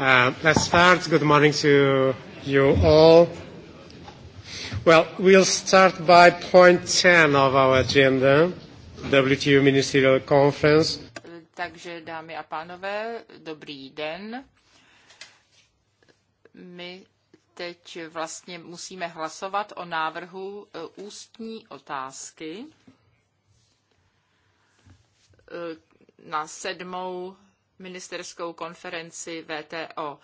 Uh, let's start. Good morning to you all. Well, we'll start by point 10 of our agenda, WTO Ministerial Conference. Takže, dámy a pánové, dobrý den. My teď vlastně musíme hlasovat o návrhu uh, ústní otázky uh, na sedmou ministerskou konferenci VTO.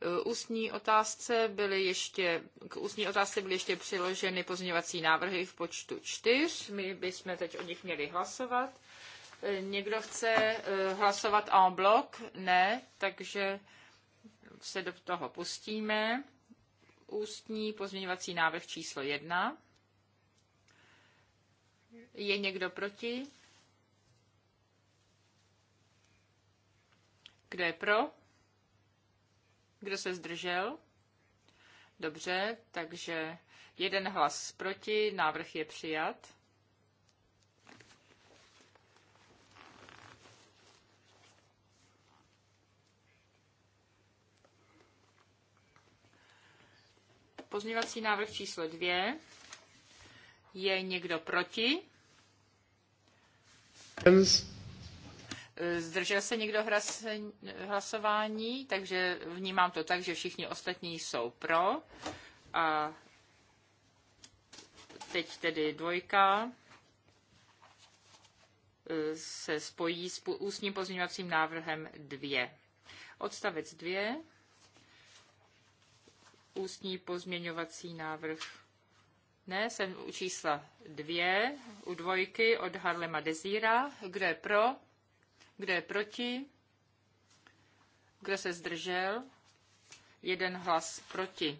Eh, ústní otázce byly ještě, k ústní otázce byly ještě přiloženy pozměňovací návrhy v počtu čtyř. My bychom teď o nich měli hlasovat. Eh, někdo chce eh, hlasovat en bloc? Ne, takže se do toho pustíme. Ústní pozměňovací návrh číslo jedna. Je někdo proti? Kdo je pro? Kdo se zdržel? Dobře, takže jeden hlas proti, návrh je přijat. Pozměňovací návrh číslo dvě. Je někdo proti? Eh, zdržel se někdo hlasování, takže vnímám to tak, že všichni ostatní jsou pro. A teď tedy dvojka eh, se spojí s ústním pozměňovacím návrhem 2. Odstavec 2. Ústní pozměňovací návrh. Ne, jsem u čísla 2, u dvojky od Harlema Dezíra. Kdo je pro? Kdo je proti? Kdo se zdržel? Jeden hlas proti.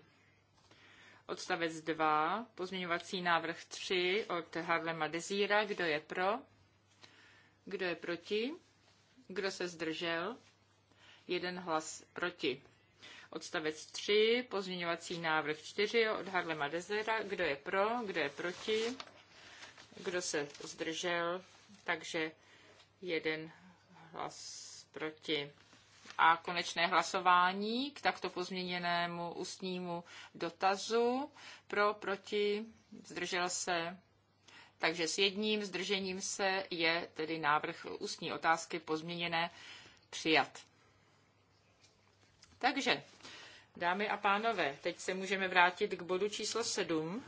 Odstavec 2, pozměňovací návrh 3 od Harlema Dezíra. Kdo je pro? Kdo je proti? Kdo se zdržel? Jeden hlas proti. Odstavec 3, pozměňovací návrh 4 od Harlema Dezíra. Kdo je pro? Kdo je proti? Kdo se zdržel? Takže jeden hlas proti. A konečné hlasování k takto pozměněnému ústnímu dotazu pro, proti, zdržel se. Takže s jedním zdržením se je tedy návrh ústní otázky pozměněné přijat. Takže, dámy a pánové, teď se můžeme vrátit k bodu číslo 7,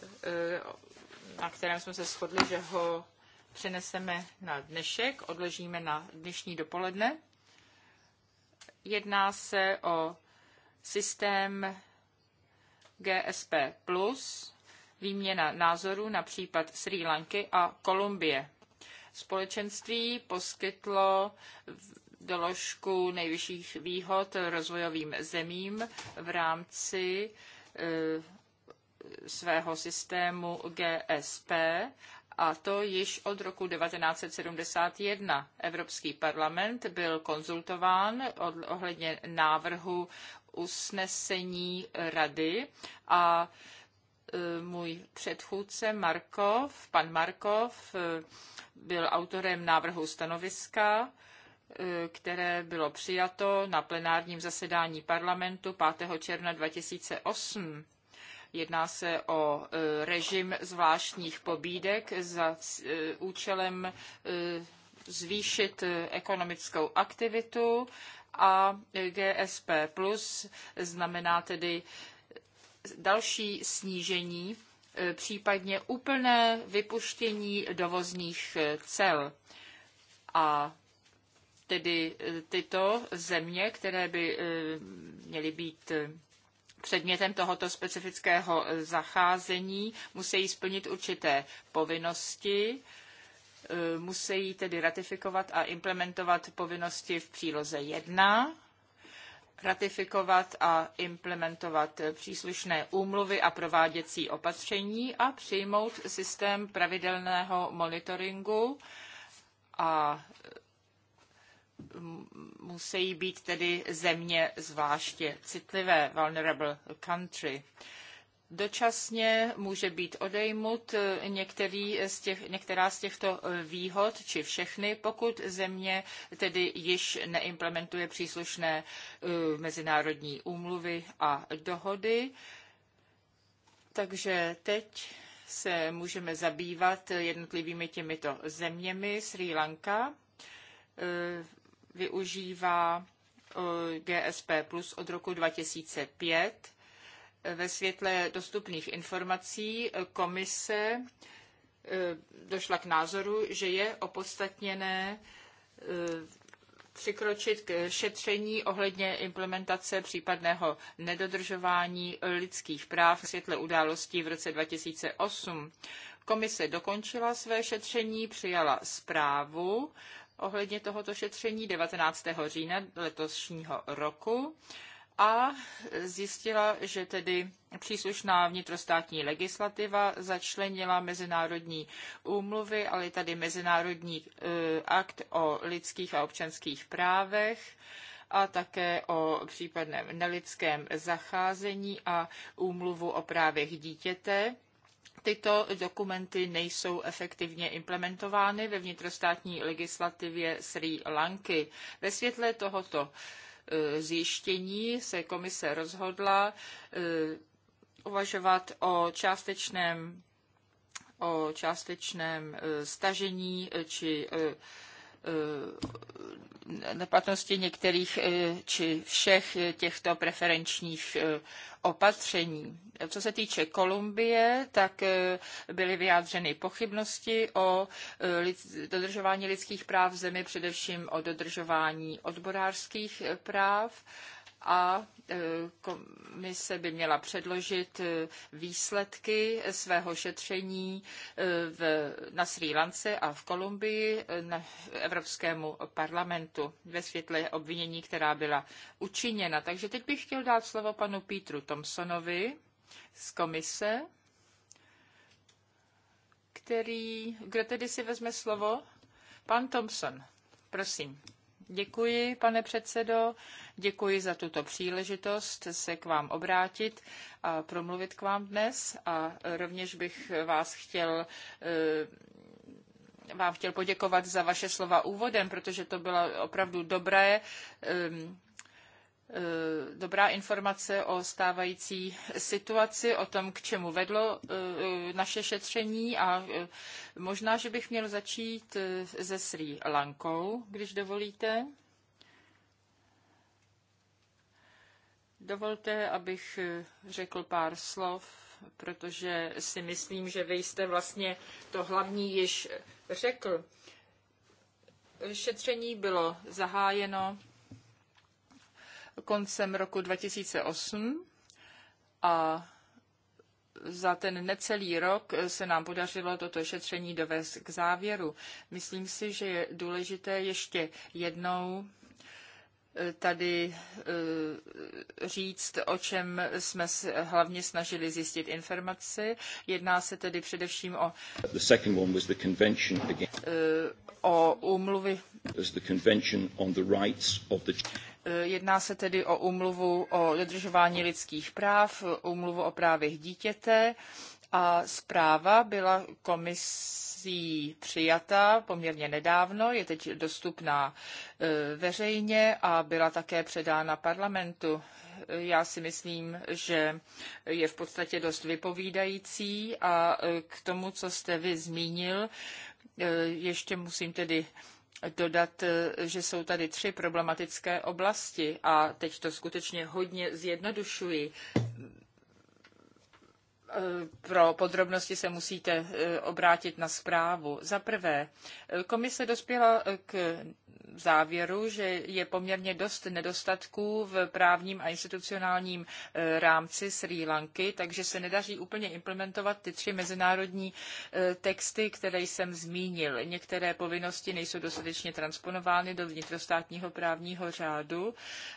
eh, na kterém jsme se shodli, že ho přeneseme na dnešek, odložíme na dnešní dopoledne. Jedná se o systém GSP+, výměna názorů na případ Sri Lanky a Kolumbie. Společenství poskytlo doložku nejvyšších výhod rozvojovým zemím v rámci eh, svého systému GSP a to již od roku 1971. Evropský parlament byl konzultován ohledně návrhu usnesení rady a e, můj předchůdce Markov, pan Markov, e, byl autorem návrhu stanoviska, e, které bylo přijato na plenárním zasedání parlamentu 5. června 2008. Jedná se o e, režim zvláštních pobídek za e, účelem e, zvýšit ekonomickou aktivitu a GSP plus znamená tedy další snížení, případně úplné vypuštění dovozních cel. A tedy tyto země, které by měly být předmětem tohoto specifického eh, zacházení, musí splnit určité povinnosti, eh, musí tedy ratifikovat a implementovat povinnosti v příloze 1, ratifikovat a implementovat eh, příslušné úmluvy a prováděcí opatření a přijmout systém pravidelného monitoringu a musí být tedy země zvláště citlivé, vulnerable country. Dočasně může být odejmut některý z těch, některá z těchto výhod, či všechny, pokud země tedy již neimplementuje příslušné eh, mezinárodní úmluvy a dohody. Takže teď se můžeme zabývat jednotlivými těmito zeměmi. Sri Lanka eh, využívá eh, GSP Plus od roku 2005. Ve světle dostupných informací eh, komise eh, došla k názoru, že je opodstatněné přikročit k šetření ohledně implementace případného nedodržování lidských práv v světle událostí v roce 2008. Komise dokončila své šetření, přijala zprávu ohledně tohoto šetření 19. října letošního roku a zjistila, že tedy příslušná vnitrostátní legislativa začlenila mezinárodní úmluvy, ale tady mezinárodní e, akt o lidských a občanských právech a také o případném nelidském zacházení a úmluvu o právech dítěte Tyto dokumenty nejsou efektivně implementovány ve vnitrostátní legislativě Sri Lanky. Ve světle tohoto e, zjištění se komise rozhodla e, uvažovat o částečném, o částečném e, stažení či Eh, neplatnosti některých eh, či všech eh, těchto preferenčních opatření. Co se týče Kolumbie, tak byly vyjádřeny pochybnosti o dodržování lidských práv v zemi, především o dodržování odborářských práv a e, komise by měla předložit e, výsledky svého šetření e, v, na Sri Lance a v Kolumbii na Evropskému parlamentu ve světle obvinění, která byla učiněna. Takže teď bych chtěl dát slovo panu Petru Thompsonovi z komise, který, kdo tedy si vezme slovo? Pan Thompson, prosím. Děkuji, pane předsedo. Děkuji za tuto příležitost se k vám obrátit a promluvit k vám dnes a rovněž bych vás chtěl eh, vám chtěl poděkovat za vaše slova úvodem, protože to byla opravdu dobré, ehm, eh, dobrá informace o stávající situaci, o tom, k čemu vedlo eh, naše šetření a možná, že bych měl začít se Sri Lankou, když dovolíte. Dovolte, abych eh, řekl pár slov, protože si myslím, že vy jste vlastně to hlavní již řekl. Šetření bylo zahájeno koncem roku 2008 a za ten necelý rok se nám podařilo toto šetření dovést k závěru. Myslím si, že je důležité ještě jednou tady eh, říct, o čem jsme hlavně snažili zjistit informaci. Jedná se tedy především o, eh, o úmluvy. Eh, jedná se tedy o úmluvu o dodržování lidských práv, úmluvu o právech dítěte a zpráva byla komise komisí přijata poměrně nedávno, je teď dostupná e, veřejně a byla také předána parlamentu. Já si myslím, že je v podstatě dost vypovídající a e, k tomu, co jste vy zmínil, e, ještě musím tedy dodat, že jsou tady tři problematické oblasti a teď to skutečně hodně zjednodušuji. Eh, pro podrobnosti se musíte eh, obrátit na zprávu. Za prvé, eh, komise dospěla k závěru, že je poměrně dost nedostatků v právním a institucionálním rámci Sri Lanky, takže se nedaří úplně implementovat ty tři mezinárodní texty, které jsem zmínil. Některé povinnosti nejsou dostatečně transponovány do vnitrostátního právního řádu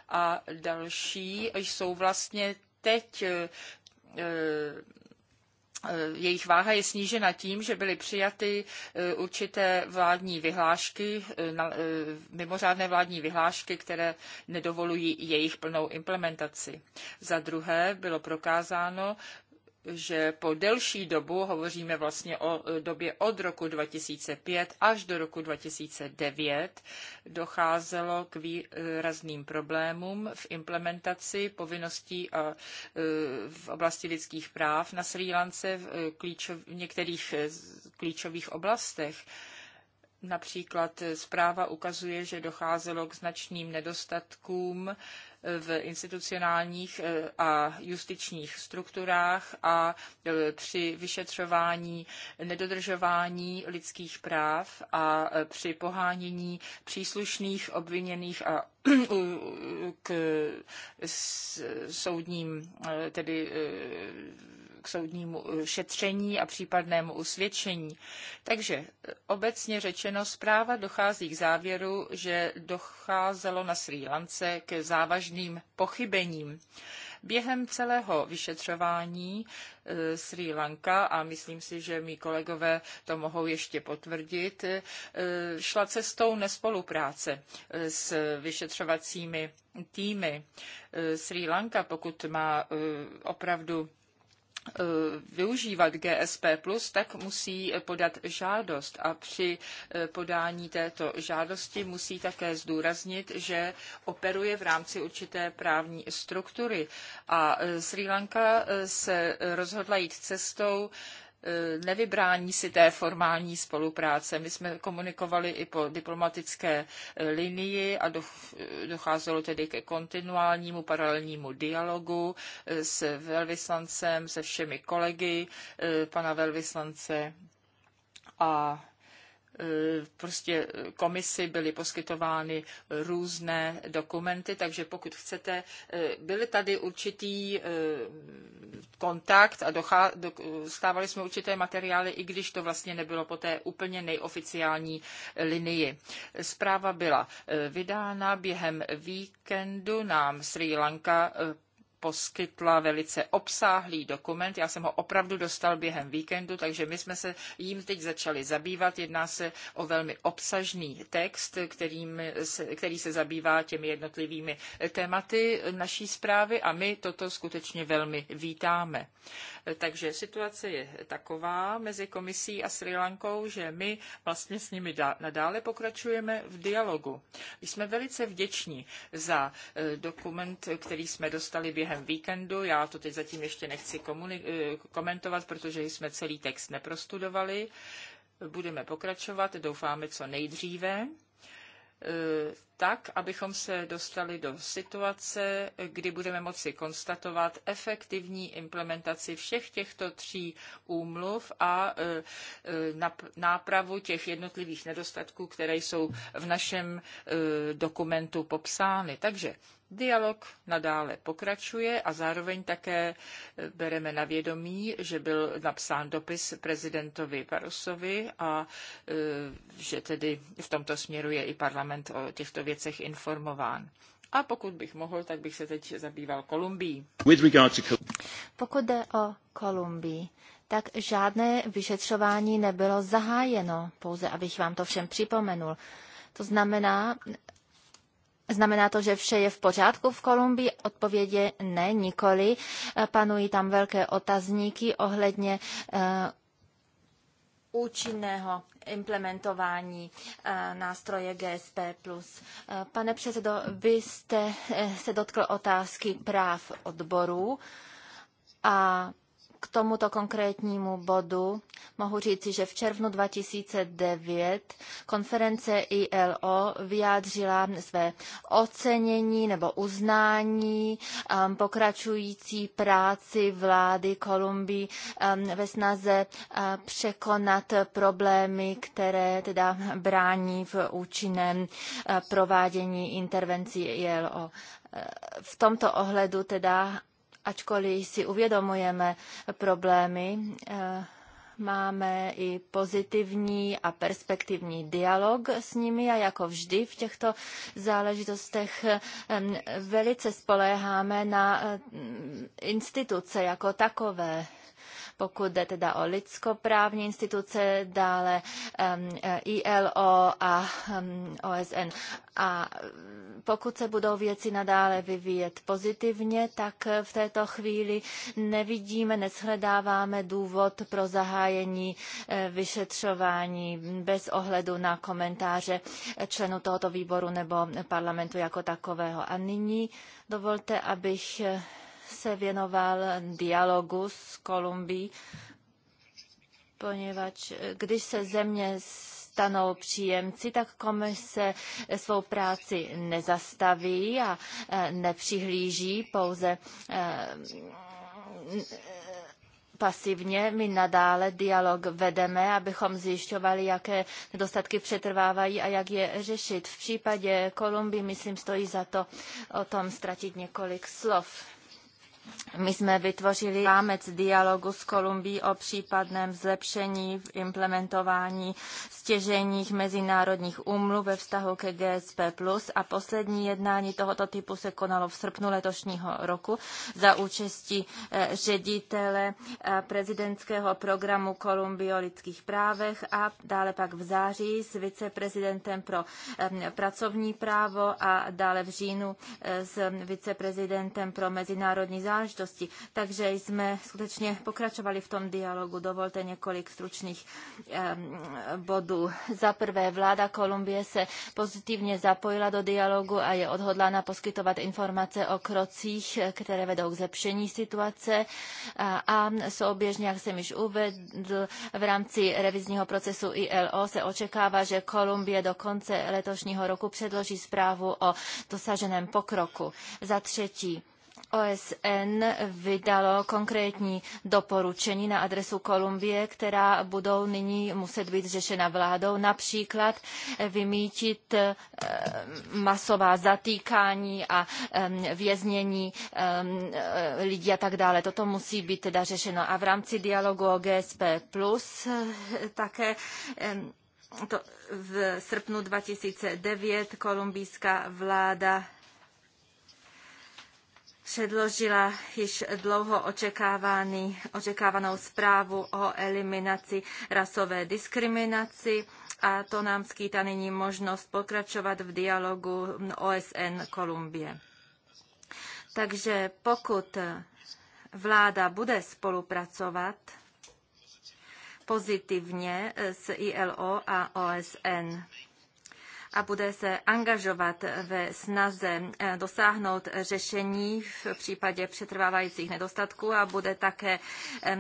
a další jsou vlastně teď Eh, jejich váha je snížena tím, že byly přijaty eh, určité vládní vyhlášky, eh, mimořádné vládní vyhlášky, které nedovolují jejich plnou implementaci. Za druhé bylo prokázáno, že po delší dobu, hovoříme vlastně o e, době od roku 2005 až do roku 2009, docházelo k výrazným e, problémům v implementaci povinností e, v oblasti lidských práv na Sri Lance v, klíčov, v některých klíčových oblastech. Například zpráva ukazuje, že docházelo k značným nedostatkům v institucionálních eh, a justičních strukturách a eh, při vyšetřování nedodržování lidských práv a eh, při pohánění příslušných obviněných a k soudním tedy k soudnímu eh, šetření a případnému usvědčení. Takže eh, obecně řečeno zpráva dochází k závěru, že docházelo na Sri Lance k závažným pochybením. Během celého vyšetřování eh, Sri Lanka, a myslím si, že mý kolegové to mohou ještě potvrdit, šla cestou nespolupráce s vyšetřovacími týmy. Sri Lanka, pokud má opravdu Eh, využívat GSP+, tak musí podat žádost a při eh, podání této žádosti musí také zdůraznit, že operuje v rámci určité právní struktury. A eh, Sri Lanka se rozhodla jít cestou E, nevybrání si té formální spolupráce. My jsme komunikovali i po diplomatické e, linii a docházelo tedy ke kontinuálnímu paralelnímu dialogu e, s velvyslancem, se všemi kolegy pana velvyslance a Eh, prostě komisi byly poskytovány různé dokumenty, takže pokud chcete, eh, byly tady určitý eh, kontakt a dostávali jsme určité materiály, i když to vlastně nebylo po té úplně nejoficiální linii. Zpráva byla vydána během víkendu, nám Sri Lanka poskytla velice obsáhlý dokument. Já jsem ho opravdu dostal během víkendu, takže my jsme se jím teď začali zabývat. Jedná se o velmi obsažný text, kterým se, který se zabývá těmi jednotlivými tématy naší zprávy a my toto skutečně velmi vítáme. Takže situace je taková mezi komisí a Sri Lankou, že my vlastně s nimi nadále pokračujeme v dialogu. Jsme velice vděční za eh, dokument, který jsme dostali během během víkendu. Já to teď zatím ještě nechci eh, komentovat, protože jsme celý text neprostudovali. Budeme pokračovat, doufáme co nejdříve eh, tak, abychom se dostali do situace, kdy budeme moci konstatovat efektivní implementaci všech těchto tří úmluv a eh, nápravu těch jednotlivých nedostatků, které jsou v našem dokumentu popsány. Takže Dialog nadále pokračuje a zároveň také eh, bereme na vědomí, že byl napsán dopis prezidentovi Parusovi a eh, že tedy v tomto směru je i parlament o těchto věcech informován. A pokud bych mohl, tak bych se teď zabýval Kolumbií. Pokud jde o Kolumbii, tak žádné vyšetřování nebylo zahájeno, pouze abych vám to všem připomenul. To znamená, Znamená to, že vše je v pořádku v Kolumbii? Odpovědě ne, nikoli. Panují tam velké otazníky ohledně eh, účinného implementování eh, nástroje GSP+. Eh, pane předsedo, vy jste se dotkl otázky práv odborů a k tomuto konkrétnímu bodu mohu říci, že v červnu 2009 konference ILO vyjádřila své ocenění nebo uznání um, pokračující práci vlády Kolumbii um, ve snaze uh, překonat problémy, které teda brání v účinném uh, provádění intervencí ILO. Uh, v tomto ohledu teda ačkoliv si uvědomujeme problémy, eh, máme i pozitivní a perspektivní dialog s nimi a jako vždy v těchto záležitostech eh, velice spoléháme na eh, instituce jako takové pokud jde teda o lidskoprávní instituce, dále eh, ILO a OSN. A pokud se budou věci nadále vyvíjet pozitivně, tak v této chvíli nevidíme, neshledáváme důvod pro zahájení eh, vyšetřování bez ohledu na komentáře členů tohoto výboru nebo parlamentu jako takového. A nyní dovolte, abych eh, se věnoval dialogu s Kolumbií, poněvadž když se země stanou příjemci, tak komise svou práci nezastaví a e, nepřihlíží pouze e, pasivně. My nadále dialog vedeme, abychom zjišťovali, jaké nedostatky přetrvávají a jak je řešit. V případě Kolumbii, myslím, stojí za to o tom ztratit několik slov. My jsme vytvořili rámec dialogu s Kolumbií o případném zlepšení v implementování stěženích mezinárodních úmluv ve vztahu ke GSP+. A poslední jednání tohoto typu se konalo v srpnu letošního roku za účasti eh, ředitele eh, prezidentského programu Kolumbii o lidských právech a dále pak v září s viceprezidentem pro eh, pracovní právo a dále v říjnu s viceprezidentem pro mezinárodní záležitosti záležitosti. Takže jsme skutečně pokračovali v tom dialogu. Dovolte několik stručných bodů. Za prvé, vláda Kolumbie se pozitivně zapojila do dialogu a je odhodlána poskytovat informace o krocích, které vedou k zlepšení situace a souběžně, jak jsem již uvedl, v rámci revizního procesu ILO se očekává, že Kolumbie do konce letošního roku předloží zprávu o dosaženém pokroku. Za třetí, OSN vydalo konkrétní doporučení na adresu Kolumbie, která budou nyní muset být řešena vládou, například vymítit eh, masová zatýkání a eh, věznění eh, lidí a tak dále. Toto musí být teda řešeno. A v rámci dialogu o GSP plus také to v srpnu 2009 kolumbijská vláda předložila již dlouho očekávaný, očekávanou zprávu o eliminaci rasové diskriminaci a to nám skýtá nyní možnost pokračovat v dialogu OSN Kolumbie. Takže pokud vláda bude spolupracovat pozitivně s ILO a OSN, a bude se angažovat ve snaze eh, dosáhnout řešení v případě přetrvávajících nedostatků a bude také eh,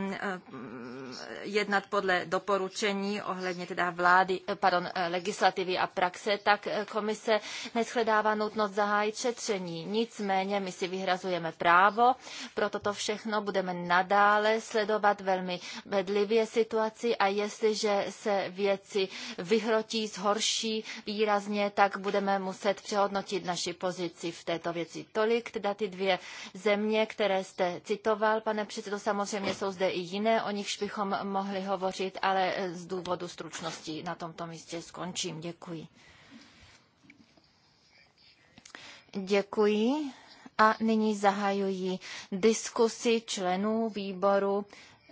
jednat podle doporučení ohledně teda vlády, eh, pardon, legislativy a praxe, tak komise neschledává nutnost zahájit šetření. Nicméně my si vyhrazujeme právo, proto to všechno budeme nadále sledovat velmi bedlivě situaci a jestliže se věci vyhrotí, zhorší výrazně, důrazně, tak budeme muset přehodnotit naši pozici v této věci. Tolik teda ty dvě země, které jste citoval, pane předsedo, samozřejmě jsou zde i jiné, o nichž bychom mohli hovořit, ale eh, z důvodu stručnosti na tomto místě skončím. Děkuji. Děkuji a nyní zahajuji diskusi členů výboru.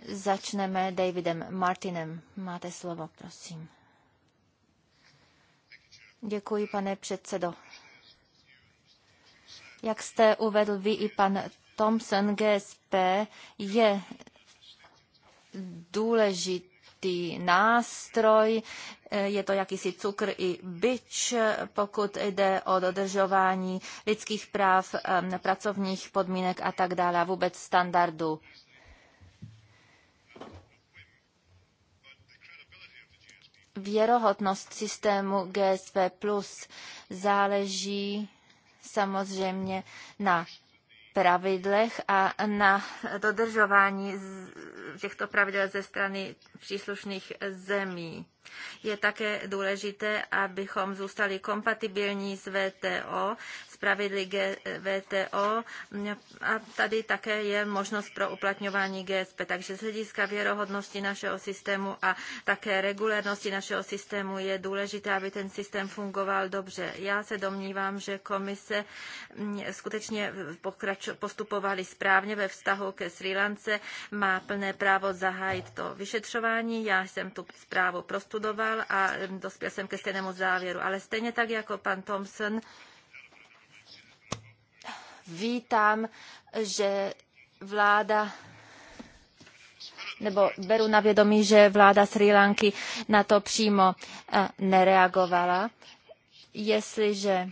Začneme Davidem Martinem. Máte slovo, prosím. Děkuji, pane předsedo. Jak jste uvedl vy i pan Thompson, GSP je důležitý nástroj, je to jakýsi cukr i byč, pokud jde o dodržování lidských práv, pracovních podmínek a tak dále a vůbec standardů. věrohodnost systému GSP Plus záleží samozřejmě na pravidlech a na dodržování těchto pravidel ze strany příslušných zemí. Je také důležité, abychom zůstali kompatibilní s VTO, s pravidly VTO a tady také je možnost pro uplatňování GSP. Takže z hlediska věrohodnosti našeho systému a také regulérnosti našeho systému je důležité, aby ten systém fungoval dobře. Já se domnívám, že komise mm, skutečně postupovali správně ve vztahu ke Sri Lance, má plné právo zahájit to vyšetřování. Já jsem tu zprávu prostudila studoval a dospěl jsem ke stejnému závěru. Ale stejně tak jako pan Thompson, vítám, že vláda nebo beru na vědomí, že vláda Sri Lanky na to přímo eh, nereagovala. Jestliže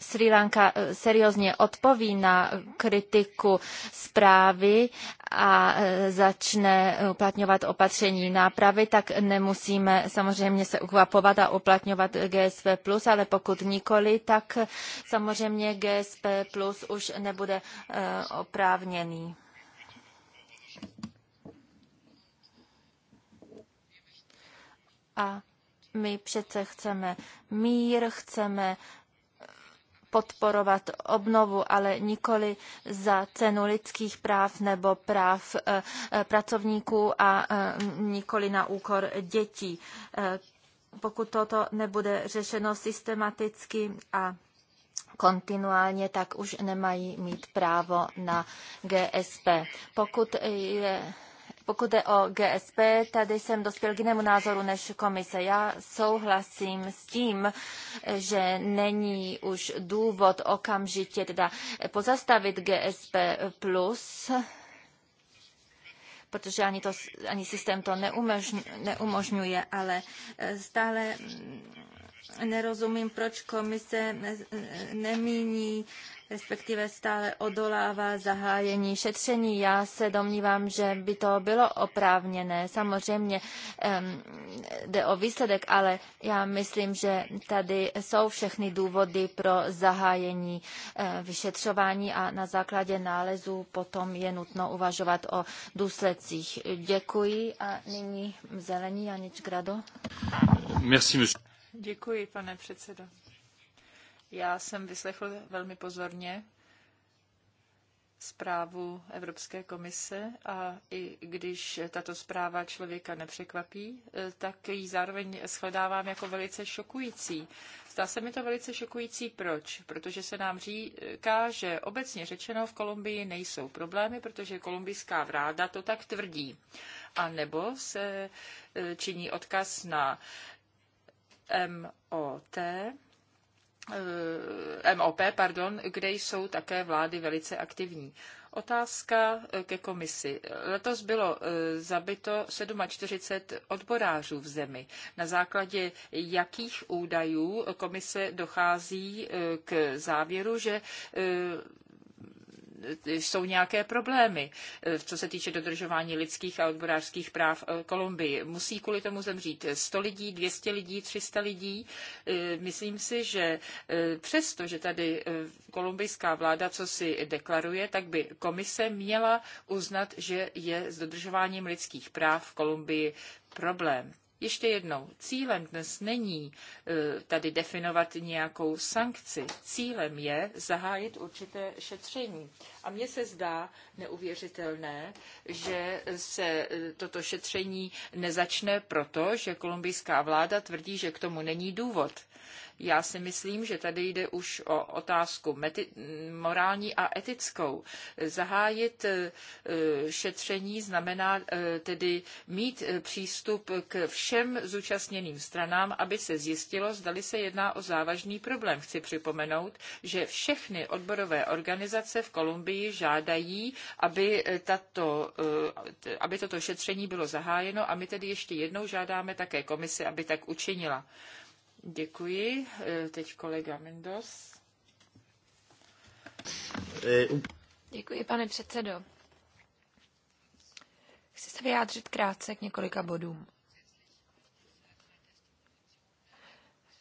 Sri Lanka eh, seriózně odpoví na kritiku zprávy a eh, začne uplatňovat opatření nápravy, tak nemusíme samozřejmě se uchvapovat a uplatňovat GSP+, ale pokud nikoli, tak samozřejmě GSP+, už nebude eh, oprávněný. A my přece chceme mír, chceme podporovat obnovu, ale nikoli za cenu lidských práv nebo práv eh, eh, pracovníků a eh, nikoli na úkor dětí. Pokud toto nebude řešeno systematicky a kontinuálně, tak už nemají mít právo na GSP. Pokud je pokud jde o GSP, tady jsem dospěl k jinému názoru než komise. Já souhlasím s tím, že není už důvod okamžitě teda pozastavit GSP+, plus, protože ani, to, ani systém to neumožňuje, ale eh, stále mm, nerozumím, proč komise eh, nemíní respektive stále odolává zahájení šetření. Já se domnívám, že by to bylo oprávněné. Samozřejmě um, jde o výsledek, ale já myslím, že tady jsou všechny důvody pro zahájení uh, vyšetřování a na základě nálezu potom je nutno uvažovat o důsledcích. Děkuji a nyní zelení Janič Grado. Merci, Děkuji, pane předsedo. Já jsem vyslechl velmi pozorně zprávu Evropské komise a i když tato zpráva člověka nepřekvapí, eh, tak ji zároveň shledávám jako velice šokující. Zdá se mi to velice šokující. Proč? Protože se nám říká, že obecně řečeno v Kolumbii nejsou problémy, protože kolumbijská vláda to tak tvrdí. A nebo se eh, činí odkaz na MOT, Eh, MOP, pardon, kde jsou také vlády velice aktivní. Otázka eh, ke komisi. Letos bylo eh, zabito 47 odborářů v zemi. Na základě jakých údajů komise dochází k závěru, že jsou nějaké problémy, eh, co se týče dodržování lidských a odborářských práv eh, Kolumbii. Musí kvůli tomu zemřít 100 lidí, 200 lidí, 300 lidí. Eh, myslím si, že přesto, že tady kolumbijská vláda co si deklaruje, tak by komise měla uznat, že je s dodržováním lidských práv v Kolumbii problém. Ještě jednou, cílem dnes není eh, tady definovat nějakou sankci. Cílem je zahájit určité šetření. A mně se zdá neuvěřitelné, že se eh, toto šetření nezačne proto, že kolumbijská vláda tvrdí, že k tomu není důvod. Já si myslím, že tady jde už o otázku morální a etickou. Zahájit eh, eh, šetření znamená eh, tedy mít přístup k všem zúčastněným stranám, aby se zjistilo, zdali se jedná o závažný problém. Chci připomenout, že všechny odborové organizace v Kolumbii žádají, aby, tato, aby toto šetření bylo zahájeno a my tedy ještě jednou žádáme také komisi, aby tak učinila. Děkuji. E, teď kolega Mendos. E, Děkuji, pane předsedo. Chci se vyjádřit krátce k několika bodům.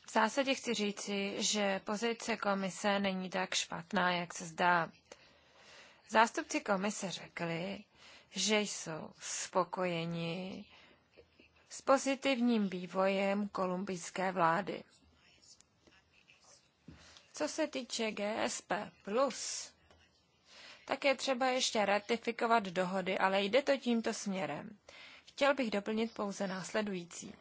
V zásadě chci říci, že pozice komise není tak špatná, jak se zdá. Zástupci komise řekli, že jsou spokojeni s pozitivním vývojem kolumbijské vlády. Co se týče GSP+, tak je třeba ještě ratifikovat dohody, ale jde to tímto směrem. Chtěl bych doplnit pouze následující.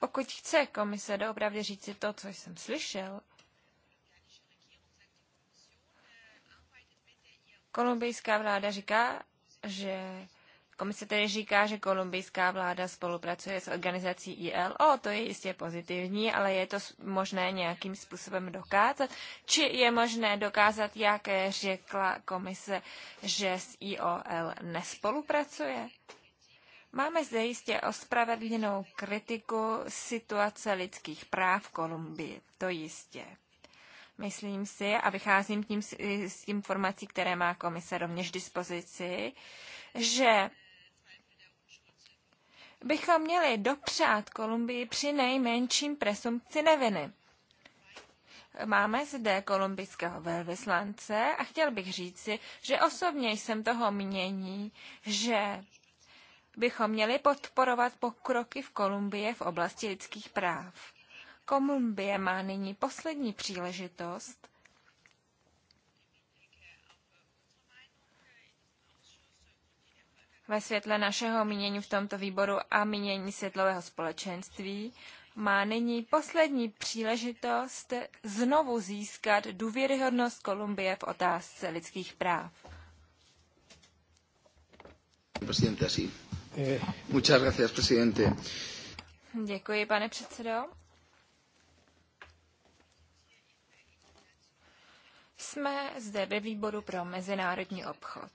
Pokud chce komise doopravdy říci to, co jsem slyšel, Kolumbijská vláda říká, že Komise tedy říká, že kolumbijská vláda spolupracuje s organizací ILO, to je jistě pozitivní, ale je to možné nějakým způsobem dokázat? Či je možné dokázat, jak řekla komise, že s IOL nespolupracuje? Máme zde jistě ospravedlněnou kritiku situace lidských práv v Kolumbii, to jistě. Myslím si, a vycházím tím s tím informací, které má komise rovněž k dispozici, že bychom měli dopřát Kolumbii při nejmenším presumpci neviny. Máme zde kolumbijského velvyslance a chtěl bych říci, že osobně jsem toho mění, že bychom měli podporovat pokroky v Kolumbii v oblasti lidských práv. Kolumbie má nyní poslední příležitost ve světle našeho mínění v tomto výboru a mínění světlového společenství má nyní poslední příležitost znovu získat důvěryhodnost Kolumbie v otázce lidských práv. Presidente, así. Eh, muchas gracias, presidente. Děkuji, pane předsedo. jsme zde ve výboru pro mezinárodní obchod.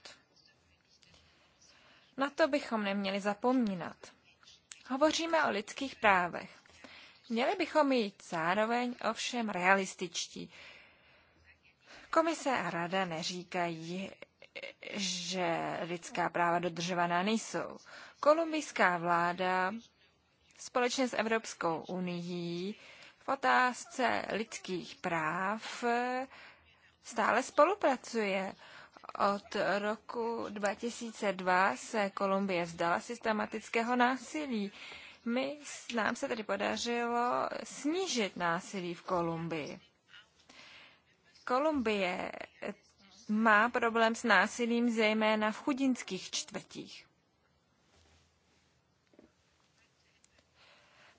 Na to bychom neměli zapomínat. Hovoříme o lidských právech. Měli bychom jít zároveň ovšem realističtí. Komise a rada neříkají, že lidská práva dodržovaná nejsou. Kolumbijská vláda společně s Evropskou unii v otázce lidských práv stále spolupracuje. Od roku 2002 se Kolumbie vzdala systematického násilí. My, nám se tedy podařilo snížit násilí v Kolumbii. Kolumbie má problém s násilím zejména v chudinských čtvrtích.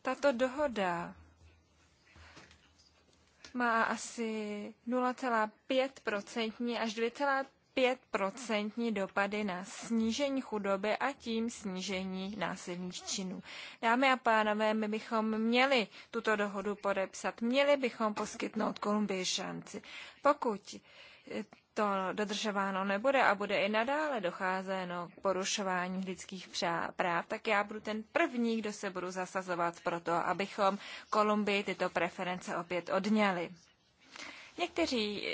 Tato dohoda má asi 0,5% až 2,5% dopady na snížení chudoby a tím snížení násilných činů. Dámy a pánové, my bychom měli tuto dohodu podepsat, měli bychom poskytnout Kolumbii šanci. Pokud to dodržováno nebude a bude i nadále docházeno k porušování lidských práv, tak já budu ten první, kdo se budu zasazovat pro to, abychom Kolumbii tyto preference opět odňali. Někteří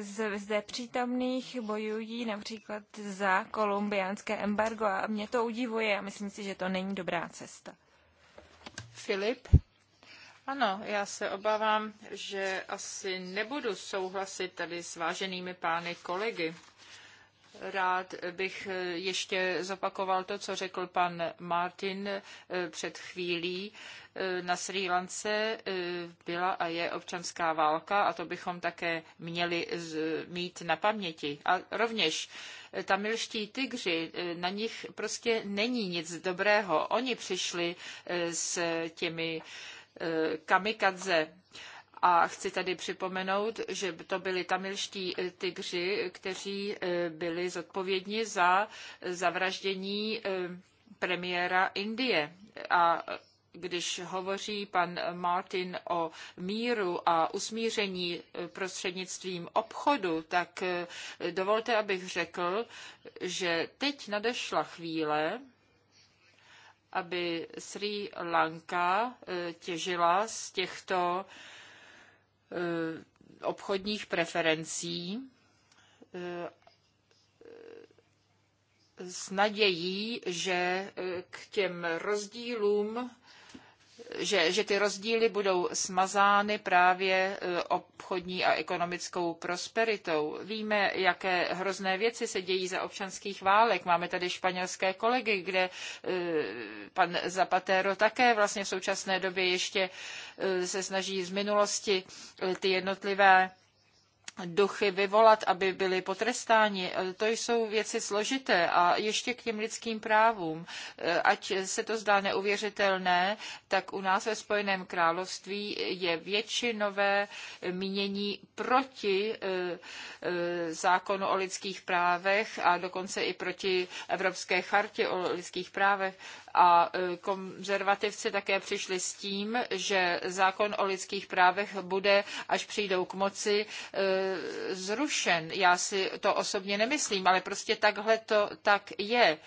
z, zde přítomných bojují například za kolumbiánské embargo a mě to udivuje a myslím si, že to není dobrá cesta. Filip, ano, já se obávám, že asi nebudu souhlasit tady s váženými pány kolegy. Rád bych eh, ještě zopakoval to, co řekl pan Martin eh, před chvílí. Eh, na Sri Lance byla a je občanská válka a to bychom také měli mít na paměti. A rovněž tamilští tygři, na nich prostě není nic dobrého. Oni přišli s těmi Eh, kamikadze. A chci tady připomenout, že to byli tamilští eh, tygři, kteří eh, byli zodpovědní za zavraždění premiéra Indie. A když hovoří pan Martin o míru a usmíření prostřednictvím obchodu, tak dovolte, abych řekl, že teď nadešla chvíle, aby Sri Lanka eh, těžila z těchto eh, obchodních preferencí eh, s nadějí, že k těm rozdílům že, že ty rozdíly budou smazány právě e, obchodní a ekonomickou prosperitou. Víme, jaké hrozné věci se dějí za občanských válek. Máme tady španělské kolegy, kde e, pan Zapatero také vlastně v současné době ještě e, se snaží z minulosti ty jednotlivé duchy vyvolat, aby byli potrestáni. E, to jsou věci složité a ještě k těm lidským právům. E, ať se to zdá neuvěřitelné, tak u nás ve Spojeném království je většinové mínění proti e, zákonu o lidských právech a dokonce i proti Evropské chartě o lidských právech. A e, konzervativci také přišli s tím, že zákon o lidských právech bude, až přijdou k moci, e, zrušen. Já si to osobně nemyslím, ale prostě takhle to tak je.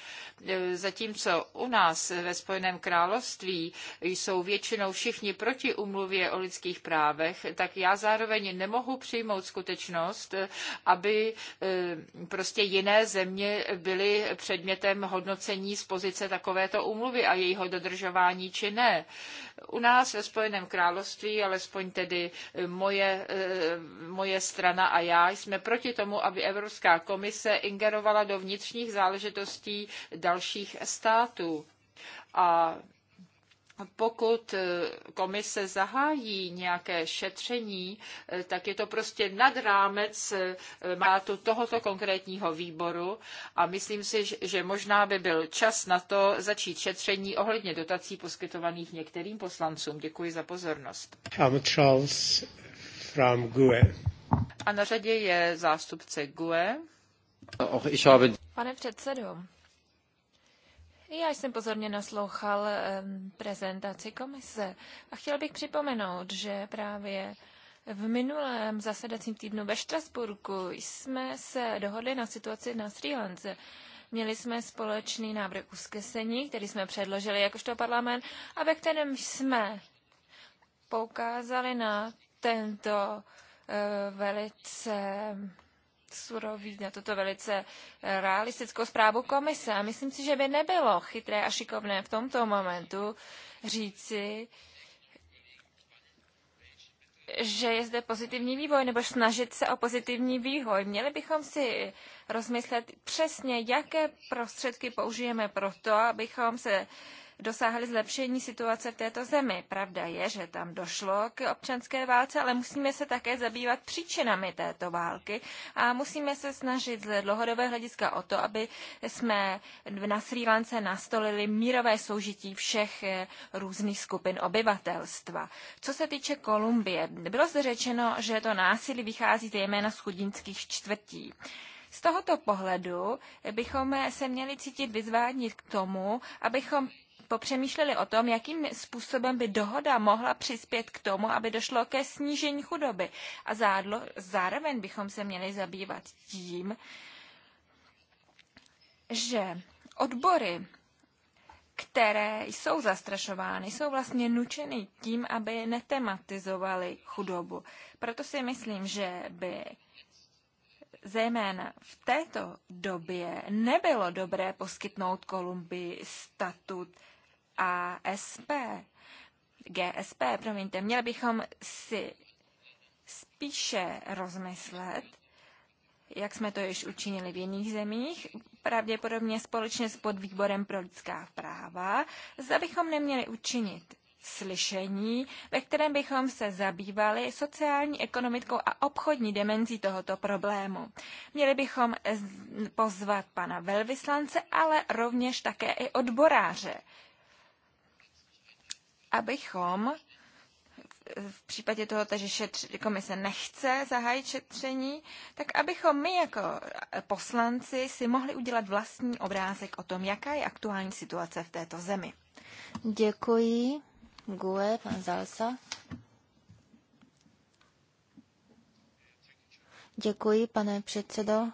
E, zatímco u nás ve Spojeném království jsou většinou všichni proti umluvě o lidských právech, tak já zároveň nemohu přijmout skutečnost, aby prostě jiné země byly předmětem hodnocení z pozice takovéto umluvy úmluvy a jejího dodržování či ne. U nás ve Spojeném království, alespoň tedy eh, moje, eh, moje strana a já, jsme proti tomu, aby Evropská komise ingerovala do vnitřních záležitostí dalších států. A pokud eh, komise zahájí nějaké šetření, eh, tak je to prostě nad rámec eh, mátu tohoto konkrétního výboru a myslím si, že možná by byl čas na to začít šetření ohledně dotací poskytovaných některým poslancům. Děkuji za pozornost. I'm Charles from GUE. A na řadě je zástupce GUE. Pane předsedo, já jsem pozorně naslouchal prezentaci komise a chtěl bych připomenout, že právě v minulém zasedacím týdnu ve Štrasburku jsme se dohodli na situaci na Sri Lance. Měli jsme společný návrh usnesení, který jsme předložili jakožto parlament a ve kterém jsme poukázali na tento eh, velice surový na tuto velice eh, realistickou zprávu komise. A myslím si, že by nebylo chytré a šikovné v tomto momentu říci, že je zde pozitivní vývoj, nebo snažit se o pozitivní vývoj. Měli bychom si rozmyslet přesně, jaké prostředky použijeme pro to, abychom se dosáhli zlepšení situace v této zemi. Pravda je, že tam došlo k občanské válce, ale musíme se také zabývat příčinami této války a musíme se snažit z dlouhodobého hlediska o to, aby jsme na Sri Lance nastolili mírové soužití všech eh, různých skupin obyvatelstva. Co se týče Kolumbie, bylo zde řečeno, že to násilí vychází zejména z chudinských čtvrtí. Z tohoto pohledu bychom se měli cítit vyzvánit k tomu, abychom popřemýšleli o tom, jakým způsobem by dohoda mohla přispět k tomu, aby došlo ke snížení chudoby. A zádlo, zároveň bychom se měli zabývat tím, že odbory, které jsou zastrašovány, jsou vlastně nučeny tím, aby netematizovaly chudobu. Proto si myslím, že by zejména v této době nebylo dobré poskytnout Kolumbii statut a SP, GSP, promiňte, měli bychom si spíše rozmyslet, jak jsme to již učinili v jiných zemích, pravděpodobně společně s podvýborem pro lidská práva, zda bychom neměli učinit slyšení, ve kterém bychom se zabývali sociální, ekonomickou a obchodní dimenzí tohoto problému. Měli bychom pozvat pana velvyslance, ale rovněž také i odboráře abychom v případě toho, že šetři, komise nechce zahájit šetření, tak abychom my jako poslanci si mohli udělat vlastní obrázek o tom, jaká je aktuální situace v této zemi. Děkuji. Gue, pan Zalsa. Děkuji, pane předsedo.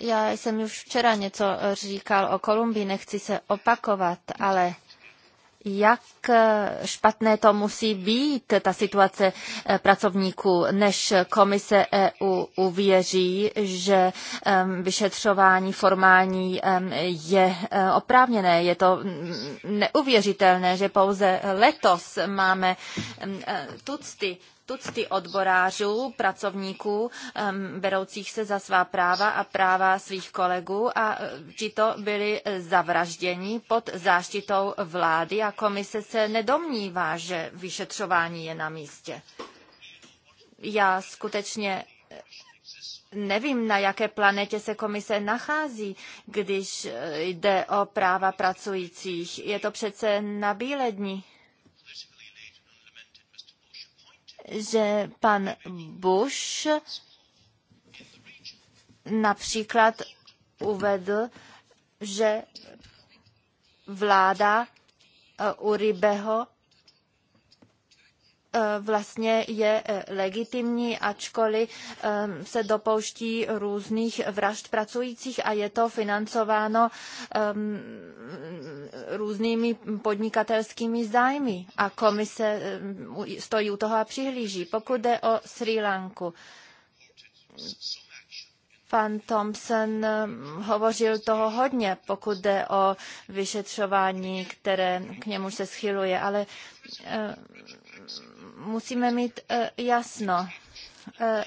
Já jsem už včera něco eh, říkal o Kolumbii, nechci se opakovat, ale jak eh, špatné to musí být, ta situace eh, pracovníků, než komise EU uvěří, že vyšetřování formální je oprávněné. Je to mm, neuvěřitelné, že pouze letos máme tucty tucty odborářů, pracovníků, beroucích se za svá práva a práva svých kolegů a e, tito byli e, zavražděni pod záštitou vlády a komise se nedomnívá, že vyšetřování je na místě. Já skutečně e, Nevím, na jaké planetě se komise nachází, když jde o práva pracujících. Je to přece na dní. že pan Bush například uvedl, že vláda eh, Uribeho Eh, vlastně je eh, legitimní, ačkoliv eh, se dopouští různých vražd pracujících a je to financováno různými podnikatelskými zájmy. A komise stojí u toho a přihlíží. Pokud jde o Sri Lanku, Pan Thompson hovořil toho hodně, pokud jde o vyšetřování, které k němu se schyluje, ale musíme mít e, jasno. E,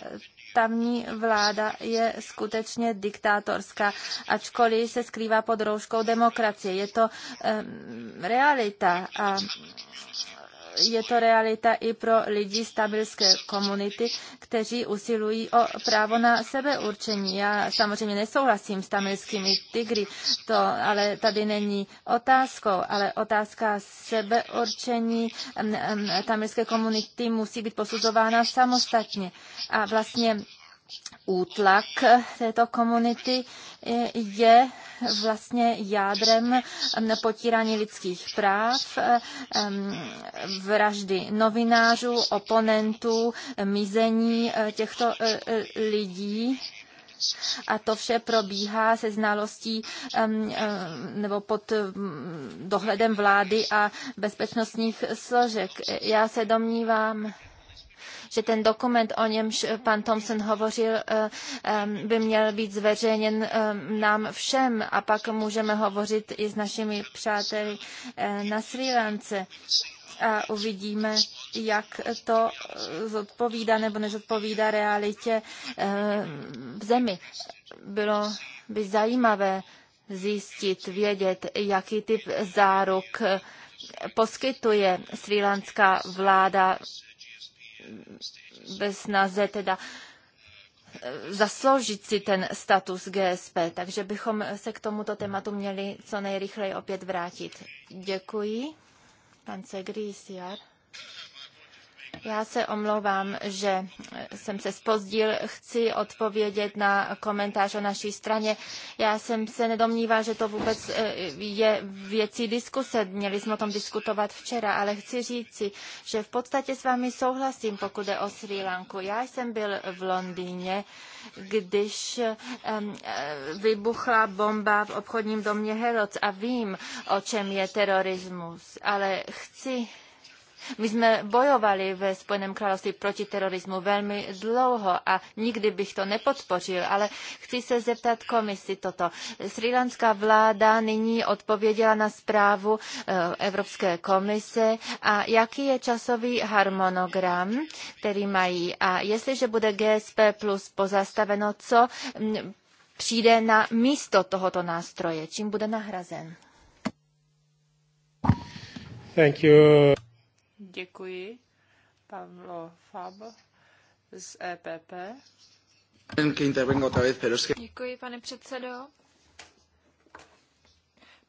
tamní vláda je skutečně diktátorská, ačkoliv se skrývá pod rouškou demokracie. Je to e, realita a je to realita i pro lidi z tamilské komunity, kteří usilují o právo na sebeurčení. Já samozřejmě nesouhlasím s tamilskými tygry, to ale tady není otázkou, ale otázka sebeurčení mm, mm, tamilské komunity musí být posuzována samostatně. A vlastně útlak této komunity je vlastně jádrem potírání lidských práv, vraždy novinářů, oponentů, mizení eh, těchto eh, eh, lidí. A to vše probíhá se znalostí nebo pod mm, dohledem vlády a bezpečnostních složek. Já se domnívám, že ten dokument, o němž eh, pan Thompson hovořil, eh, by měl být zveřejněn eh, nám všem a pak můžeme hovořit i s našimi přáteli na Sri Lance a uvidíme, jak to zodpovídá nebo nezodpovídá realitě v zemi. Bylo by zajímavé zjistit, vědět, jaký typ záruk poskytuje srílanská vláda ve snaze teda eh, zasloužit si ten status GSP, takže bychom se k tomuto tématu měli co nejrychleji opět vrátit. Děkuji. Pan Segri, já se omlouvám, že jsem se spozdil. Chci odpovědět na komentář o naší straně. Já jsem se nedomnívá, že to vůbec eh, je věcí diskuse. Měli jsme o tom diskutovat včera, ale chci říci, že v podstatě s vámi souhlasím, pokud je o Sri Lanku. Já jsem byl v Londýně, když eh, vybuchla bomba v obchodním domě Heroc a vím, o čem je terorismus, ale chci my jsme bojovali ve Spojeném království proti terorismu velmi dlouho a nikdy bych to nepodpořil, ale chci se zeptat komisi toto. Sri Lanská vláda nyní odpověděla na zprávu eh, Evropské komise a jaký je časový harmonogram, který mají a jestliže bude GSP plus pozastaveno, co mm, přijde na místo tohoto nástroje, čím bude nahrazen. Thank you. Děkuji. Pavlo Fab z EPP. Děkuji, pane předsedo.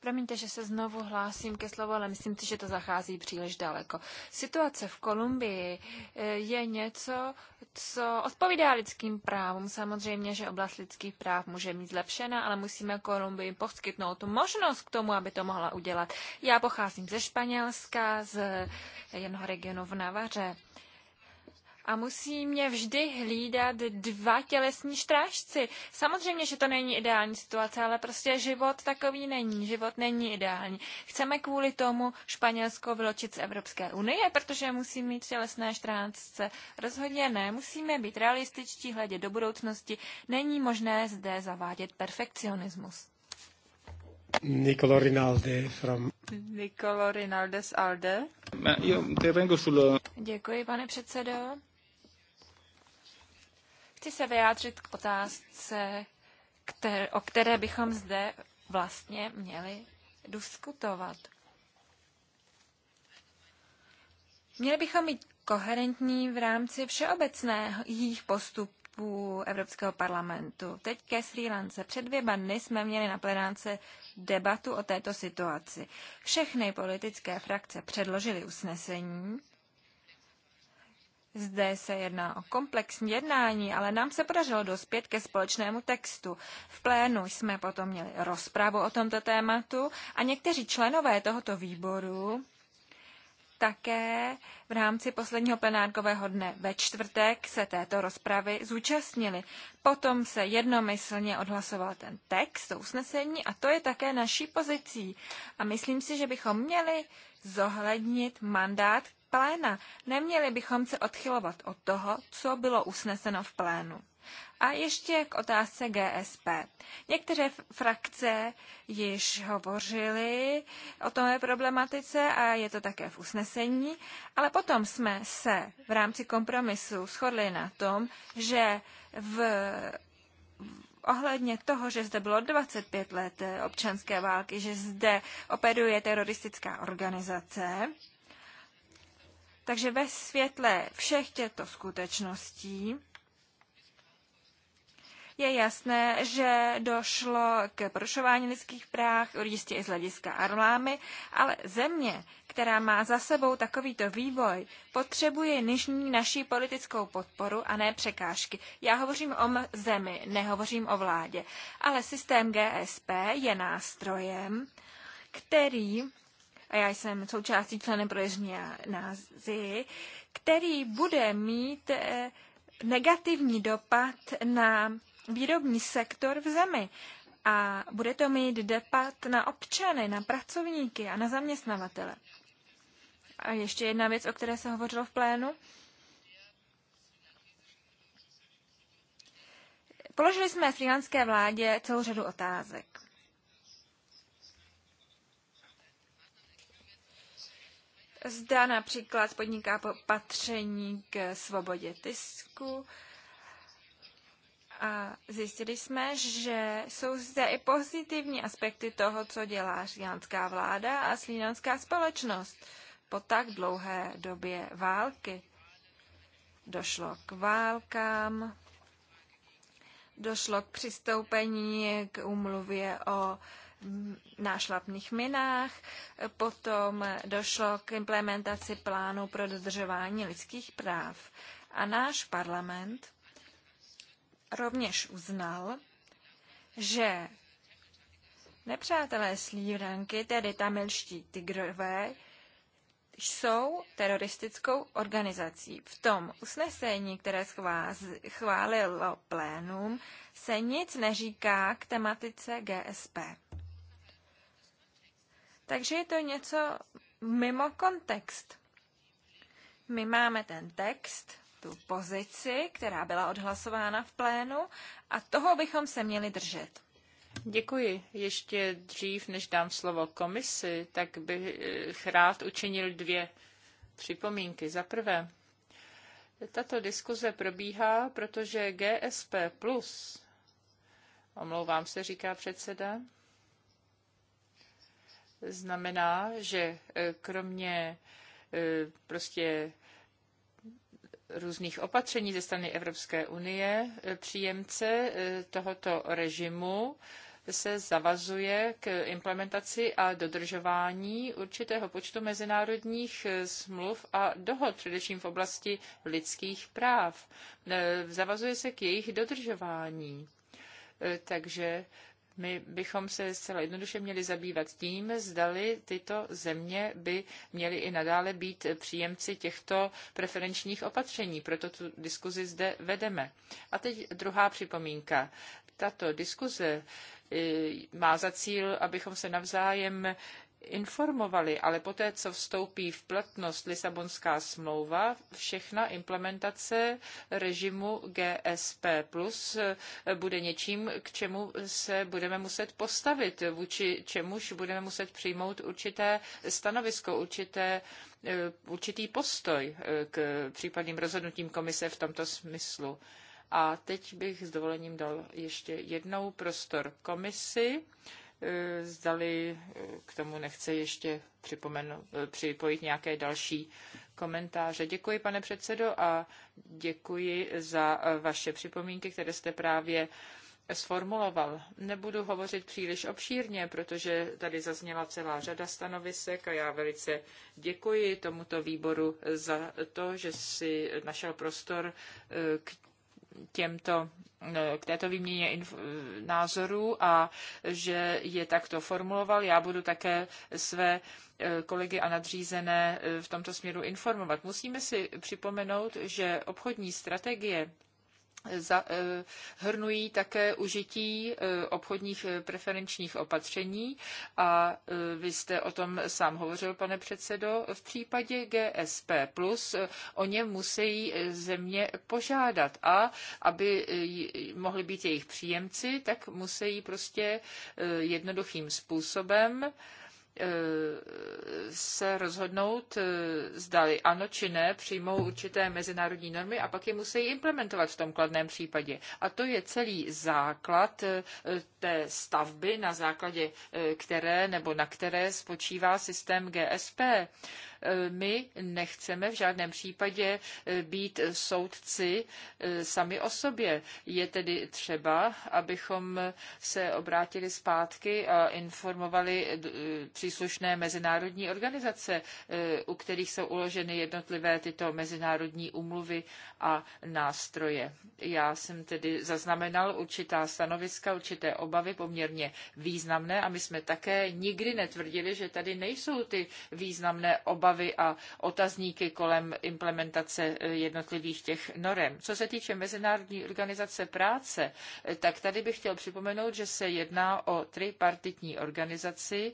Promiňte, že se znovu hlásím ke slovu, ale myslím si, že to zachází příliš daleko. Situace v Kolumbii eh, je něco, co odpovídá lidským právům. Samozřejmě, že oblast lidských práv může mít zlepšena, ale musíme Kolumbii poskytnout tu možnost k tomu, aby to mohla udělat. Já pocházím ze Španělska, z jednoho regionu v Navaře a musí mě vždy hlídat dva tělesní strážci. Samozřejmě, že to není ideální situace, ale prostě život takový není. Život není ideální. Chceme kvůli tomu Španělsko vyločit z Evropské unie, protože musí mít tělesné strážce. Rozhodně ne. Musíme být realističtí, hledět do budoucnosti. Není možné zde zavádět perfekcionismus. Nicolo Rinaldi from... Nicolo Rinaldes Alde. Děkuji, pane předsedo. Chci se vyjádřit k otázce, kter- o které bychom zde vlastně měli diskutovat. Měli bychom být koherentní v rámci všeobecných postupů Evropského parlamentu. Teď ke Sri Lance. Před dvěma dny jsme měli na plenáce debatu o této situaci. Všechny politické frakce předložily usnesení, zde se jedná o komplexní jednání, ale nám se podařilo dospět ke společnému textu. V plénu jsme potom měli rozpravu o tomto tématu a někteří členové tohoto výboru také v rámci posledního plenárkového dne ve čtvrtek se této rozpravy zúčastnili. Potom se jednomyslně odhlasoval ten text, to usnesení a to je také naší pozicí. A myslím si, že bychom měli zohlednit mandát, pléna. Neměli bychom se odchylovat od toho, co bylo usneseno v plénu. A ještě k otázce GSP. Některé frakce již hovořily o tomhle problematice a je to také v usnesení, ale potom jsme se v rámci kompromisu shodli na tom, že v ohledně toho, že zde bylo 25 let občanské války, že zde operuje teroristická organizace, takže ve světle všech těchto skutečností je jasné, že došlo k porušování lidských práv, určitě i z hlediska armámy, ale země, která má za sebou takovýto vývoj, potřebuje nižní naší politickou podporu a ne překážky. Já hovořím o zemi, nehovořím o vládě, ale systém GSP je nástrojem, který a já jsem součástí členem pro Jižní názy, který bude mít eh, negativní dopad na výrobní sektor v zemi. A bude to mít dopad na občany, na pracovníky a na zaměstnavatele. A ještě jedna věc, o které se hovořilo v plénu. Položili jsme srílanské vládě celou řadu otázek. Zda například podniká patření k svobodě tisku. A zjistili jsme, že jsou zde i pozitivní aspekty toho, co dělá šrílanská vláda a šrílanská společnost. Po tak dlouhé době války došlo k válkám, došlo k přistoupení k úmluvě o nášlapných minách, potom došlo k implementaci plánu pro dodržování lidských práv. A náš parlament rovněž uznal, že nepřátelé Sri tedy tamilští tigrové, jsou teroristickou organizací. V tom usnesení, které schválilo plénum, se nic neříká k tematice GSP. Takže je to něco mimo kontext. My máme ten text, tu pozici, která byla odhlasována v plénu a toho bychom se měli držet. Děkuji. Ještě dřív, než dám slovo komisi, tak bych eh, rád učinil dvě připomínky. Za prvé, tato diskuze probíhá, protože GSP+, omlouvám se, říká předseda, znamená, že e, kromě e, prostě různých opatření ze strany Evropské unie e, příjemce tohoto režimu se zavazuje k implementaci a dodržování určitého počtu mezinárodních smluv a dohod, především v oblasti lidských práv. Zavazuje se k jejich dodržování. Takže my bychom se zcela jednoduše měli zabývat tím, zdali tyto země by měly i nadále být příjemci těchto preferenčních opatření. Proto tu diskuzi zde vedeme. A teď druhá připomínka. Tato diskuze eh, má za cíl, abychom se navzájem informovali, ale poté, co vstoupí v platnost Lisabonská smlouva, všechna implementace režimu GSP plus eh, bude něčím, k čemu se budeme muset postavit, vůči čemuž budeme muset přijmout určité stanovisko, určité, eh, určitý postoj eh, k případným rozhodnutím komise v tomto smyslu. A teď bych s dovolením dal ještě jednou prostor komisi Eh, zdali eh, k tomu nechce ještě eh, připojit nějaké další komentáře. Děkuji, pane předsedo, a děkuji za vaše připomínky, které jste právě sformuloval. Nebudu hovořit příliš obšírně, protože tady zazněla celá řada stanovisek a já velice děkuji tomuto výboru za to, že si našel prostor k těmto, eh, k této výměně eh, názorů a že je takto formuloval. Já budu také své eh, kolegy a nadřízené v tomto směru informovat. Musíme si připomenout, že obchodní strategie zahrnují eh, také užití eh, obchodních eh, preferenčních opatření a vy jste o tom sám hovořil, pane předsedo. V případě GSP plus o ně musí země požádat a aby mohli být jejich příjemci, tak musí prostě jednoduchým způsobem Eh, se rozhodnout, eh, zdali ano či ne, přijmou určité mezinárodní normy a pak je musí implementovat v tom kladném případě. A to je celý základ eh, té stavby, na základě které nebo na které spočívá systém GSP. Eh, my nechceme v žádném případě eh, být soudci eh, sami o sobě. Je tedy třeba, abychom se obrátili zpátky a informovali příslušné mezinárodní organizace, u kterých jsou uloženy jednotlivé tyto mezinárodní úmluvy a nástroje. Já jsem tedy zaznamenal určitá stanoviska, určité obavy poměrně významné a my jsme také nikdy netvrdili, že tady nejsou ty významné obavy obavy a otazníky kolem implementace eh, jednotlivých těch norem. Co se týče Mezinárodní organizace práce, eh, tak tady bych chtěl připomenout, že se jedná o tripartitní organizaci,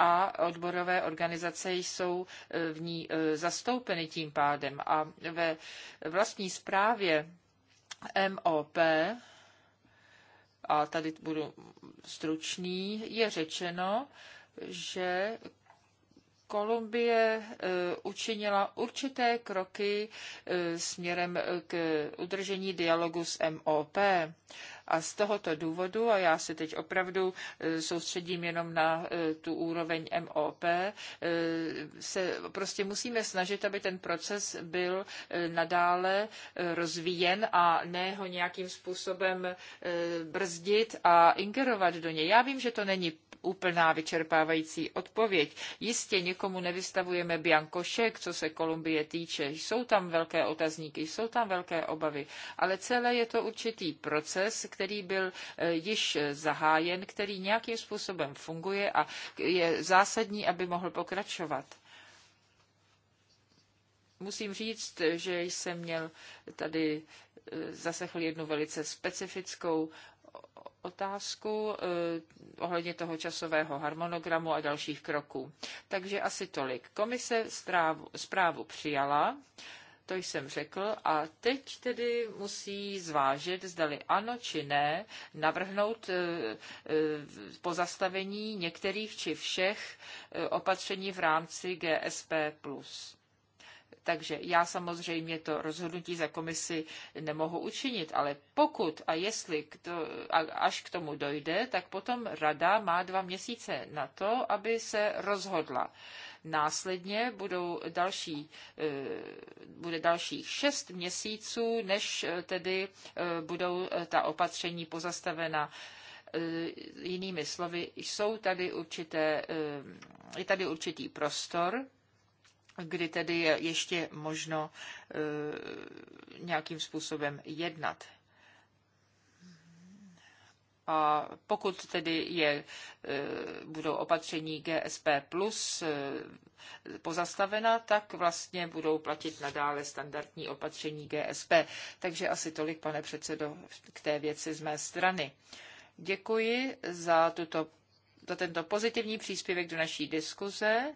a odborové organizace jsou eh, v ní zastoupeny tím pádem. A ve vlastní zprávě MOP, a tady budu stručný, je řečeno, že Kolumbie eh, učinila určité kroky eh, směrem eh, k udržení dialogu s MOP. A z tohoto důvodu, a já se teď opravdu soustředím jenom na tu úroveň MOP, se prostě musíme snažit, aby ten proces byl nadále rozvíjen a ne ho nějakým způsobem brzdit a ingerovat do něj. Já vím, že to není úplná vyčerpávající odpověď. Jistě někomu nevystavujeme biankošek, co se Kolumbie týče. Jsou tam velké otazníky, jsou tam velké obavy, ale celé je to určitý proces, který byl eh, již zahájen, který nějakým způsobem funguje a je zásadní, aby mohl pokračovat musím říct, že jsem měl tady eh, zasechl jednu velice specifickou otázku eh, ohledně toho časového harmonogramu a dalších kroků. Takže asi tolik. Komise strávu, zprávu přijala, to jsem řekl, a teď tedy musí zvážit, zdali ano či ne, navrhnout eh, eh, pozastavení některých či všech opatření v rámci GSP+. Takže já samozřejmě to rozhodnutí za komisi nemohu učinit, ale pokud a jestli k to, až k tomu dojde, tak potom rada má dva měsíce na to, aby se rozhodla. Následně budou další, eh, bude dalších šest měsíců, než eh, tedy eh, budou ta opatření pozastavena jinými slovy, jsou tady určité, je tady určitý prostor kdy tedy je ještě možno eh, nějakým způsobem jednat. A pokud tedy je, eh, budou opatření GSP plus eh, pozastavena, tak vlastně budou platit nadále standardní opatření GSP. Takže asi tolik, pane předsedo, k té věci z mé strany. Děkuji za, tuto, za tento pozitivní příspěvek do naší diskuze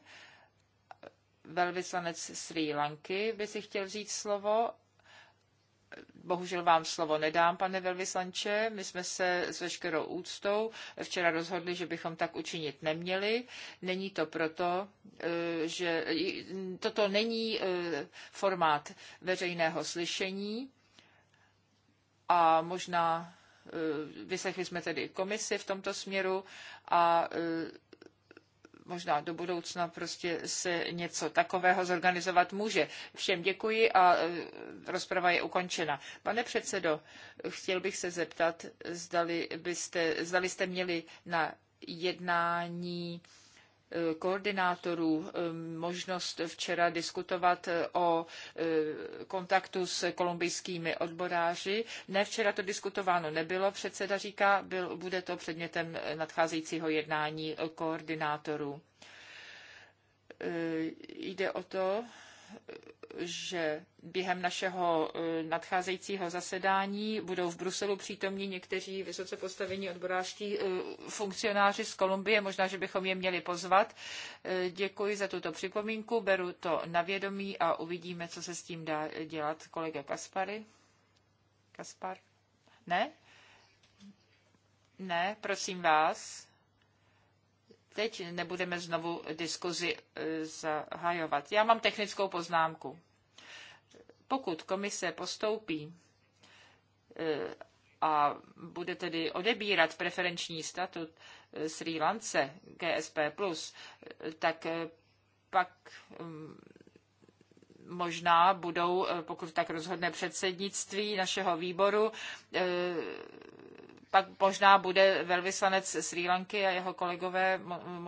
velvyslanec Sri Lanky by si chtěl říct slovo. Bohužel vám slovo nedám, pane velvyslanče. My jsme se s veškerou úctou včera rozhodli, že bychom tak učinit neměli. Není to proto, e, že toto není e, formát veřejného slyšení a možná e, vyslechli jsme tedy komisi v tomto směru a možná do budoucna prostě se něco takového zorganizovat může. Všem děkuji a e, rozprava je ukončena. Pane předsedo, chtěl bych se zeptat, zdali, byste, zdali jste měli na jednání koordinátorů eh, možnost včera diskutovat eh, o eh, kontaktu s kolumbijskými odboráři. Ne, včera to diskutováno nebylo, předseda říká, byl, bude to předmětem nadcházejícího jednání koordinátorů. Jde o to, že během našeho e, nadcházejícího zasedání budou v Bruselu přítomní někteří vysoce postavení odborářští e, funkcionáři z Kolumbie. Možná, že bychom je měli pozvat. E, děkuji za tuto připomínku, beru to na vědomí a uvidíme, co se s tím dá dělat kolega Kaspary. Kaspar? Ne? Ne, prosím vás teď nebudeme znovu diskuzi eh, zahajovat. Já mám technickou poznámku. Pokud komise postoupí eh, a bude tedy odebírat preferenční statut eh, Sri Lance GSP+, tak pak hm, možná budou, pokud tak rozhodne předsednictví našeho výboru, pak možná bude velvyslanec Sri Lanky a jeho kolegové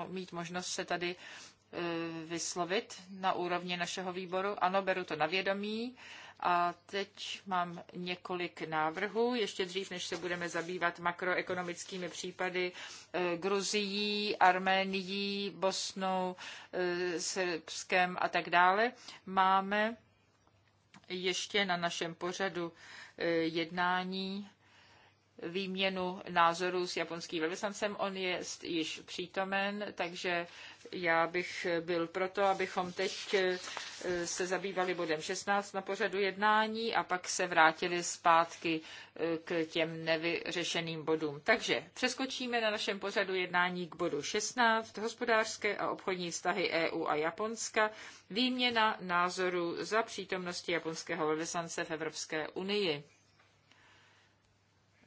mít možnost se tady e, vyslovit na úrovni našeho výboru. Ano, beru to na vědomí. A teď mám několik návrhů. Ještě dřív, než se budeme zabývat makroekonomickými případy e, Gruzií, Arménií, Bosnou, e, Srbskem a tak dále, máme ještě na našem pořadu jednání výměnu názorů s japonským velvyslancem. On je již přítomen, takže já bych byl proto, abychom teď eh, se zabývali bodem 16 na pořadu jednání a pak se vrátili zpátky eh, k těm nevyřešeným bodům. Takže přeskočíme na našem pořadu jednání k bodu 16, hospodářské a obchodní vztahy EU a Japonska, výměna názorů za přítomnosti japonského velvyslance v Evropské unii.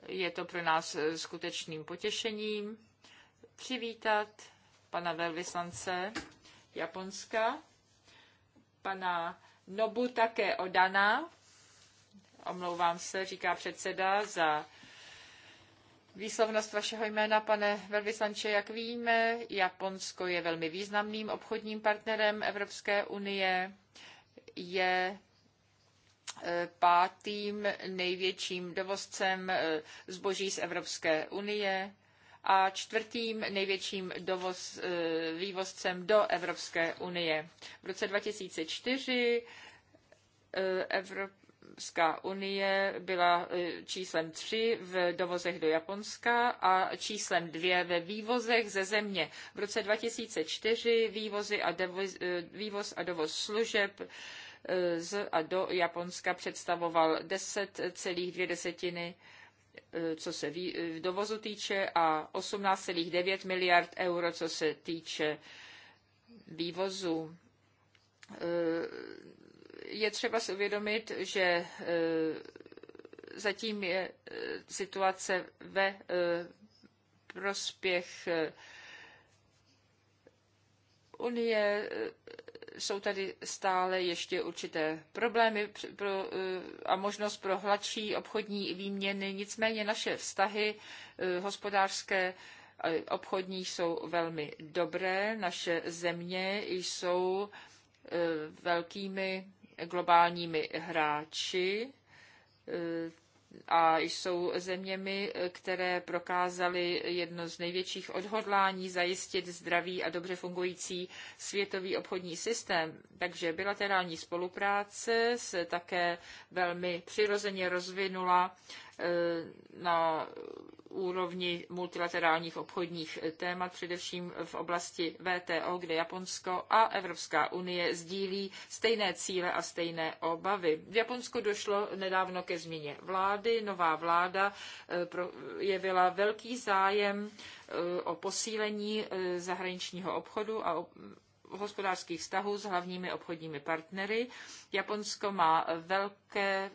Je to pro nás eh, skutečným potěšením přivítat pana velvyslance Japonska, pana Nobu také Odana, omlouvám se, říká předseda, za výslovnost vašeho jména, pane velvyslanče. Jak víme, Japonsko je velmi významným obchodním partnerem Evropské unie, je pátým největším dovozcem eh, zboží z Evropské unie a čtvrtým největším dovoz, eh, vývozcem do Evropské unie. V roce 2004 eh, Evropská unie byla číslem 3 v dovozech do Japonska a číslem 2 ve vývozech ze země. V roce 2004 vývozy a devoz, vývoz a dovoz služeb z a do Japonska představoval 10,2 eh, co se eh, dovozu týče a 18,9 miliard euro, co se týče vývozu. Eh, je třeba si uvědomit, že zatím je situace ve prospěch Unie jsou tady stále ještě určité problémy pro, eh, a možnost pro hladší obchodní výměny. Nicméně naše vztahy eh, hospodářské obchodní jsou velmi dobré. Naše země jsou eh, velkými globálními hráči a jsou zeměmi, které prokázaly jedno z největších odhodlání zajistit zdravý a dobře fungující světový obchodní systém. Takže bilaterální spolupráce se také velmi přirozeně rozvinula Eh, na úrovni multilaterálních obchodních témat, především v oblasti VTO, kde Japonsko a Evropská unie sdílí stejné cíle a stejné obavy. V Japonsku došlo nedávno ke změně vlády. Nová vláda eh, jevila velký zájem eh, o posílení zahraničního obchodu a hospodářských vztahů s hlavními obchodními partnery. Japonsko má velké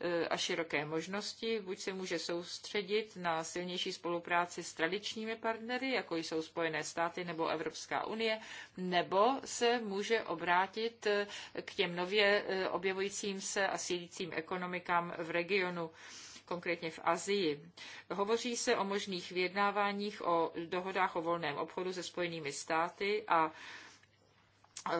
e, a široké možnosti, buď se může soustředit na silnější spolupráci s tradičními partnery, jako jsou Spojené státy nebo Evropská unie, nebo se může obrátit e, k těm nově e, objevujícím se a sílícím ekonomikám v regionu konkrétně v Asii. Hovoří se o možných vyjednáváních o dohodách o volném obchodu se Spojenými státy a Eh,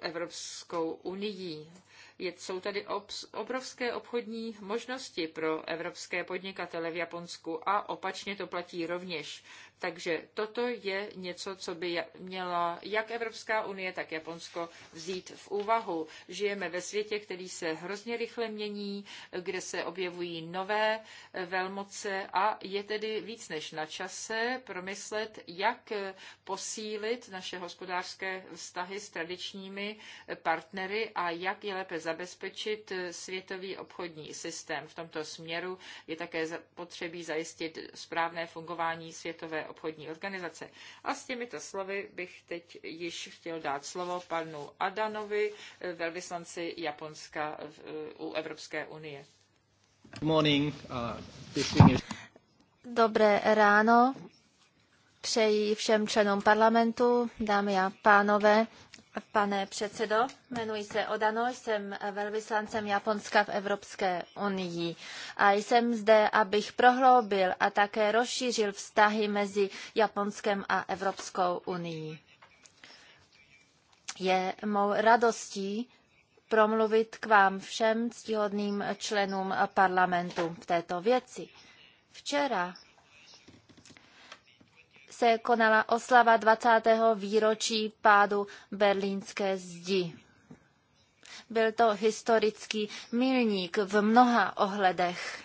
Evropskou unii. Jsou tady obrovské obchodní možnosti pro evropské podnikatele v Japonsku a opačně to platí rovněž. Takže toto je něco, co by měla jak Evropská unie, tak Japonsko vzít v úvahu. Žijeme ve světě, který se hrozně rychle mění, kde se objevují nové eh, velmoce a je tedy víc než na čase promyslet, jak eh, posílit naše hospodářské vztahy s tradičními eh, partnery a jak je lépe zabezpečit světový obchodní systém. V tomto směru je také potřebí zajistit správné fungování světové obchodní organizace. A s těmito slovy bych teď již chtěl dát slovo panu Adanovi, eh, velvyslanci Japonska eh, u Evropské unie. Morning, uh, Dobré ráno, přeji všem členům parlamentu, dámy a pánové. Pane předsedo, jmenuji se Odano, jsem velvyslancem Japonska v Evropské unii a jsem zde, abych prohloubil a také rozšířil vztahy mezi Japonskem a Evropskou unii. Je mou radostí promluvit k vám všem ctihodným členům parlamentu v této věci. Včera se konala oslava 20. výročí pádu berlínské zdi. Byl to historický milník v mnoha ohledech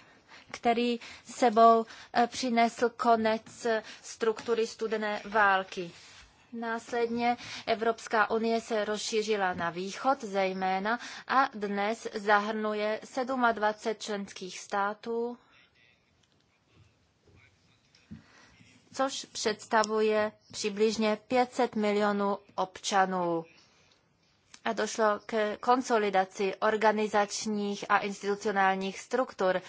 který sebou eh, přinesl konec struktury studené války. Následně Evropská unie se rozšířila na východ zejména a dnes zahrnuje 27 členských států což představuje přibližně 500 milionů občanů. A došlo k konsolidaci organizačních a institucionálních struktur.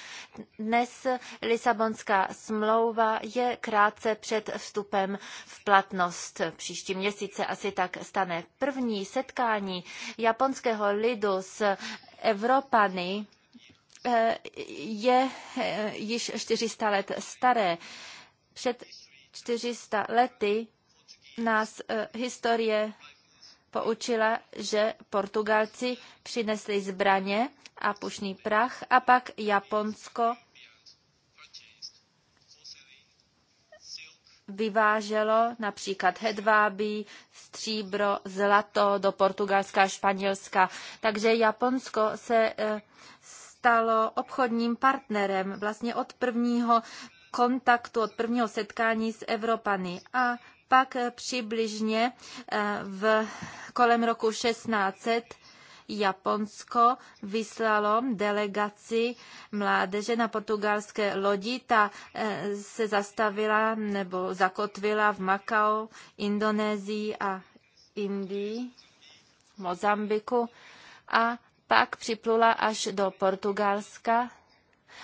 Dnes Lisabonská smlouva je krátce před vstupem v platnost. Příští měsíce asi tak stane první setkání japonského lidu s Evropany eh, je eh, již 400 let staré. Před 400 lety nás eh, historie poučila, že Portugalci přinesli zbraně a pušný prach a pak Japonsko vyváželo například hedvábí, stříbro, zlato do Portugalska a Španělska. Takže Japonsko se eh, stalo obchodním partnerem vlastně od prvního kontaktu, od prvního setkání s Evropany. A pak přibližně eh, v kolem roku 1600 Japonsko vyslalo delegaci mládeže na portugalské lodi. Ta eh, se zastavila nebo zakotvila v Makao, Indonésii a Indii, Mozambiku a pak připlula až do Portugalska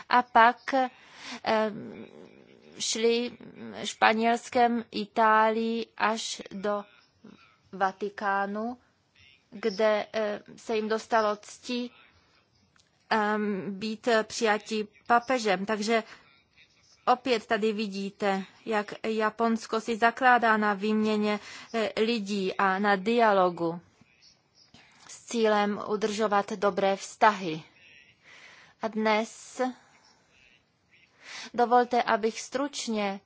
a pak Eh, šli Španělskem, Itálií až do Vatikánu, kde eh, se jim dostalo cti ehm, být přijatí papežem. Takže opět tady vidíte, jak Japonsko si zakládá na výměně eh, lidí a na dialogu s cílem udržovat dobré vztahy. A dnes Dovolte, abych stručně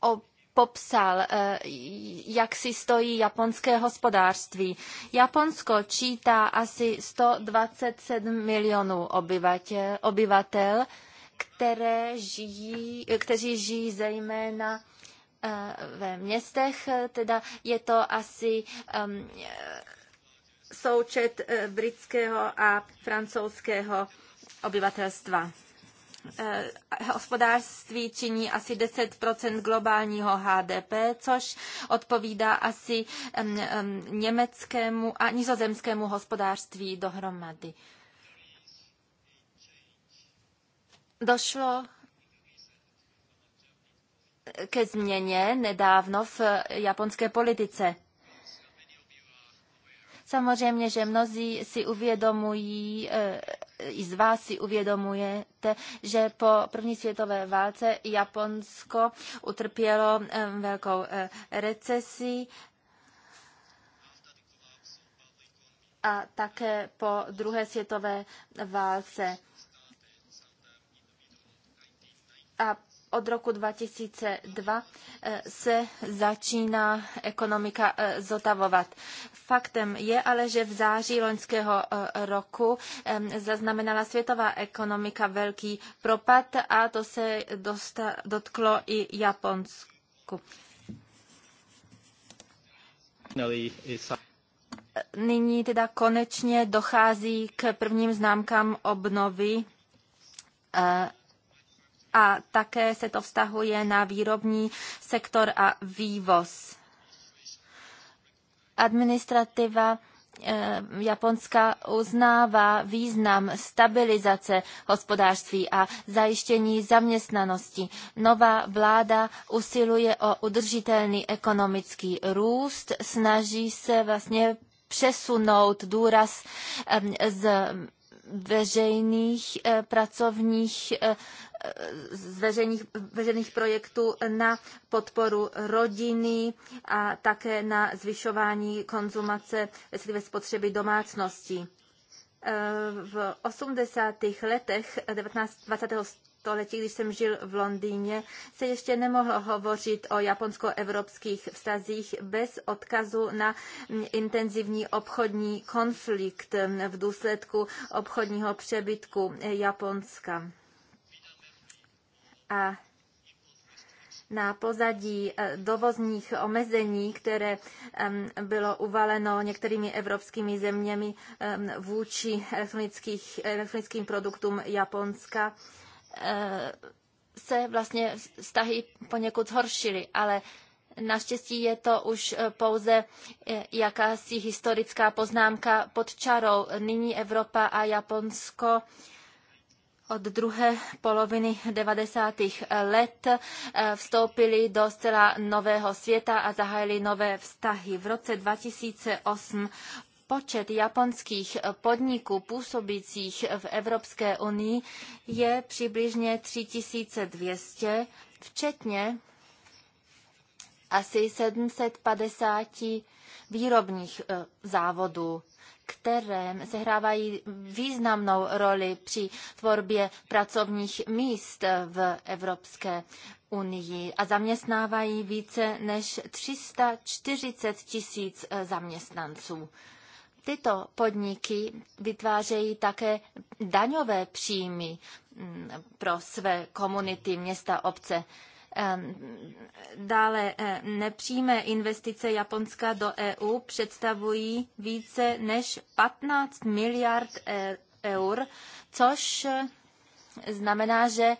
o popsal, eh, jak si stojí japonské hospodářství. Japonsko čítá asi 127 milionů obyvatel, obyvatel které žijí, kteří žijí zejména eh, ve městech, teda je to asi ehm, součet eh, britského a francouzského obyvatelstva. Eh, hospodářství činí asi 10 globálního HDP, což odpovídá asi německému a nizozemskému hospodářství dohromady. Došlo ke změně nedávno v japonské politice. Samozřejmě, že mnozí si uvědomují eh, i z vás si uvědomujete, že po první světové válce Japonsko utrpělo eh, velkou eh, recesi, a také po druhé světové válce. A od roku 2002 eh, se začíná ekonomika eh, zotavovat. Faktem je ale, že v září loňského eh, roku zaznamenala světová ekonomika velký propad a to se dotklo i Japonsku. Nyní teda konečně dochází k prvním známkám obnovy a také se to vztahuje na výrobní sektor a vývoz. Administrativa eh, Japonska uznává význam stabilizace hospodářství a zajištění zaměstnanosti. Nová vláda usiluje o udržitelný ekonomický růst, snaží se vlastně přesunout důraz z veřejných eh, pracovních eh, eh, z veřejných, veřejných projektů na podporu rodiny a také na zvyšování konzumace, respektive spotřeby domácností. V 80. letech 19, 20 století, když jsem žil v Londýně, se ještě nemohlo hovořit o japonsko-evropských vztazích bez odkazu na intenzivní obchodní konflikt v důsledku obchodního přebytku Japonska. A na pozadí eh, dovozních omezení, které bylo uvaleno některými evropskými zeměmi vůči elektronickým produktům Japonska, Eh, se vlastně vztahy poněkud zhoršily, ale Naštěstí je to už eh, pouze eh, jakási historická poznámka pod čarou. Nyní Evropa a Japonsko od druhé poloviny 90. let vstoupili do zcela nového světa a zahájili nové vztahy. V roce 2008 počet japonských eh, podniků působících v Evropské unii je přibližně 3200, včetně asi 750 výrobních eh, závodů, které sehrávají významnou roli při tvorbě pracovních míst eh, v Evropské unii a zaměstnávají více než 340 tisíc zaměstnanců tyto podniky vytvářejí také daňové příjmy mm, pro své komunity, města, obce. Dále eh, nepřímé investice Japonska do EU představují více než 15 miliard e, eur, což eh, znamená, že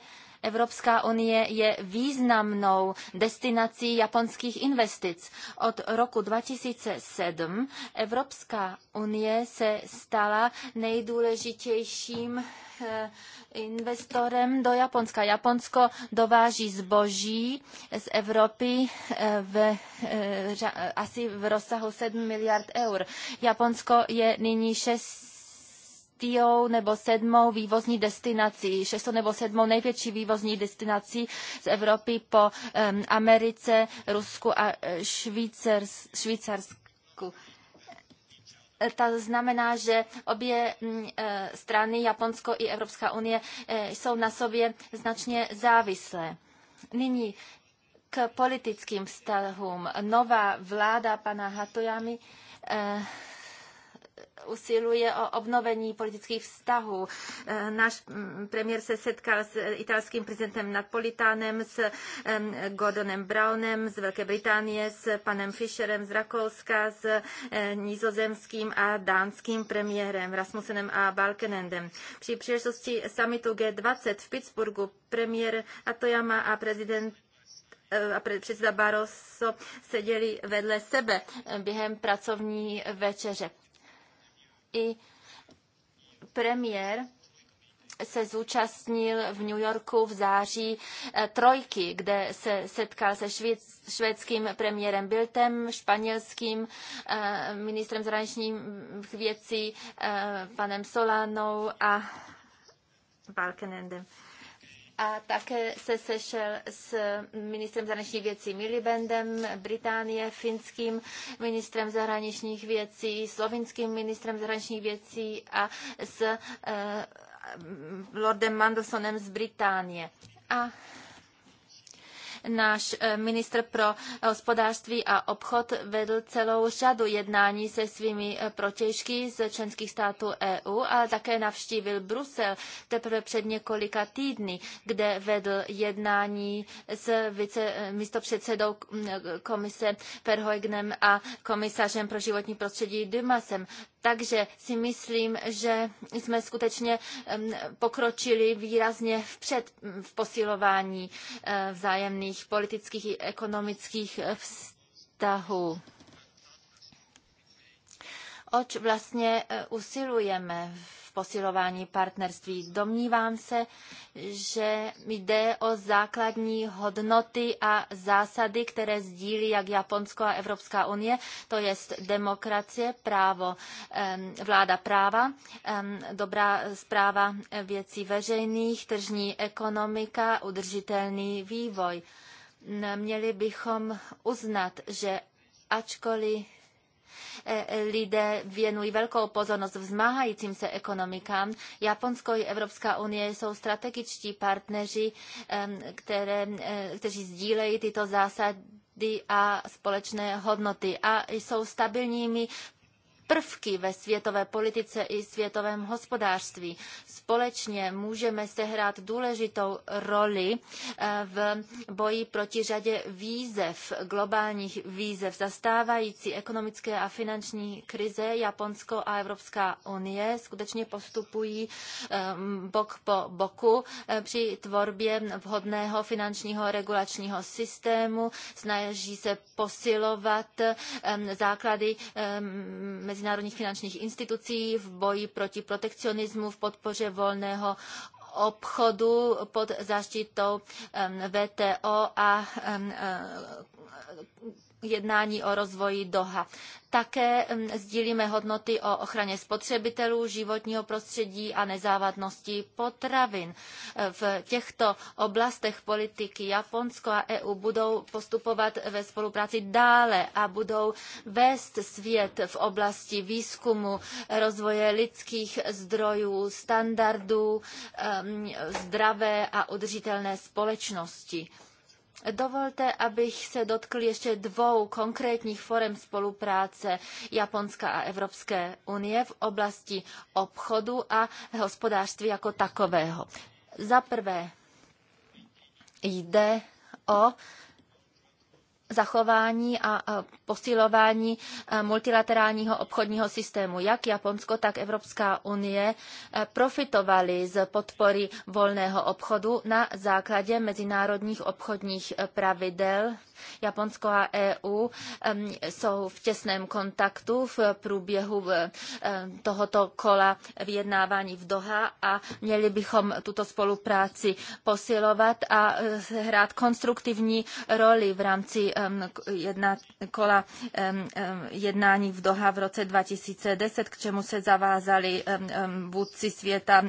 Evropská unie je významnou destinací japonských investic. Od roku 2007 Evropská unie se stala nejdůležitějším eh, investorem do Japonska. Japonsko dováží zboží z Evropy eh, v, eh, asi v rozsahu 7 miliard eur. Japonsko je nyní 6 šestou nebo sedmou vývozní destinací, šestou nebo sedmou největší vývozní destinací z Evropy po um, Americe, Rusku a e, Švýcars, Švýcarsku. E, to znamená, že obě mm, e, strany, Japonsko i Evropská unie, jsou na sobě značně závislé. Nyní k politickým vztahům. Nová vláda pana Hatojami usiluje o obnovení politických vztahů. Eh, náš mm, premiér se setkal s italským prezidentem Napolitánem, s Gordonem Brownem z Velké Británie, s panem Fischerem z Rakouska, s eh, nizozemským a dánským premiérem Rasmusenem a Balkenendem. Při příležitosti summitu G20 v Pittsburghu premiér Atoyama a prezident eh, a předseda Barroso seděli vedle sebe během pracovní večeře i premiér se zúčastnil v New Yorku v září eh, trojky, kde se setkal se švéd, švédským premiérem Biltem, španělským eh, ministrem zahraničních věcí eh, panem Solanou a Balkenendem a také se sešel s ministrem zahraničních věcí Milibendem Británie, finským ministrem zahraničních věcí, slovinským ministrem zahraničních věcí a s uh, Lordem Mandelsonem z Británie. A náš eh, ministr pro eh, hospodářství a obchod vedl celou řadu jednání se svými eh, protěžky z členských států EU a také navštívil Brusel teprve před několika týdny, kde vedl jednání s vice, místopředsedou mm, komise Perhojgnem a komisařem pro životní prostředí Dumasem. Takže si myslím, že jsme skutečně pokročili výrazně vpřed v posilování eh, vzájemných politických i ekonomických eh, vztahů oč vlastně e, usilujeme v posilování partnerství. Domnívám se, že jde o základní hodnoty a zásady, které sdílí jak Japonsko a Evropská unie, to je demokracie, právo, vláda práva, dobrá zpráva věcí veřejných, tržní ekonomika, udržitelný vývoj. Měli bychom uznat, že ačkoliv E, e, lidé věnují velkou pozornost vzmáhajícím se ekonomikám. Japonsko i Evropská unie jsou strategičtí partneři, které, kteří sdílejí tyto zásady a společné hodnoty a jsou stabilními prvky ve světové politice i světovém hospodářství. Společně můžeme sehrát důležitou roli eh, v boji proti řadě výzev, globálních výzev. Zastávající ekonomické a finanční krize Japonsko a Evropská unie skutečně postupují eh, bok po boku eh, při tvorbě vhodného finančního regulačního systému. Snaží se posilovat základy mezi mezinárodních finančních institucí v boji proti protekcionismu, v podpoře volného obchodu pod záštitou VTO a e, jednání o rozvoji Doha. Také mm, sdílíme hodnoty o ochraně spotřebitelů, životního prostředí a nezávadnosti potravin. V těchto oblastech politiky Japonsko a EU budou postupovat ve spolupráci dále a budou vést svět v oblasti výzkumu, rozvoje lidských zdrojů, standardů mm, zdravé a udržitelné společnosti. Dovolte, abych se dotkl ještě dvou konkrétních forem spolupráce Japonska a Evropské unie v oblasti obchodu a hospodářství jako takového. Za prvé jde o zachování a posilování e, multilaterálního obchodního systému. Jak Japonsko, tak Evropská unie e, profitovali z podpory volného obchodu na základě mezinárodních obchodních pravidel Japonsko a EU jsou v těsném kontaktu v průběhu tohoto kola vyjednávání v Doha a měli bychom tuto spolupráci posilovat a eh, hrát konstruktivní roli v rámci jedna, kola jednání v Doha v roce 2010, k čemu se zavázali vůdci světa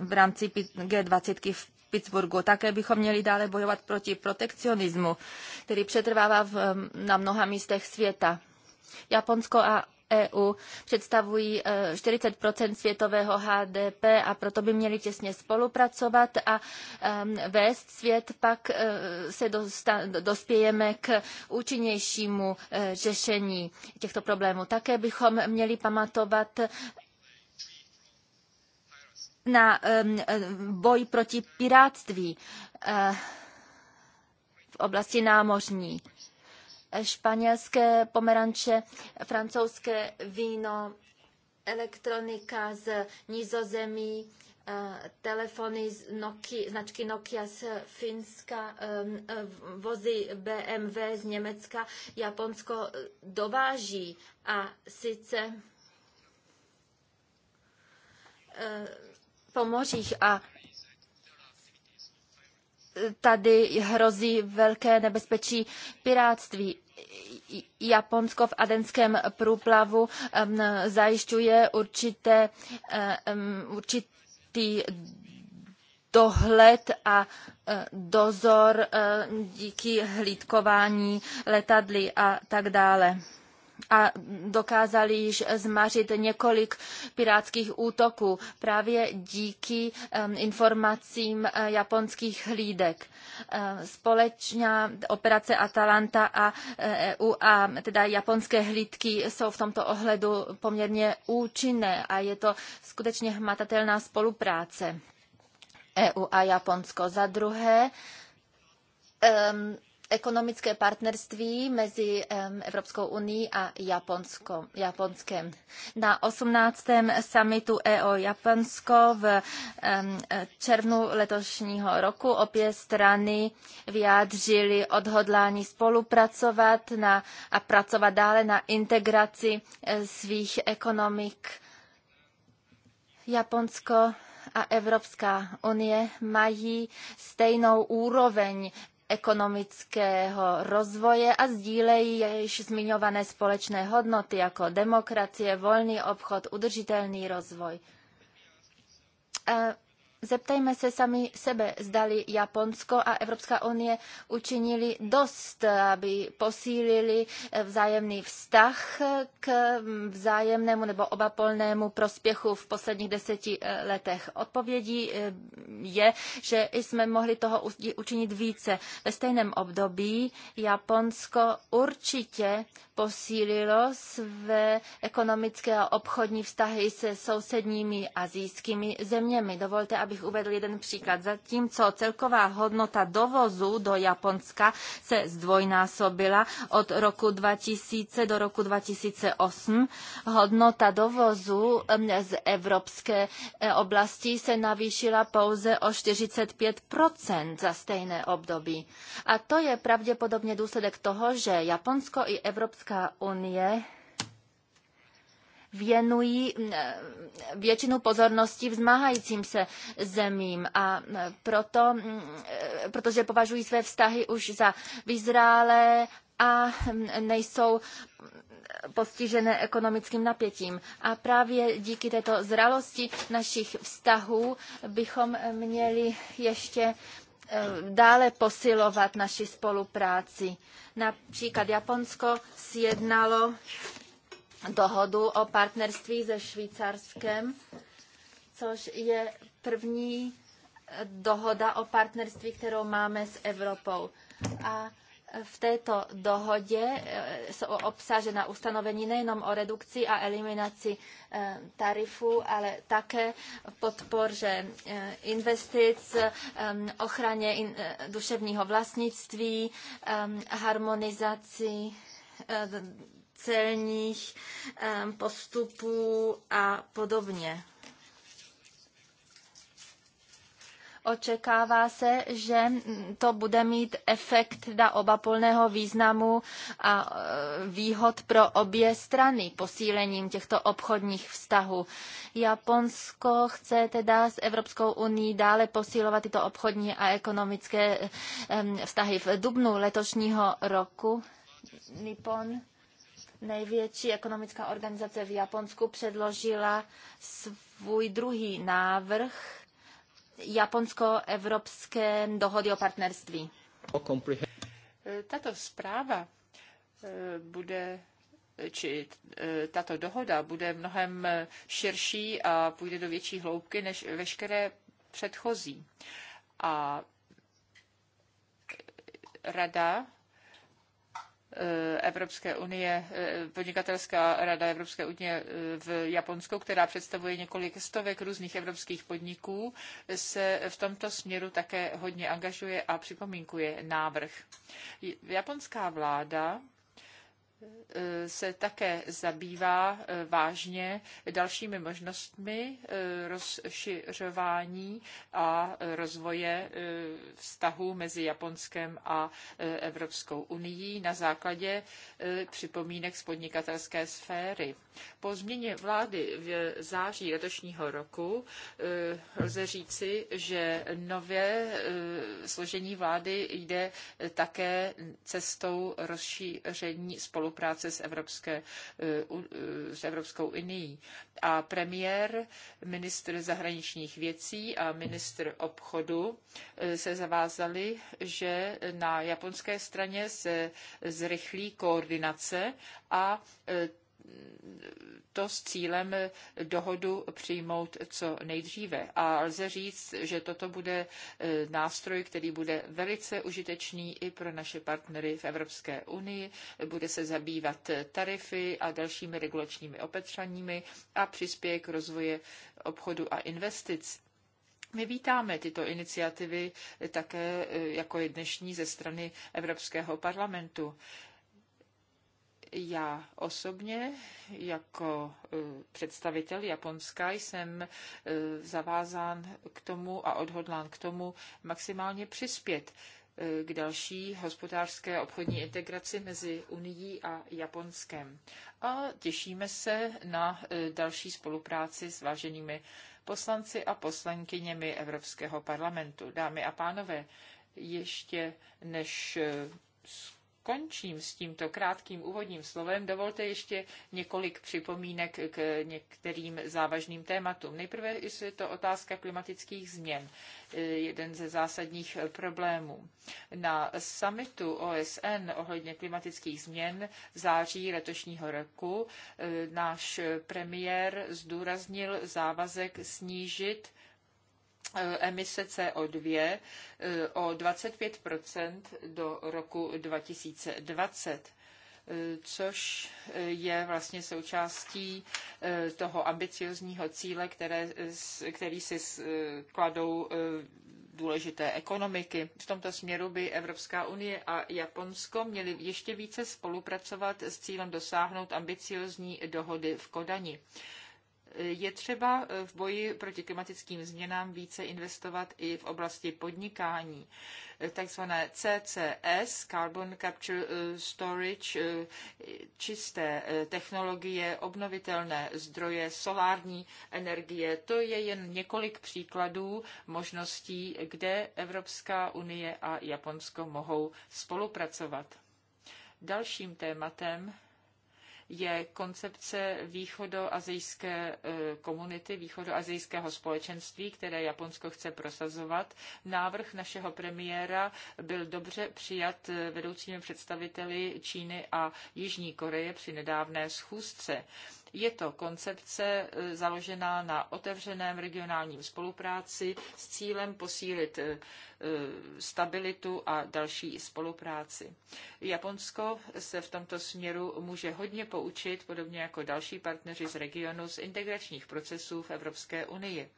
v rámci G20 v Pittsburghu. Také bychom měli dále bojovat proti protekcionismu, který přetrvává v, na mnoha místech světa. Japonsko a EU představují 40 e, světového HDP a proto by měli těsně spolupracovat a vést svět. Pak e, se dospějeme k účinnějšímu e, řešení těchto problémů. Také bychom měli pamatovat na boj proti pirátství eh, v oblasti námořní. Španělské pomeranče, francouzské víno, elektronika z Nizozemí, eh, telefony z Nokia, značky Nokia z Finska, vozy BMW z Německa, Japonsko eh, dováží a sice mořích a tady hrozí velké nebezpečí piráctví. Japonsko v adenském průplavu zajišťuje určité, určitý dohled a e, dozor e, díky hlídkování letadly a tak dále a dokázali již zmařit několik pirátských útoků právě díky informacím eh, japonských hlídek. Eh, společná operace Atalanta a EU eh, e a teda japonské hlídky jsou v tomto ohledu poměrně účinné a je to skutečně hmatatelná spolupráce EU a Japonsko. Za druhé, ekonomické partnerství mezi Evropskou unii a Japonsko, Japonskem. Na 18. summitu EO Japonsko v červnu letošního roku obě strany vyjádřily odhodlání spolupracovat na, a pracovat dále na integraci eh, svých ekonomik. Japonsko a Evropská unie mají stejnou úroveň ekonomického rozvoje a sdílejí již zmiňované společné hodnoty jako demokracie, volný obchod, udržitelný rozvoj. Zeptejme se sami sebe, zdali Japonsko a Evropská unie učinili dost, aby posílili vzájemný vztah k vzájemnému nebo obapolnému prospěchu v posledních deseti eh, letech. Odpovědí eh, je, že jsme mohli toho učinit více. Ve stejném období Japonsko určitě posílilo své ekonomické a obchodní vztahy se sousedními azijskými zeměmi. Dovolte, aby abych uvedl jeden příklad. Zatímco celková hodnota dovozu do Japonska se zdvojnásobila od roku 2000 do roku 2008, hodnota dovozu z evropské e, oblasti se navýšila pouze o 45 za stejné období. A to je pravděpodobně důsledek toho, že Japonsko i Evropská unie věnují mm, eh, většinu pozornosti vzmáhajícím se zemím a eh, proto, mm, eh, protože považují své vztahy už za vyzrálé a mm, nejsou postižené ekonomickým napětím. A právě díky této zralosti našich vztahů bychom měli ještě dále posilovat naši spolupráci. Například Japonsko sjednalo dohodu o partnerství se Švýcarskem, což je první dohoda o partnerství, kterou máme s Evropou. A v této dohodě eh, jsou obsažena ustanovení nejenom o redukci a eliminaci eh, tarifů, ale také podpoře eh, investic, ochraně duševního vlastnictví, harmonizaci celních postupů a podobně. Očekává se, že to bude mít efekt na oba obapolného významu a e, výhod pro obě strany posílením těchto obchodních vztahů. Japonsko chce teda s Evropskou unii dále posilovat tyto obchodní a ekonomické vztahy v dubnu letošního roku. Nippon Největší ekonomická organizace v Japonsku předložila svůj druhý návrh japonsko-evropské dohody o partnerství. Tato zpráva eh, bude či eh, tato dohoda bude mnohem širší a půjde do větší hloubky než veškeré předchozí. A rada Eh, Evropské unie, eh, podnikatelská rada Evropské unie eh, v Japonsku, která představuje několik stovek různých evropských podniků, se v tomto směru také hodně angažuje a připomínkuje návrh. Japonská vláda se také zabývá eh, vážně dalšími možnostmi eh, rozšiřování a rozvoje eh, vztahu mezi Japonskem a Evropskou unii na základě připomínek z podnikatelské sféry. Po změně vlády v září letošního roku lze říci, že nové složení vlády jde také cestou rozšíření spolupráce spolupráce s, Evropské, eh, eh, s Evropskou unii. A premiér, ministr zahraničních věcí a ministr obchodu eh, se zavázali, že na japonské straně se zrychlí koordinace a to s cílem dohodu přijmout co nejdříve. A lze říct, že toto bude e, nástroj, který bude velice užitečný i pro naše partnery v Evropské unii. Bude se zabývat tarify a dalšími regulačními opatřeními a přispěje k rozvoji obchodu a investic. My vítáme tyto iniciativy také e, jako je dnešní ze strany Evropského parlamentu. Já osobně jako e, představitel Japonska jsem e, zavázán k tomu a odhodlán k tomu maximálně přispět e, k další hospodářské a obchodní integraci mezi Unií a Japonskem. A těšíme se na další spolupráci s váženými poslanci a poslankyněmi Evropského parlamentu. Dámy a pánové, ještě než končím s tímto krátkým úvodním slovem, dovolte ještě několik připomínek k některým závažným tématům. Nejprve je to otázka klimatických změn, jeden ze zásadních problémů. Na summitu OSN ohledně klimatických změn v září letošního roku eh, náš premiér zdůraznil závazek snížit Eh, emise CO2 o 25 eh, do roku 2020 eh, což je vlastně součástí toho ambiciozního cíle, které, který si kladou důležité ekonomiky. V tomto směru by Evropská unie a Japonsko měly ještě více spolupracovat s cílem dosáhnout ambiciozní dohody v Kodani. Je třeba eh, v boji proti klimatickým změnám více investovat i v oblasti podnikání. Eh, takzvané CCS, Carbon Capture eh, Storage, čisté technologie, obnovitelné zdroje, solární energie, to je jen několik příkladů možností, kde Evropská unie a Japonsko mohou spolupracovat. Dalším tématem je koncepce východoazijské e, komunity, východoazijského společenství, které Japonsko chce prosazovat. Návrh našeho premiéra byl dobře přijat e, vedoucími představiteli Číny a Jižní Koreje při nedávné schůzce. Je to koncepce eh, založená na otevřeném regionálním spolupráci s cílem posílit eh, stabilitu a další spolupráci. Japonsko se v tomto směru může hodně poučit, podobně jako další partneři z regionu, z integračních procesů v Evropské unii.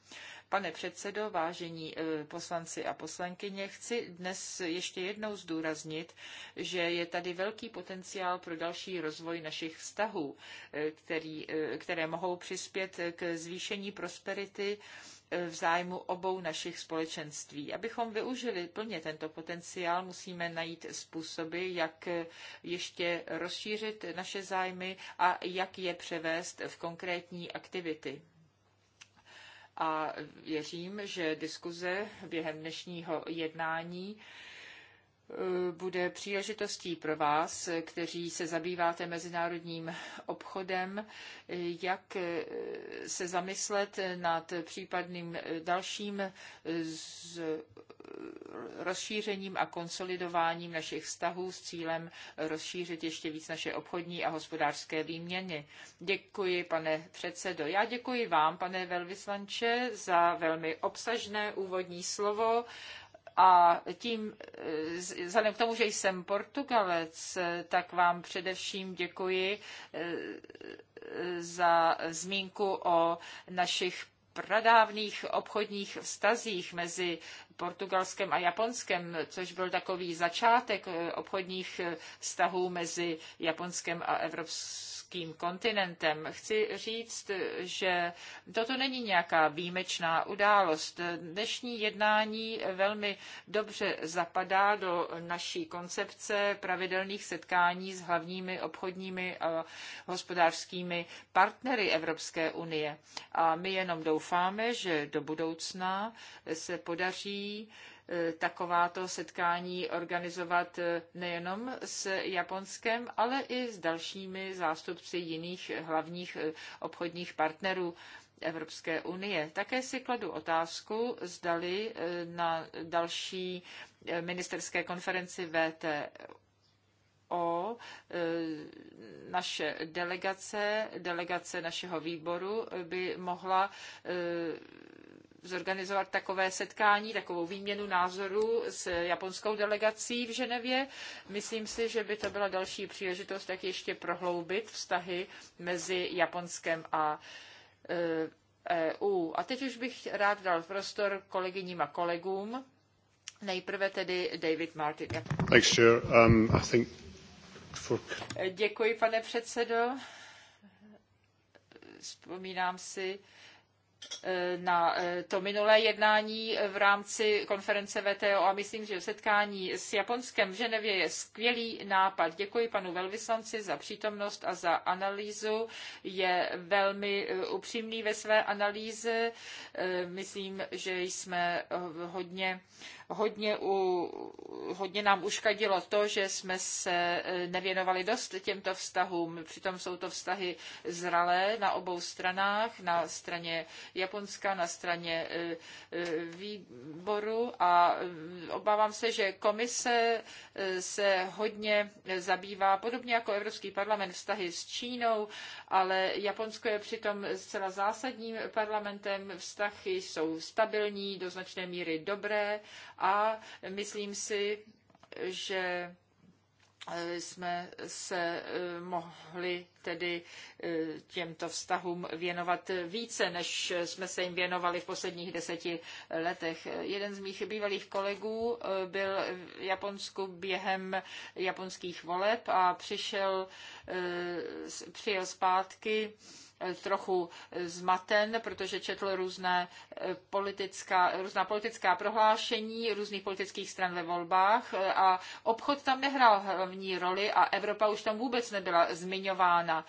Pane předsedo, vážení e, poslanci a poslankyně, chci dnes ještě jednou zdůraznit, že je tady velký potenciál pro další rozvoj našich vztahů, e, který, e, které mohou přispět k zvýšení prosperity v zájmu obou našich společenství. Abychom využili plně tento potenciál, musíme najít způsoby, jak ještě rozšířit naše zájmy a jak je převést v konkrétní aktivity a věřím, že diskuze během dnešního jednání Eh, bude příležitostí pro vás, kteří se zabýváte mezinárodním obchodem, eh, jak eh, se zamyslet nad případným dalším rozšířením a konsolidováním našich vztahů s cílem rozšířit ještě víc naše obchodní a hospodářské výměny. Děkuji, pane předsedo. Já děkuji vám, pane velvyslanče, za velmi obsažné úvodní slovo a tím, eh, vzhledem k tomu, že jsem Portugalec, eh, tak vám především děkuji eh, za zmínku o našich pradávných obchodních vztazích mezi Portugalskem a Japonskem, což byl takový začátek obchodních vztahů mezi Japonskem a Evropskou evropským kontinentem, chci říct, že toto není nějaká výjimečná událost. Dnešní jednání velmi dobře zapadá do naší koncepce pravidelných setkání s hlavními obchodními a hospodářskými partnery Evropské unie. A my jenom doufáme, že do budoucna se podaří E, takováto setkání organizovat e, nejenom s Japonskem, ale i s dalšími zástupci jiných hlavních e, obchodních partnerů. Evropské unie. Také si kladu otázku, zdali na další ministerské konferenci VTO naše delegace, delegace našeho výboru by mohla zorganizovat takové setkání, takovou výměnu názorů s japonskou delegací v Ženevě. Myslím si, že by to byla další příležitost, jak ještě prohloubit vztahy mezi Japonskem a EU. E a teď už bych rád dal prostor kolegyním a kolegům. Nejprve tedy David Martin. Thanks, Chair. Um, I think for... Děkuji, pane předsedo. Vzpomínám si, Eh, na eh, to minulé jednání eh, v rámci konference VTO a myslím, že setkání s Japonskem v Ženevě je skvělý nápad. Děkuji panu velvyslanci za přítomnost a za analýzu. Je velmi upřímný ve své analýze. Myslím, že jsme hodně hodně, u, hodně nám uškadilo to, že jsme se eh, nevěnovali dost těmto vztahům. Přitom jsou to vztahy zralé na obou stranách, na straně Japonska, na straně eh, eh, výboru a obávám se, že komise se hodně zabývá, podobně jako Evropský parlament, vztahy s Čínou, ale Japonsko je přitom zcela zásadním parlamentem. Vztahy jsou stabilní, do značné míry dobré a myslím si, že eh, jsme se eh, mohli tedy eh, těmto vztahům věnovat více, než jsme se jim věnovali v posledních deseti letech. Jeden z mých bývalých kolegů byl v Japonsku během japonských voleb a přišel, přijel zpátky Eh, trochu zmaten, protože četl různé eh, politická, různá politická prohlášení různých politických stran ve volbách eh, a obchod tam nehrál hlavní roli a Evropa už tam vůbec nebyla zmiňována.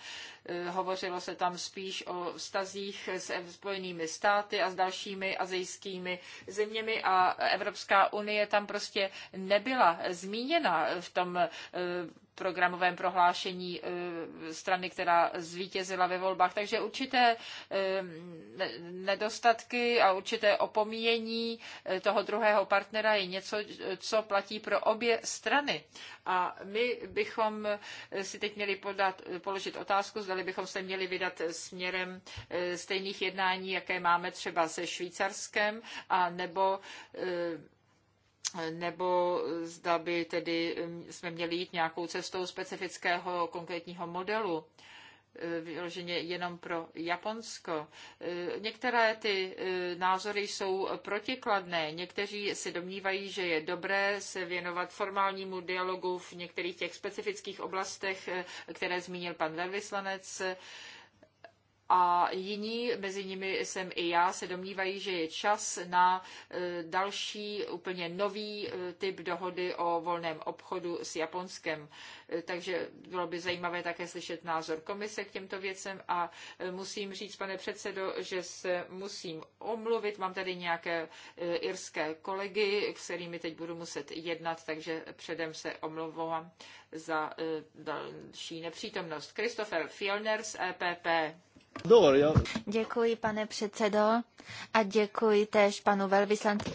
Hovořilo se tam spíš o vztazích s Spojenými státy a s dalšími azijskými zeměmi a Evropská unie tam prostě nebyla zmíněna v tom programovém prohlášení e, strany, která zvítězila ve volbách. Takže určité e, nedostatky a určité opomíjení e, toho druhého partnera je něco, co platí pro obě strany. A my bychom si teď měli podat, položit otázku, zda bychom se měli vydat směrem stejných jednání, jaké máme třeba se Švýcarskem, a nebo nebo zda by tedy jsme měli jít nějakou cestou specifického konkrétního modelu eh, vyloženě jenom pro Japonsko. Eh, některé ty eh, názory jsou protikladné. Někteří si domnívají, že je dobré se věnovat formálnímu dialogu v některých těch specifických oblastech, které zmínil pan velvyslanec a jiní, mezi nimi jsem i já, se domnívají, že je čas na e, další úplně nový e, typ dohody o volném obchodu s Japonskem. E, takže bylo by zajímavé také slyšet názor komise k těmto věcem a musím říct, pane předsedo, že se musím omluvit. Mám tady nějaké irské kolegy, s kterými teď budu muset jednat, takže předem se omlouvám za další nepřítomnost. Christopher Fielner z EPP. Děkuji, pane předsedo, a děkuji též panu velvyslanci.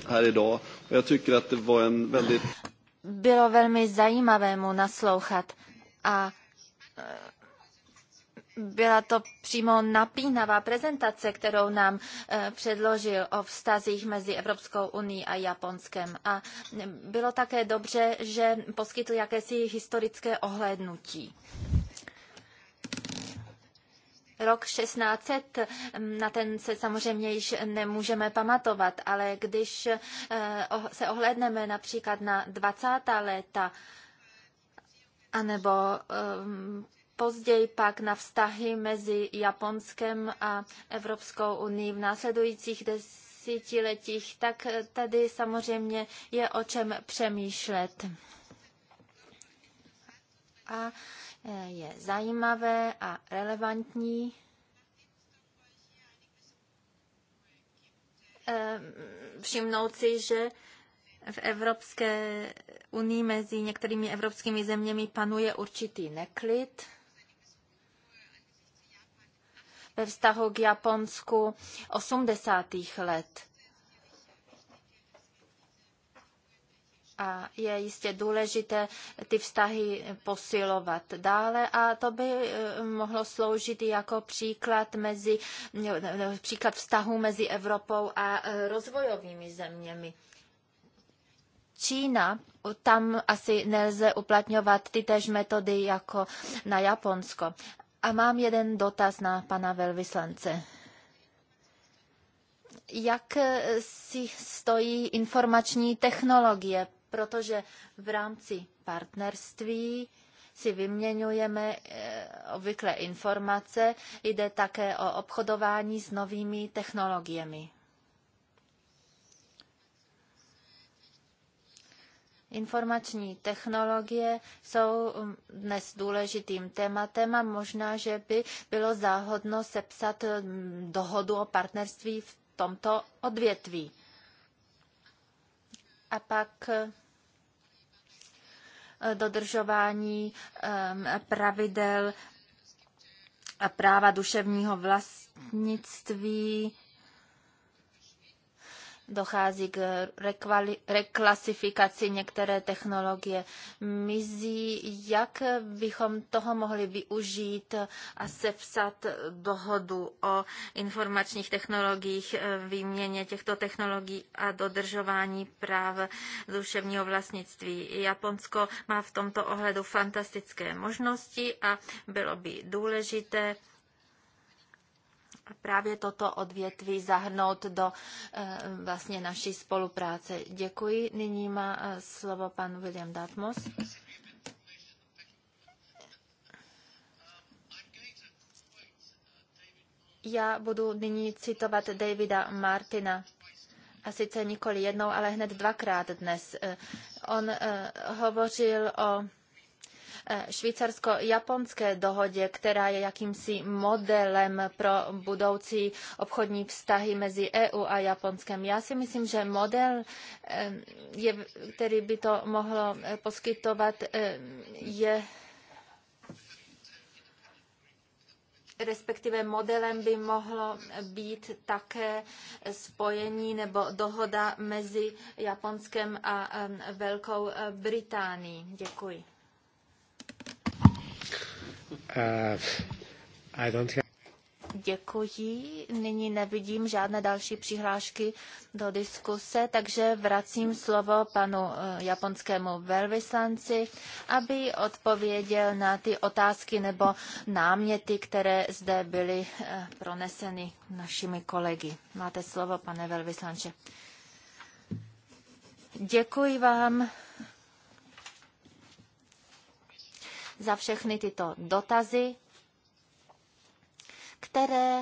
Bylo velmi zajímavé mu naslouchat a e, byla to přímo napínavá prezentace, kterou nám e, předložil o vztazích mezi Evropskou unii a Japonskem. A bylo také dobře, že poskytl jakési historické ohlédnutí. Rok 1600, mm, na ten se samozřejmě již nemůžeme pamatovat, ale když eh, se ohledneme například na 20. léta, anebo eh, později pak na vztahy mezi Japonskem a Evropskou unii v následujících desítiletích, tak tady samozřejmě je o čem přemýšlet. A Eh, je zajímavé a relevantní. Eh, všimnout si, že v Evropské unii mezi některými evropskými zeměmi panuje určitý neklid. Ve vztahu k Japonsku 80. let a je jistě důležité ty vztahy posilovat dále a to by eh, mohlo sloužit i jako příklad, mezi, eh, příklad vztahu mezi Evropou a eh, rozvojovými zeměmi. Čína, tam asi nelze uplatňovat ty tež metody jako na Japonsko. A mám jeden dotaz na pana velvyslance jak si stojí informační technologie protože v rámci partnerství si vyměňujeme eh, obvykle informace, jde také o obchodování s novými technologiemi. Informační technologie jsou mm, dnes důležitým tématem a možná, že by bylo záhodno sepsat mm, dohodu o partnerství v tomto odvětví. A pak eh, dodržování pravidel práva duševního vlastnictví, dochází k reklasifikaci některé technologie mizí. Jak bychom toho mohli využít a sepsat dohodu o informačních technologiích, e, výměně těchto technologií a dodržování práv duševního vlastnictví. Japonsko má v tomto ohledu fantastické možnosti a bylo by důležité právě toto odvětví zahrnout do eh, vlastně naší spolupráce. Děkuji. Nyní má eh, slovo pan William Datmos. Já budu nyní citovat Davida Martina. A sice nikoli jednou, ale hned dvakrát dnes. Eh, on hovořil o Eh, švýcarsko-japonské dohodě, která je jakýmsi modelem pro budoucí obchodní vztahy mezi EU a Japonskem. Já si myslím, že model, eh, je, který by to mohlo eh, poskytovat, je respektive modelem by mohlo být také spojení nebo dohoda mezi Japonskem a Velkou Británií. Děkuji. Uh, Děkuji. Nyní nevidím žádné další přihlášky do diskuse, takže vracím slovo panu eh, japonskému velvyslanci, aby odpověděl na ty otázky nebo náměty, které zde byly eh, proneseny našimi kolegy. Máte slovo, pane velvyslanče. Děkuji vám za všechny tyto dotazy, které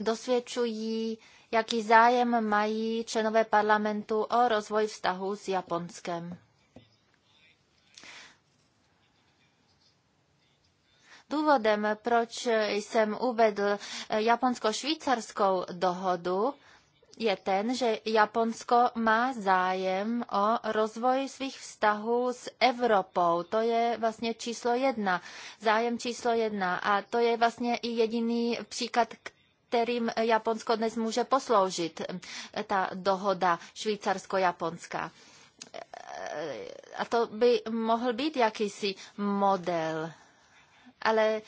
dosvědčují, jaký zájem mají členové parlamentu o rozvoj vztahu s Japonskem. Důvodem, proč jsem uvedl japonsko-švýcarskou dohodu, je ten, že Japonsko má zájem o rozvoj svých vztahů s Evropou. To je vlastně číslo jedna. Zájem číslo jedna. A to je vlastně i jediný příklad, kterým Japonsko dnes může posloužit, ta dohoda švýcarsko-japonská. A to by mohl být jakýsi model. Ale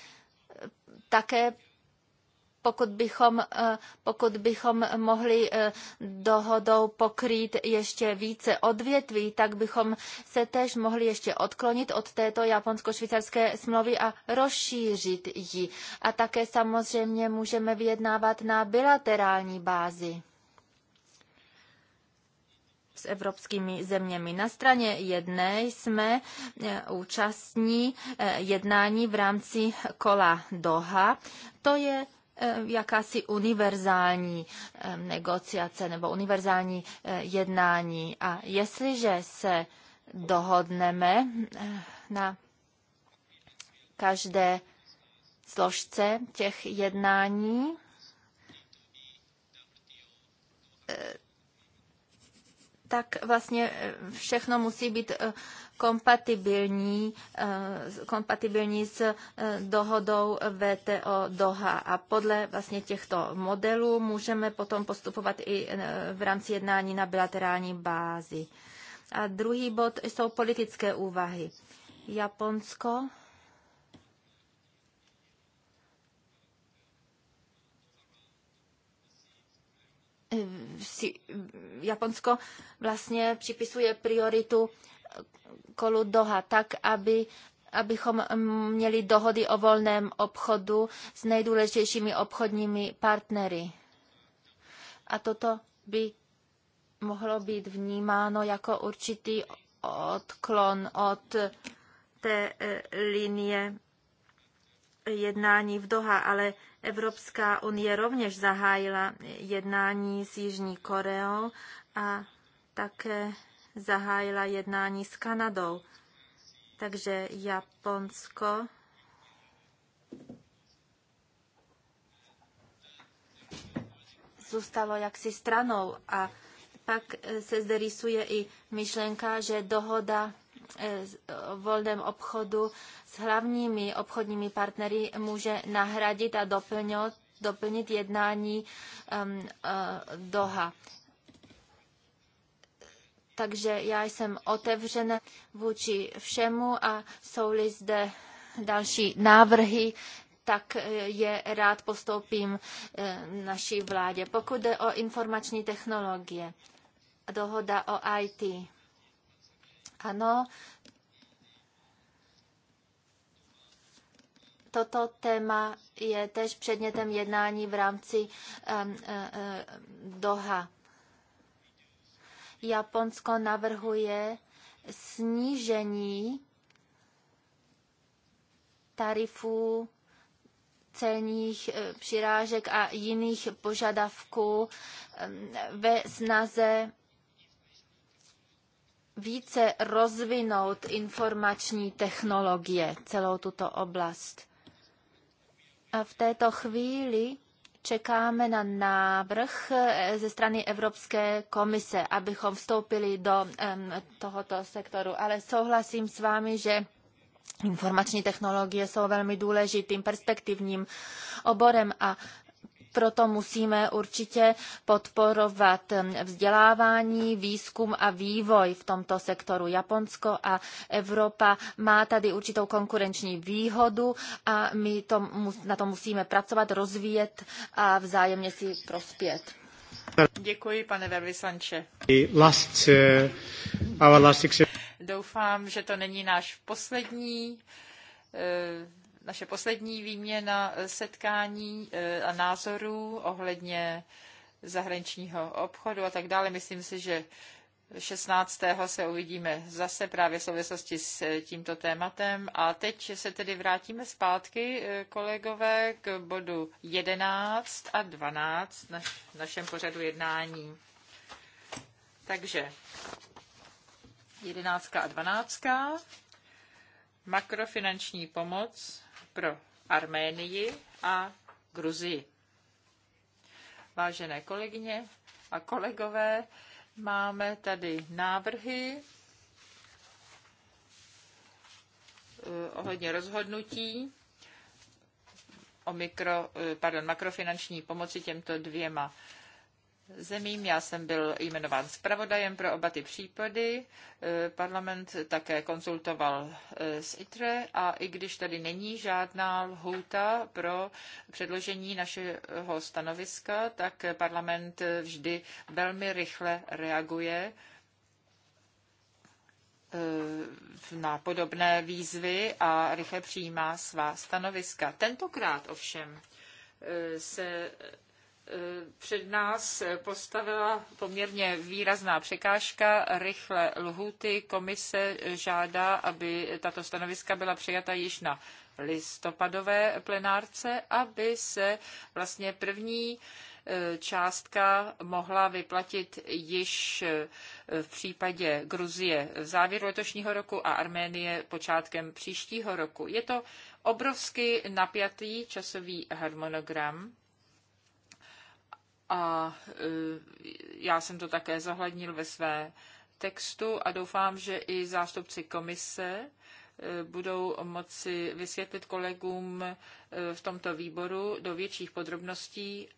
také pokud bychom, eh, pokud bychom mohli eh, dohodou pokrýt ještě více odvětví, tak bychom se též mohli ještě odklonit od této japonsko-švýcarské smlouvy a rozšířit ji. A také samozřejmě můžeme vyjednávat na bilaterální bázi s evropskými zeměmi. Na straně jedné jsme eh, účastní jednání v rámci kola Doha. To je Eh, jakási univerzální eh, negociace nebo univerzální eh, jednání. A jestliže se dohodneme na každé složce těch jednání, tak vlastně všechno musí být kompatibilní, eh, kompatibilní s eh, dohodou VTO Doha. A podle vlastně těchto modelů můžeme potom postupovat i eh, v rámci jednání na bilaterální bázi. A druhý bod jsou politické úvahy. Japonsko Japonsko vlastně připisuje prioritu kolu Doha, tak aby abychom měli dohody o volném obchodu s nejdůležitějšími obchodními partnery. A toto by mohlo být vnímáno jako určitý odklon od té e, linie jednání v Doha, ale Evropská unie rovněž zahájila jednání s Jižní Koreou a také zahájila jednání s Kanadou. Takže Japonsko zůstalo jaksi stranou a pak se zde rysuje i myšlenka, že dohoda eh, o volném obchodu s hlavními obchodními partnery může nahradit a doplňovat doplnit jednání um, uh, Doha. Takže já jsem otevřen vůči všemu a jsou-li zde další návrhy, tak eh, je rád postoupím eh, naší vládě. Pokud jde o informační technologie, dohoda o IT. Ano, toto téma je tež předmětem jednání v rámci um, uh, Doha. Japonsko navrhuje snížení tarifů celních eh, přirážek a jiných požadavků ve snaze více rozvinout informační technologie, celou tuto oblast. A v této chvíli čekáme na návrh eh, ze strany Evropské komise, abychom vstoupili do tohoto sektoru. Ale souhlasím s vámi, že informační technologie jsou velmi důležitým perspektivním oborem a proto musíme určitě podporovat vzdělávání, výzkum a vývoj v tomto sektoru. Japonsko a Evropa má tady určitou konkurenční výhodu a my to, na to musíme pracovat, rozvíjet a vzájemně si prospět. Děkuji, pane velvyslanče. Uh, Doufám, že to není náš poslední uh, naše poslední výměna eh, setkání eh, a názorů ohledně zahraničního obchodu a tak dále. Myslím si, že 16. se uvidíme zase právě v souvislosti s eh, tímto tématem. A teď se tedy vrátíme zpátky, kolegové, k bodu 11 a 12 na našem pořadu jednání. Takže 11 a 12. Makrofinanční pomoc pro Arménii a Gruzii. Vážené kolegyně a kolegové, máme tady návrhy eh, ohledně rozhodnutí o mikro, eh, pardon, makrofinanční pomoci těmto dvěma zemím. Já jsem byl jmenován zpravodajem pro oba ty případy. E, parlament také konzultoval e, s ITRE a i když tady není žádná lhůta pro předložení našeho stanoviska, tak parlament vždy velmi rychle reaguje e, na podobné výzvy a rychle přijímá svá stanoviska. Tentokrát ovšem se před nás postavila poměrně výrazná překážka. Rychle lhuty komise žádá, aby tato stanoviska byla přijata již na listopadové plenárce, aby se vlastně první e, částka mohla vyplatit již e, v případě Gruzie v závěru letošního roku a Arménie počátkem příštího roku. Je to obrovsky napjatý časový harmonogram a e, já jsem to také zohlednil ve své textu a doufám, že i zástupci komise e, budou moci vysvětlit kolegům e, v tomto výboru do větších podrobností,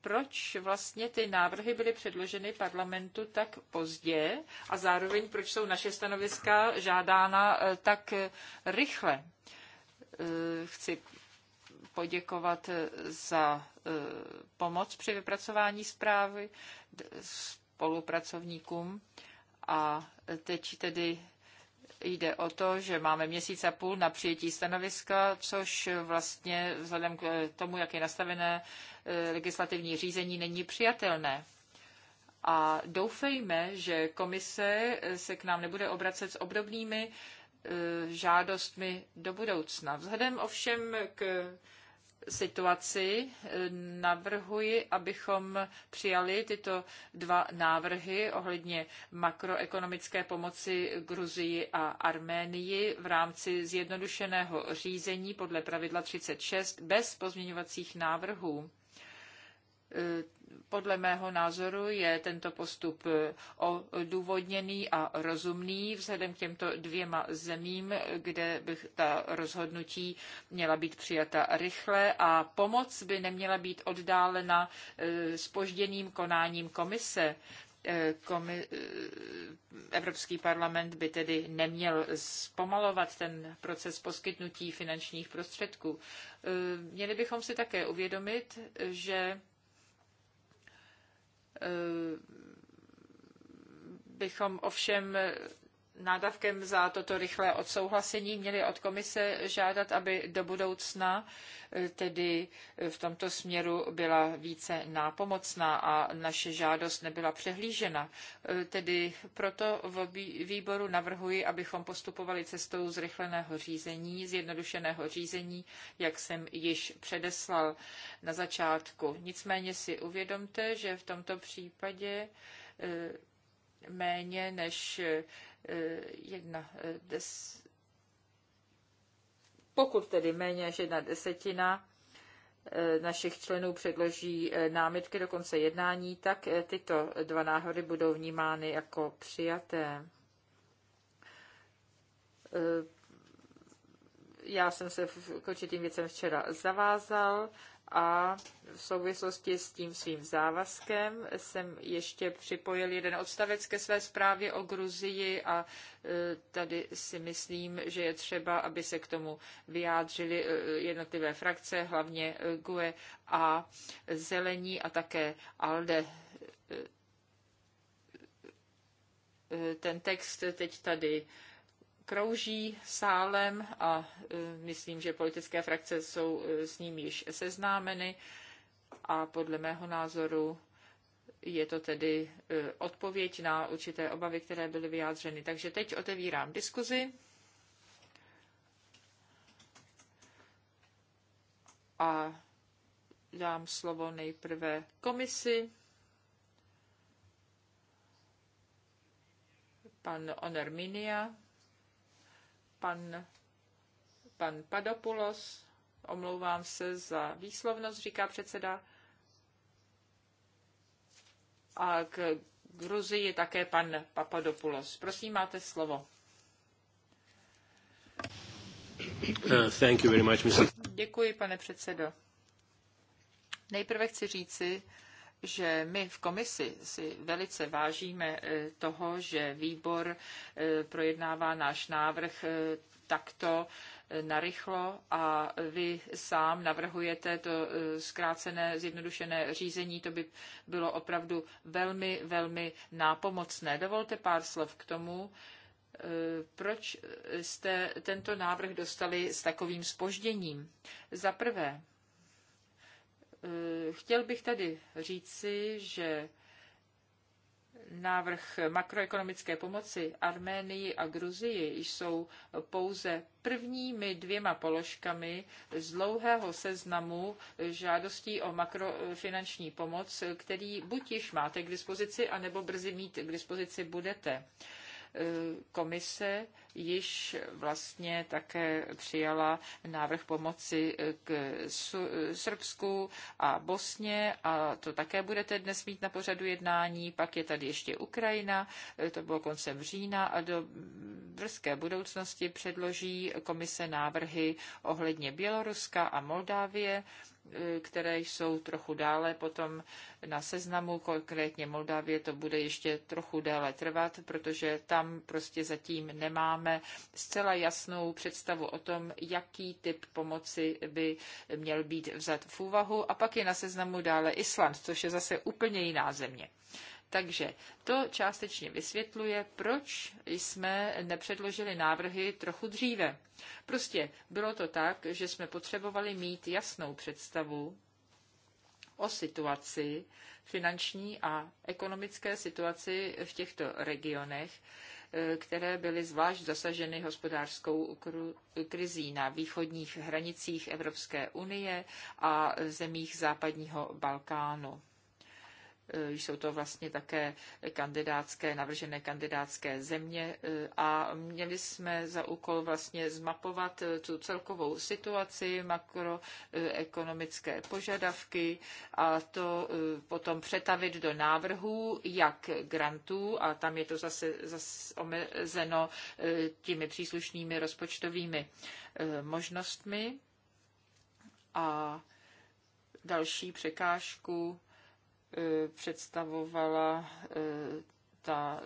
proč vlastně ty návrhy byly předloženy parlamentu tak pozdě a zároveň proč jsou naše stanoviska žádána tak rychle. Chci poděkovat eh, za eh, pomoc při vypracování zprávy spolupracovníkům. A teď tedy jde o to, že máme měsíc a půl na přijetí stanoviska, což vlastně vzhledem k eh, tomu, jak je nastavené legislativní řízení, není přijatelné. A doufejme, že komise se k nám nebude obracet s obdobnými Eh, žádostmi do budoucna. Vzhledem ovšem k situaci eh, navrhuji, abychom přijali tyto dva návrhy ohledně makroekonomické pomoci Gruzii a Arménii v rámci zjednodušeného řízení podle pravidla 36 bez pozměňovacích návrhů podle mého názoru je tento postup odůvodněný a rozumný vzhledem k těmto dvěma zemím, kde bych ta rozhodnutí měla být přijata rychle a pomoc by neměla být oddálena spožděným eh, konáním komise. Eh, komi- eh, Evropský parlament by tedy neměl zpomalovat ten proces poskytnutí finančních prostředků. Měli bychom si také uvědomit, že Eh, bychom ovšem nádavkem za toto rychlé odsouhlasení měli od komise žádat, aby do budoucna eh, tedy eh, v tomto směru byla více nápomocná a naše žádost nebyla přehlížena. Eh, tedy proto v výboru navrhuji, abychom postupovali cestou zrychleného řízení, zjednodušeného řízení, jak jsem již předeslal na začátku. Nicméně si uvědomte, že v tomto případě méně než Eh, jedna eh, des, pokud tedy méně než jedna desetina eh, našich členů předloží námitky do konce jednání, tak tyto dva náhody budou vnímány jako přijaté. Já jsem se k určitým věcem včera zavázal a v souvislosti s tím svým závazkem jsem ještě připojil jeden odstavec ke své zprávě o Gruzii a e, tady si myslím, že je třeba, aby se k tomu vyjádřili e, jednotlivé frakce, hlavně e, GUE a Zelení a také ALDE. Ten text teď tady krouží sálem a e, myslím, že politické frakce jsou e, s ním již seznámeny a podle mého názoru je to tedy e, odpověď na určité obavy, které byly vyjádřeny. Takže teď otevírám diskuzi. A dám slovo nejprve komisi. Pan Onerminia Pan, pan Padopulos, omlouvám se za výslovnost, říká předseda. A k Gruzii je také pan Papadopoulos. Prosím, máte slovo. Uh, thank you very much, Děkuji, pane předsedo. Nejprve chci říci, že my v komisi si velice vážíme e, toho, že výbor e, projednává náš návrh e, takto narychlo a vy sám navrhujete to zkrácené, zjednodušené řízení, to by bylo opravdu velmi, velmi nápomocné. Dovolte pár slov k tomu, proč jste tento návrh dostali s takovým spožděním. Za prvé, Eh, chtěl bych tady říci, že návrh makroekonomické pomoci Arménii a Gruzii jsou pouze prvními dvěma položkami z dlouhého seznamu žádostí o makrofinanční pomoc, který buď již máte k dispozici, anebo brzy mít k dispozici budete. E, komise již vlastně také přijala návrh pomoci e, k Srbsku a Bosně a to také budete dnes mít na pořadu jednání. Pak je tady ještě Ukrajina, e, to bylo koncem října a do brzké budoucnosti předloží komise návrhy ohledně Běloruska a Moldávie které jsou trochu dále potom na seznamu, konkrétně Moldávie to bude ještě trochu déle trvat, protože tam prostě zatím nemáme zcela jasnou představu o tom, jaký typ pomoci by měl být vzat v úvahu. A pak je na seznamu dále Island, což je zase úplně jiná země. Takže to částečně vysvětluje, proč jsme nepředložili návrhy trochu dříve. Prostě bylo to tak, že jsme potřebovali mít jasnou představu o situaci, finanční a ekonomické situaci v těchto regionech, které byly zvlášť zasaženy hospodářskou krizí na východních hranicích Evropské unie a zemích západního Balkánu. E, jsou to vlastně také kandidátské, navržené kandidátské země e, a měli jsme za úkol vlastně zmapovat e, tu celkovou situaci, makroekonomické požadavky a to potom přetavit do návrhů, jak grantů, a tam je to zase, zase omezeno těmi příslušnými rozpočtovými možnostmi. A další překážku E, představovala e, ta,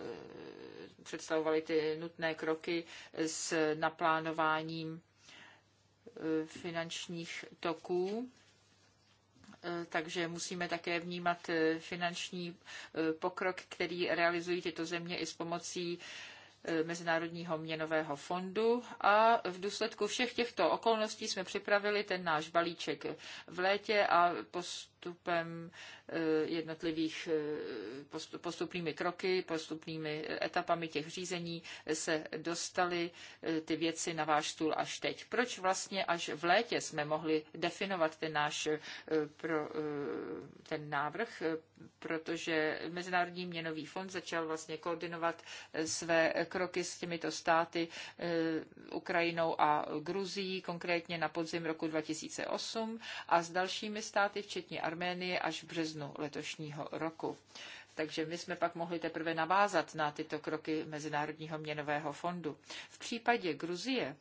e, představovaly ty nutné kroky s naplánováním finančních toků takže musíme také vnímat finanční pokrok, který realizují tyto země i s pomocí Mezinárodního měnového fondu a v důsledku všech těchto okolností jsme připravili ten náš balíček v létě a post postupem eh, jednotlivých eh, postupnými kroky, postupnými etapami těch řízení se dostaly eh, ty věci na váš stůl až teď. Proč vlastně až v létě jsme mohli definovat ten náš pro, ten návrh, protože Mezinárodní měnový fond začal vlastně koordinovat své kroky s těmito státy Ukrajinou a Gruzií, konkrétně na podzim roku 2008 a s dalšími státy, včetně Arménie, Arménie až v březnu letošního roku. Takže my jsme pak mohli teprve navázat na tyto kroky Mezinárodního měnového fondu. V případě Gruzie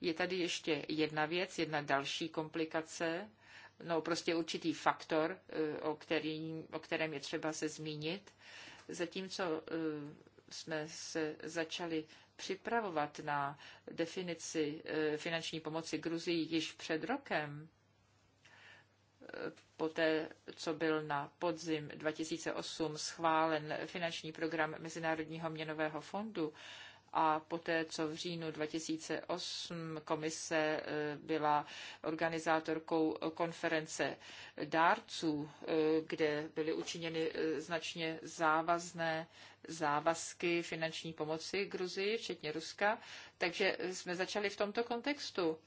je tady ještě jedna věc, jedna další komplikace, no prostě určitý faktor, eh, o, který, o kterém je třeba se zmínit. Zatímco eh, jsme se začali připravovat na definici eh, finanční pomoci Gruzii již před rokem, poté, co byl na podzim 2008 schválen finanční program Mezinárodního měnového fondu a poté, co v říjnu 2008 komise e, byla organizátorkou konference dárců, e, kde byly učiněny e, značně závazné závazky finanční pomoci Gruzii, včetně Ruska. Takže jsme začali v tomto kontextu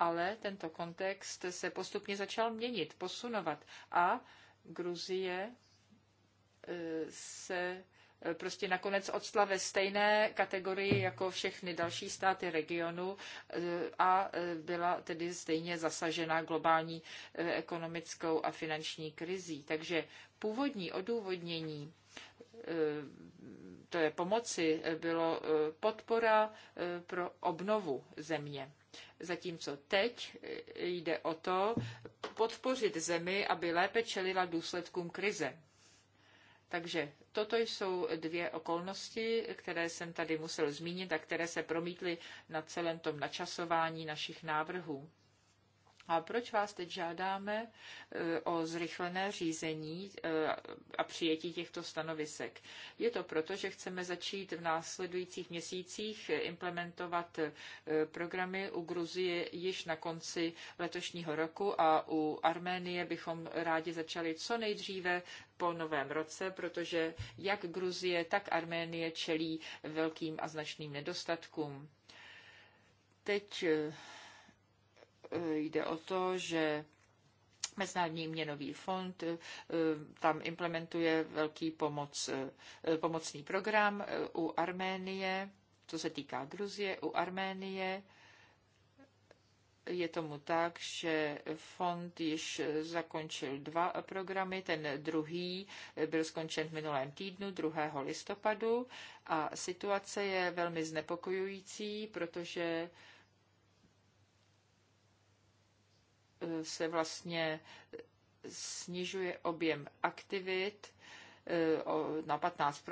ale tento kontext se postupně začal měnit, posunovat a Gruzie e, se e, prostě nakonec odstla ve stejné kategorii jako všechny další státy regionu e, a byla tedy stejně zasažena globální ekonomickou a finanční krizí. Takže původní odůvodnění to je pomoci, bylo podpora pro obnovu země. Zatímco teď eh, jde o to podpořit zemi, aby lépe čelila důsledkům krize. Takže toto jsou dvě okolnosti, které jsem tady musel zmínit a které se promítly na celém tom načasování našich návrhů. A proč vás teď žádáme e, o zrychlené řízení e, a přijetí těchto stanovisek? Je to proto, že chceme začít v následujících měsících implementovat e, programy u Gruzie již na konci letošního roku a u Arménie bychom rádi začali co nejdříve po novém roce, protože jak Gruzie, tak Arménie čelí velkým a značným nedostatkům. Teď Eh, jde o to, že Mezinárodní měnový fond eh, tam implementuje velký pomoc, eh, pomocný program u Arménie, co se týká Gruzie, u Arménie je tomu tak, že fond již zakončil dva programy. Ten druhý byl skončen v minulém týdnu, 2. listopadu. A situace je velmi znepokojující, protože se vlastně snižuje objem aktivit e, na 15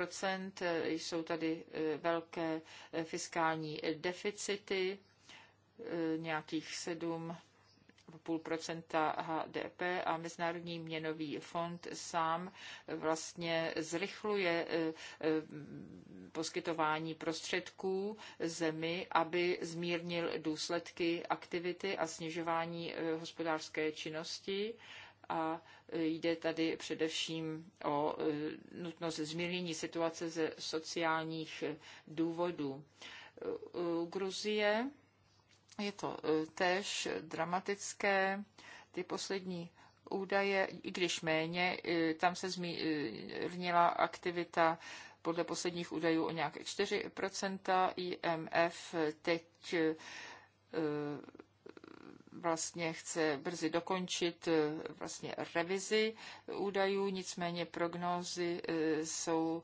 e, jsou tady e, velké fiskální deficity, nějakých 7 0,5 HDP a Mezinárodní měnový fond sám vlastně zrychluje e, e, poskytování prostředků zemi, aby zmírnil důsledky aktivity a snižování e, hospodářské činnosti a jde tady především o nutnost zmírnění situace ze sociálních důvodů. Gruzie je to e, též dramatické. Ty poslední údaje, i když méně, e, tam se zmírnila e, aktivita podle posledních údajů o nějaké 4 IMF teď vlastně chce brzy dokončit vlastně revizi údajů, nicméně prognózy jsou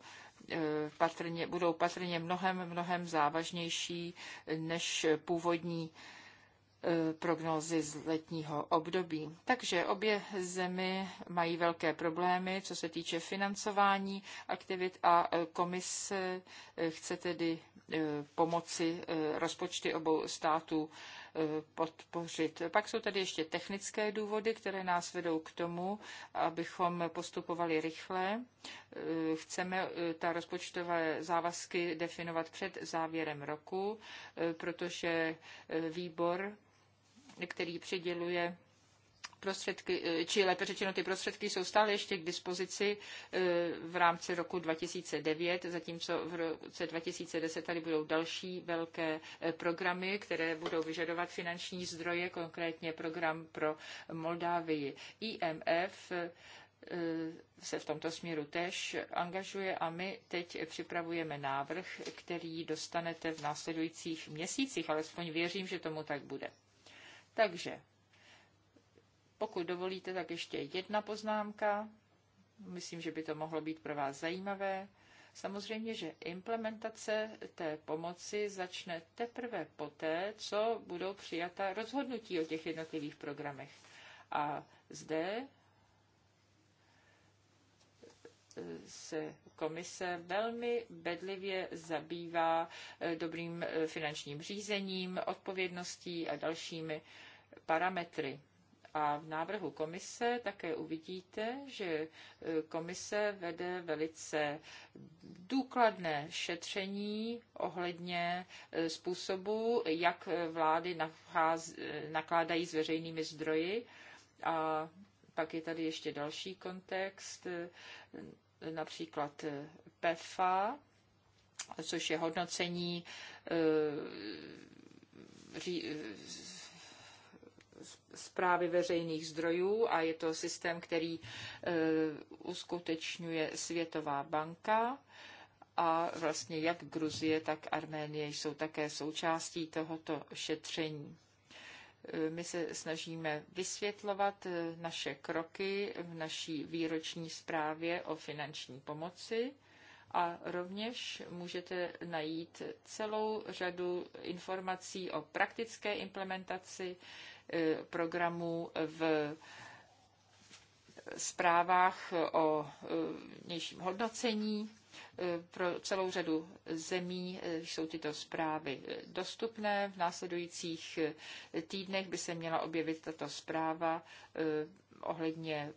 Eh, patrně, budou patrně mnohem, mnohem závažnější než původní eh, prognózy z letního období. Takže obě zemi mají velké problémy, co se týče financování aktivit a eh, komise chce tedy pomoci rozpočty obou států podpořit. Pak jsou tady ještě technické důvody, které nás vedou k tomu, abychom postupovali rychle. Eh, chceme eh, ta rozpočtové závazky definovat před závěrem roku, eh, protože výbor, který přiděluje prostředky, eh, či lépe řečeno, ty prostředky jsou stále ještě k dispozici eh, v rámci roku 2009, zatímco v roce 2010 tady budou další velké eh, programy, které budou vyžadovat finanční zdroje, konkrétně program pro Moldávii. IMF se v tomto směru tež angažuje a my teď připravujeme návrh, který dostanete v následujících měsících, alespoň věřím, že tomu tak bude. Takže pokud dovolíte, tak ještě jedna poznámka. Myslím, že by to mohlo být pro vás zajímavé. Samozřejmě, že implementace té pomoci začne teprve poté, co budou přijata rozhodnutí o těch jednotlivých programech. A zde eh, se komise velmi bedlivě zabývá eh, dobrým eh, finančním řízením, odpovědností a dalšími parametry. A v návrhu komise také uvidíte, že e, komise vede velice důkladné šetření ohledně e, způsobu, jak vlády e, nakládají s veřejnými zdroji. A pak je tady ještě další kontext, například PEFA, což je hodnocení zprávy veřejných zdrojů a je to systém, který e, uskutečňuje Světová banka a vlastně jak Gruzie, tak Arménie jsou také součástí tohoto šetření. E, my se snažíme vysvětlovat e, naše kroky v naší výroční zprávě o finanční pomoci a rovněž můžete najít celou řadu informací o praktické implementaci Eh, programu v zprávách o eh, vnějším hodnocení. Eh, pro celou řadu zemí jsou tyto zprávy dostupné. V následujících týdnech by se měla objevit tato zpráva ohledně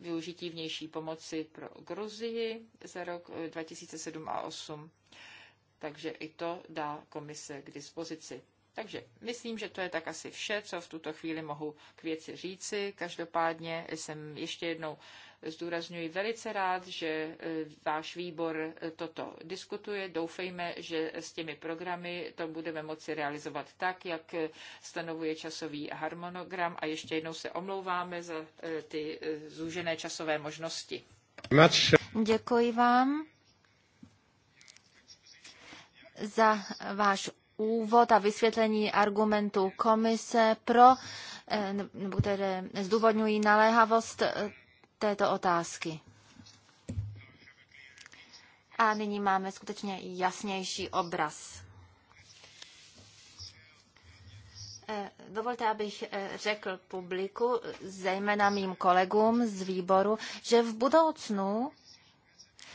využití vnější pomoci pro Gruzii za rok 2007 a 2008. Takže i to dá komise k dispozici. Takže myslím, že to je tak asi vše, co v tuto chvíli mohu k věci říci. Každopádně jsem ještě jednou zdůrazňuji velice rád, že e, váš výbor e, toto diskutuje. Doufejme, že s těmi programy to budeme moci realizovat tak, jak e, stanovuje časový harmonogram a ještě jednou se omlouváme za ty zúžené časové možnosti. Děkuji vám za váš úvod a vysvětlení argumentů komise pro, eh, nebo které zdůvodňují naléhavost eh, této otázky. A nyní máme skutečně jasnější obraz. Eh, dovolte, abych řekl publiku, zejména mým kolegům z výboru, že v budoucnu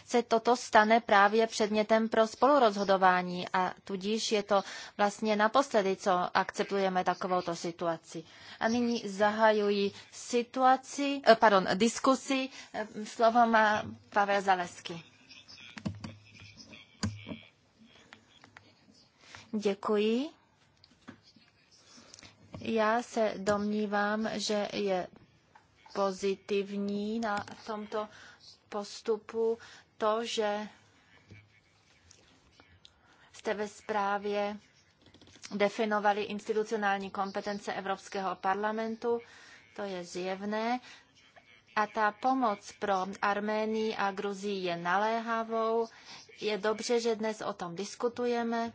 se toto stane právě předmětem pro spolurozhodování a tudíž je to vlastně naposledy, co akceptujeme takovouto situaci. A nyní zahajuji situaci, eh, pardon, diskusi. Eh, slovo má Pavel Zalesky. Děkuji. Já se domnívám, že je pozitivní na tomto postupu to, že jste ve zprávě definovali institucionální kompetence Evropského parlamentu, to je zjevné. A ta pomoc pro Arménii a Gruzii je naléhavou. Je dobře, že dnes o tom diskutujeme.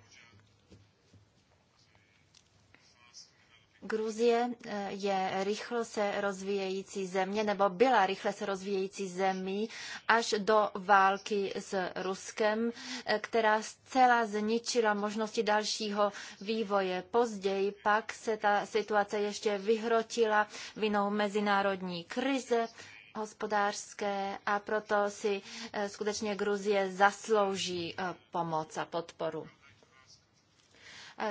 Gruzie eh, je rychle se rozvíjející země, nebo byla rychle se rozvíjející zemí až do války s Ruskem, eh, která zcela zničila možnosti dalšího vývoje. Později pak se ta situace ještě vyhrotila vinou mezinárodní krize hospodářské a proto si eh, skutečně Gruzie zaslouží pomoc a podporu.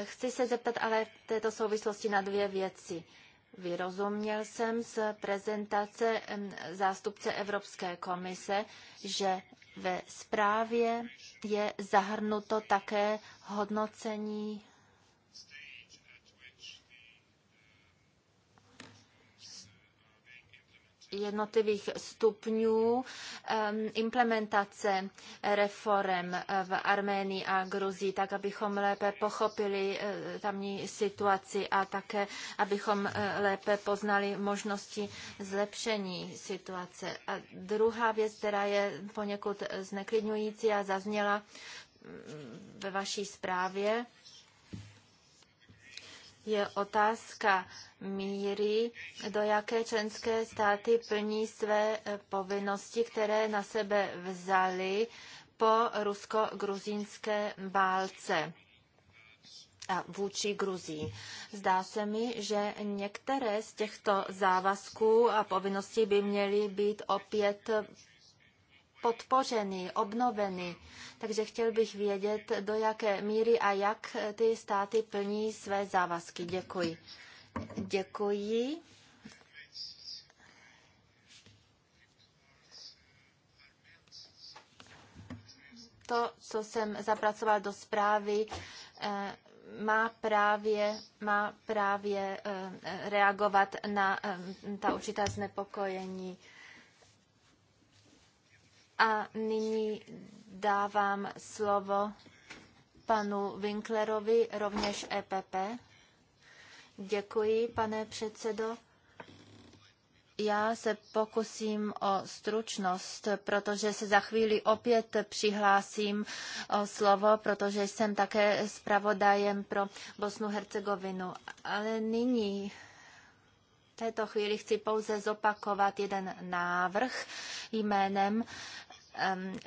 Chci se zeptat ale v této souvislosti na dvě věci. Vyrozuměl jsem z prezentace zástupce Evropské komise, že ve zprávě je zahrnuto také hodnocení jednotlivých stupňů implementace reform v Arménii a Gruzii, tak abychom lépe pochopili eh, tamní situaci a také abychom eh, lépe poznali možnosti zlepšení situace. A druhá věc, která je poněkud zneklidňující a zazněla mm, ve vaší zprávě, je otázka míry, do jaké členské státy plní své eh, povinnosti, které na sebe vzaly po rusko-gruzínské válce vůči Gruzí. Zdá se mi, že některé z těchto závazků a povinností by měly být opět podpořeny, obnoveny. Takže chtěl bych vědět, do jaké míry a jak ty státy plní své závazky. Děkuji. Děkuji. To, co jsem zapracoval do zprávy, eh, má právě, má právě eh, reagovat na eh, ta určitá znepokojení a nyní dávám slovo panu Winklerovi, rovněž EPP. Děkuji, pane předsedo. Já se pokusím o stručnost, protože se za chvíli opět přihlásím o slovo, protože jsem také zpravodajem pro Bosnu Hercegovinu. Ale nyní v této chvíli chci pouze zopakovat jeden návrh jménem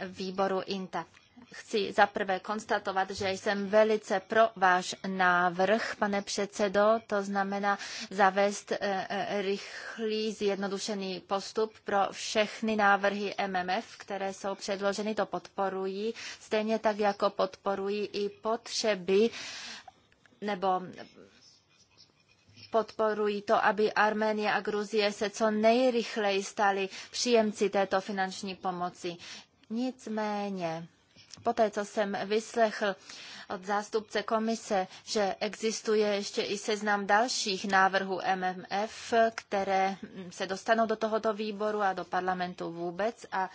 výboru INTA chci zaprvé konstatovat, že jsem velice pro váš návrh, pane předsedo, to znamená zavést e, e, rychlý zjednodušený postup pro všechny návrhy MMF, které jsou předloženy, to podporují, stejně tak jako podporují i potřeby nebo podporují to, aby Arménie a Gruzie se co nejrychleji staly příjemci této finanční pomoci. Nicméně, poté co jsem vyslechl od zástupce komise, že existuje ještě i seznam dalších návrhů MMF, které se dostanou do tohoto výboru a do parlamentu vůbec a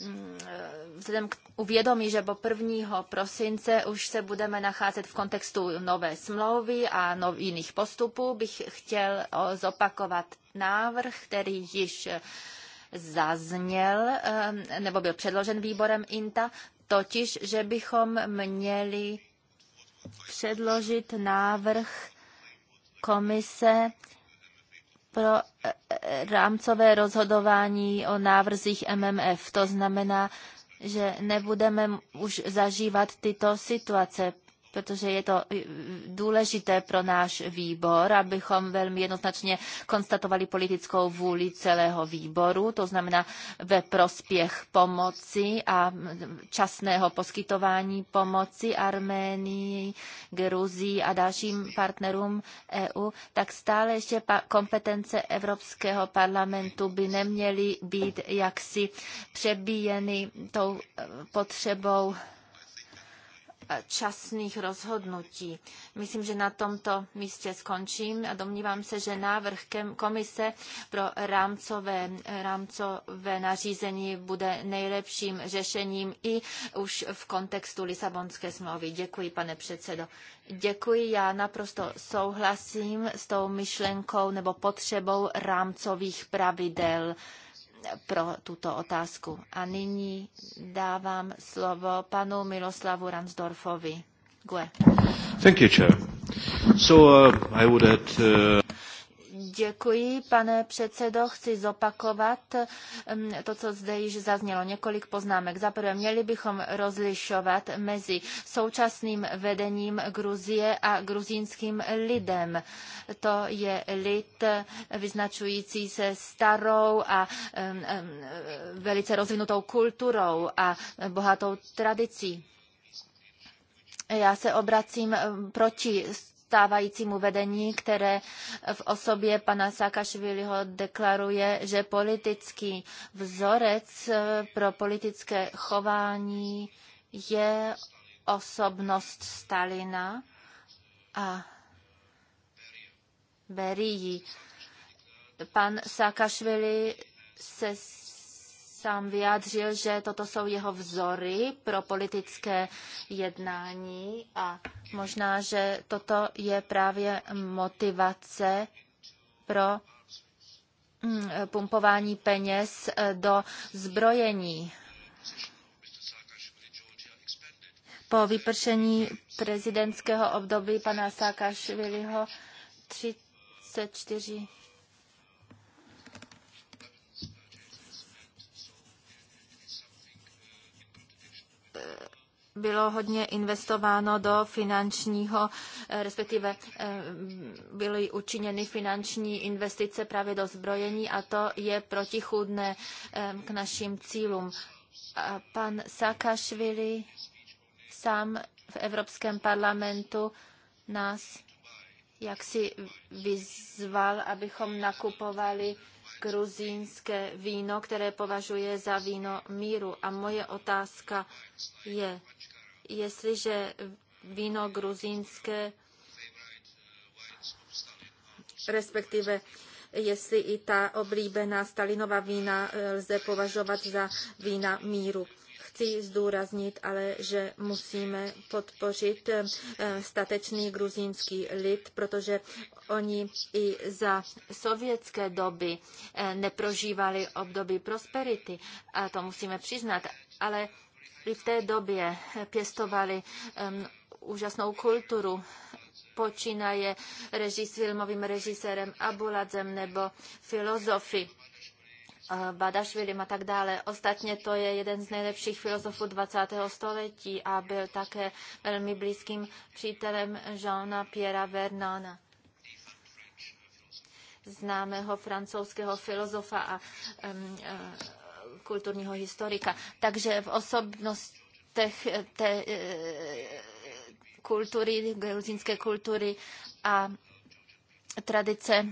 Mm, eh, vzhledem k uvědomí, že po 1. prosince už se budeme nacházet v kontextu nové smlouvy a nov, jiných postupů, bych chtěl eh, zopakovat návrh, který již eh, zazněl nebo byl předložen výborem INTA, totiž, že bychom měli předložit návrh komise pro e, e, rámcové rozhodování o návrzích MMF. To znamená, že nebudeme už zažívat tyto situace protože je to eh, důležité pro náš výbor, abychom velmi jednoznačně konstatovali politickou vůli celého výboru, to znamená ve prospěch pomoci a časného poskytování pomoci Arménii, Gruzii a dalším partnerům EU, tak stále ještě kompetence Evropského parlamentu by neměly být jaksi přebíjeny tou eh, potřebou Eh, časných rozhodnutí. Myslím, že na tomto místě skončím a domnívám se, že návrh komise pro rámcové, rámcové nařízení bude nejlepším řešením i už v kontextu Lisabonské smlouvy. Děkuji, pane předsedo. Děkuji, já naprosto souhlasím s tou myšlenkou nebo potřebou rámcových pravidel pro tuto otázku. A nyní dávám slovo panu Miloslavu Ransdorfovi. Gue. Thank you, Chair. So uh, I would add uh, Děkuji, pane předsedo. Chci zopakovat mm, to, co zde již zaznělo. Několik poznámek. Za prvé, měli bychom rozlišovat mezi současným vedením Gruzie a gruzínským lidem. To je lid vyznačující se starou a mm, mm, velice rozvinutou kulturou a bohatou tradicí. Já se obracím proti stávajícímu vedení, které v osobě pana Saakašviliho deklaruje, že politický vzorec eh, pro politické chování je osobnost Stalina a Berii. Pan Saakašvili se sám vyjádřil, že toto jsou jeho vzory pro politické jednání a možná, že toto je právě motivace pro mm, pumpování peněz eh, do zbrojení. Po vypršení prezidentského období pana Sákašviliho 34 bylo hodně investováno do finančního, eh, respektive eh, byly učiněny finanční investice právě do zbrojení a to je protichůdné eh, k našim cílům. pan Sakašvili sám v Evropském parlamentu nás jak si vyzval, abychom nakupovali gruzínské víno, které považuje za víno míru. A moje otázka je, jestliže víno gruzínské, respektive jestli i ta oblíbená Stalinova vína eh, lze považovat za vína míru chci zdůraznit ale, že musíme podpořit eh, statečný gruzínský lid, protože oni i za sovětské doby eh, neprožívali období prosperity a to musíme přiznat, ale i v té době pěstovali um, úžasnou kulturu počínaje režis, filmovým režisérem Abuladzem nebo filozofy. Eh, Badašvilim a tak dále. Ostatně to je jeden z nejlepších filozofů 20. století a byl také velmi blízkým přítelem Jeana Piera Vernana známého francouzského filozofa a um, uh, kulturního historika. Takže v osobnostech té eh, kultury, gruzínské kultury a tradice,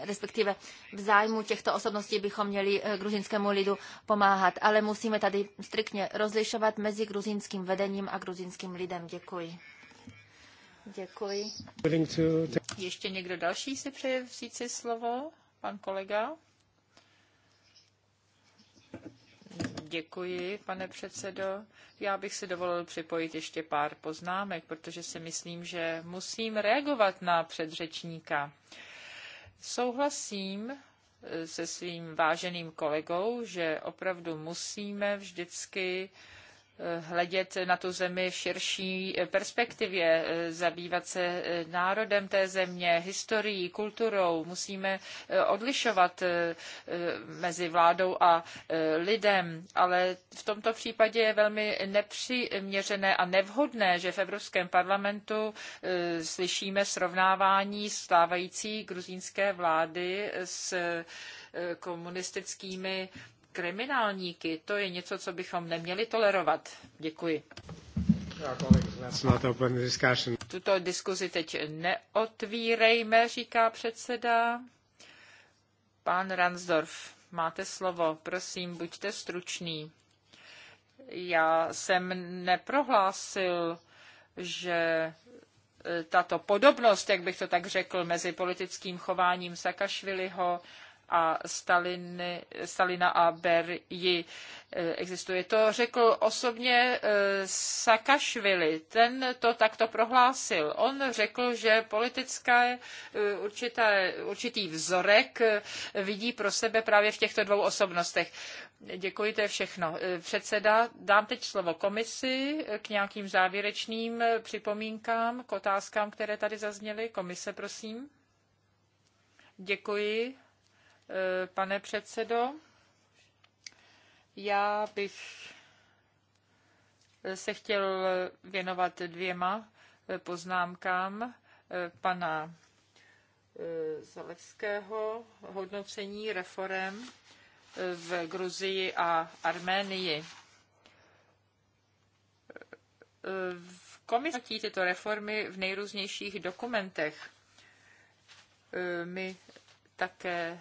respektive v zájmu těchto osobností bychom měli eh, gruzinskému lidu pomáhat. Ale musíme tady striktně rozlišovat mezi gruzínským vedením a gruzínským lidem. Děkuji. Děkuji. Ještě někdo další si přeje vzít si slovo? Pan kolega? Děkuji, pane předsedo. Já bych si dovolil připojit ještě pár poznámek, protože si myslím, že musím reagovat na předřečníka. Souhlasím eh, se svým váženým kolegou, že opravdu musíme vždycky uh, hledět na tu zemi v širší perspektivě, zabývat se národem té země, historií, kulturou. Musíme eh, odlišovat eh, eh, mezi vládou a lidem, ale v tomto případě je velmi nepřiměřené a nevhodné, že v Evropském parlamentu slyšíme srovnávání stávající gruzínské vlády s komunistickými kriminálníky, to je něco, co bychom neměli tolerovat. Děkuji. Tuto diskuzi teď neotvírejme, říká předseda. Pán Ransdorf, máte slovo, prosím, buďte stručný. Já jsem neprohlásil, že e, tato podobnost, jak bych to tak řekl, mezi politickým chováním Sakašviliho a Stalin, Stalina a Berji. Eh, existuje to, řekl osobně eh, Sakašvili. Ten to takto prohlásil. On řekl, že politická eh, určitá, určitý vzorek vidí pro sebe právě v těchto dvou osobnostech. Děkuji, to je všechno. Předseda, dám teď slovo komisi k nějakým závěrečným připomínkám, k otázkám, které tady zazněly. Komise, prosím. Děkuji Eh, pane předsedo. Já bych eh, se chtěl věnovat dvěma eh, poznámkám pana Zalevského hodnocení reform v Gruzii a Arménii. Komise hodnotí tyto reformy v nejrůznějších dokumentech. My také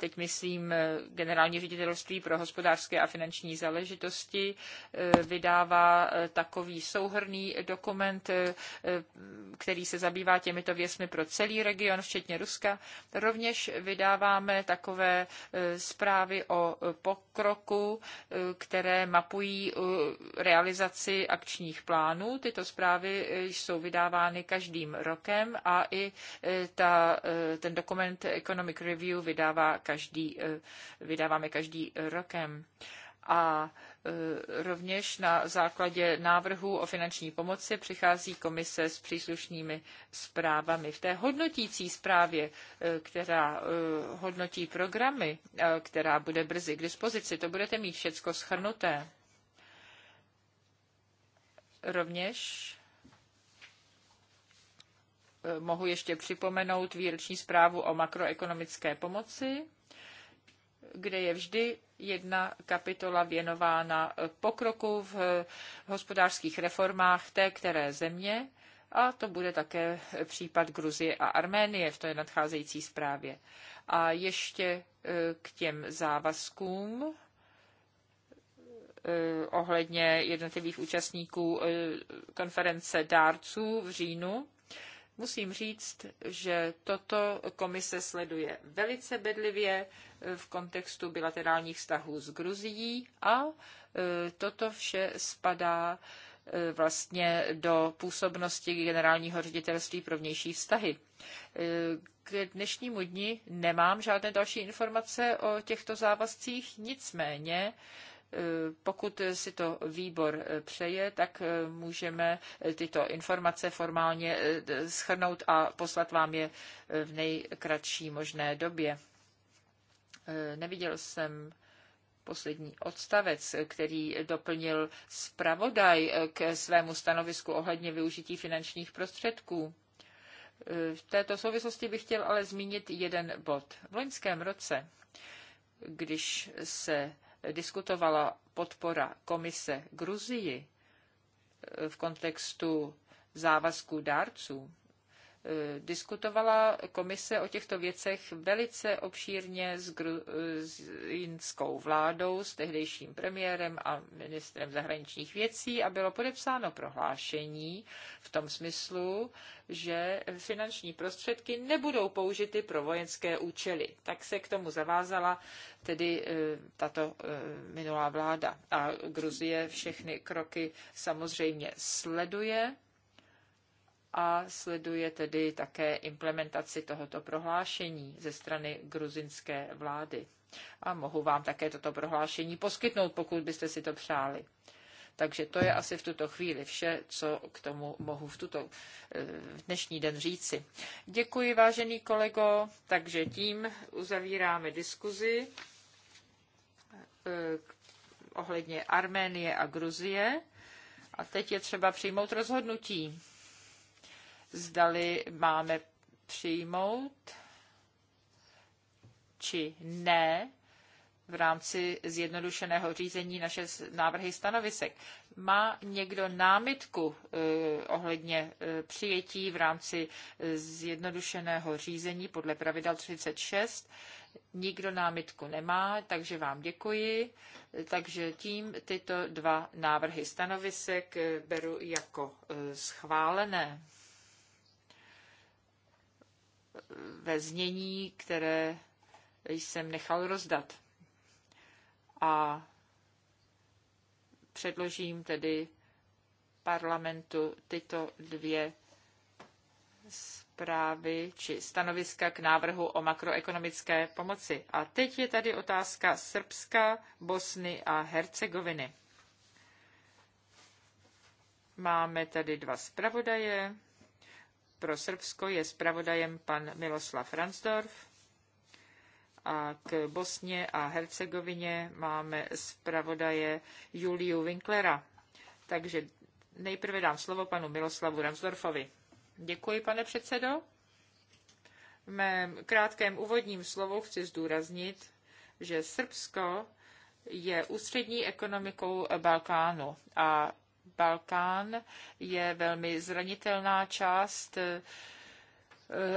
teď myslím eh, generální ředitelství pro hospodářské a finanční záležitosti, eh, vydává eh, takový souhrný dokument, který se zabývá těmito věcmi pro celý region, včetně Ruska. Rovněž vydáváme takové zprávy o pokroku, které mapují realizaci akčních plánů. Tyto zprávy jsou vydávány každým rokem a i ta, ten dokument Economic Review vydává každý, eh, vydáváme každý rokem a eh, rovněž na základě návrhu o finanční pomoci přichází komise s příslušnými zprávami. V té hodnotící zprávě, eh, která hodnotí programy, která bude brzy k dispozici, to budete mít všecko schrnuté. Rovněž mohu ještě připomenout výroční zprávu o makroekonomické pomoci kde je vždy jedna kapitola věnována pokroku v hospodářských reformách té které země a to bude také případ Gruzie a Arménie v té nadcházející zprávě. A ještě e, k těm závazkům e, ohledně jednotlivých účastníků e, konference dárců v říjnu. Musím říct, že toto komise sleduje velice bedlivě v kontextu bilaterálních vztahů s Gruzií a e, toto vše spadá e, vlastně do působnosti generálního ředitelství pro vnější vztahy. E, k dnešnímu dni nemám žádné další informace o těchto závazcích, nicméně pokud si to výbor eh, přeje, tak eh, můžeme eh, tyto informace formálně schrnout a poslat vám je v nejkratší možné době. Neviděl jsem poslední odstavec, který doplnil zpravodaj k svému stanovisku ohledně využití finančních prostředků. V této souvislosti bych chtěl ale zmínit jeden bod. V loňském roce, když se diskutovala podpora komise Gruzii eh, v kontextu závazků dárců, Eh, diskutovala komise o těchto věcech velice obšírně s gruzínskou eh, vládou, s tehdejším premiérem a ministrem zahraničních věcí a bylo podepsáno prohlášení v tom smyslu, že finanční prostředky nebudou použity pro vojenské účely. Tak se k tomu zavázala tedy eh, tato minulá vláda. A Gruzie všechny kroky samozřejmě sleduje a sleduje tedy také implementaci tohoto prohlášení ze strany gruzinské vlády. A mohu vám také toto prohlášení poskytnout, pokud byste si to přáli. Takže to je asi v tuto chvíli vše, co k tomu mohu v tuto eh, v dnešní den říci. Děkuji, vážený kolego. Takže tím uzavíráme diskuzi eh, ohledně Arménie a Gruzie. A teď je třeba přijmout rozhodnutí zdali máme přijmout či ne v rámci zjednodušeného řízení naše návrhy stanovisek. Má někdo námitku eh, ohledně eh, přijetí v rámci eh, zjednodušeného řízení podle pravidel 36? Nikdo námitku nemá, takže vám děkuji. Takže tím tyto dva návrhy stanovisek beru jako schválené ve znění, které jsem nechal rozdat. A předložím tedy parlamentu tyto dvě zprávy či stanoviska k návrhu o makroekonomické pomoci. A teď je tady otázka Srbska, Bosny a Hercegoviny. Máme tady dva zpravodaje pro Srbsko je zpravodajem pan Miloslav Ransdorf a k Bosně a Hercegovině máme zpravodaje Juliu Winklera. Takže nejprve dám slovo panu Miloslavu Ransdorfovi. Děkuji, pane předsedo. V mém krátkém úvodním slovu chci zdůraznit, že Srbsko je ústřední ekonomikou Balkánu a Balkán je velmi zranitelná část eh,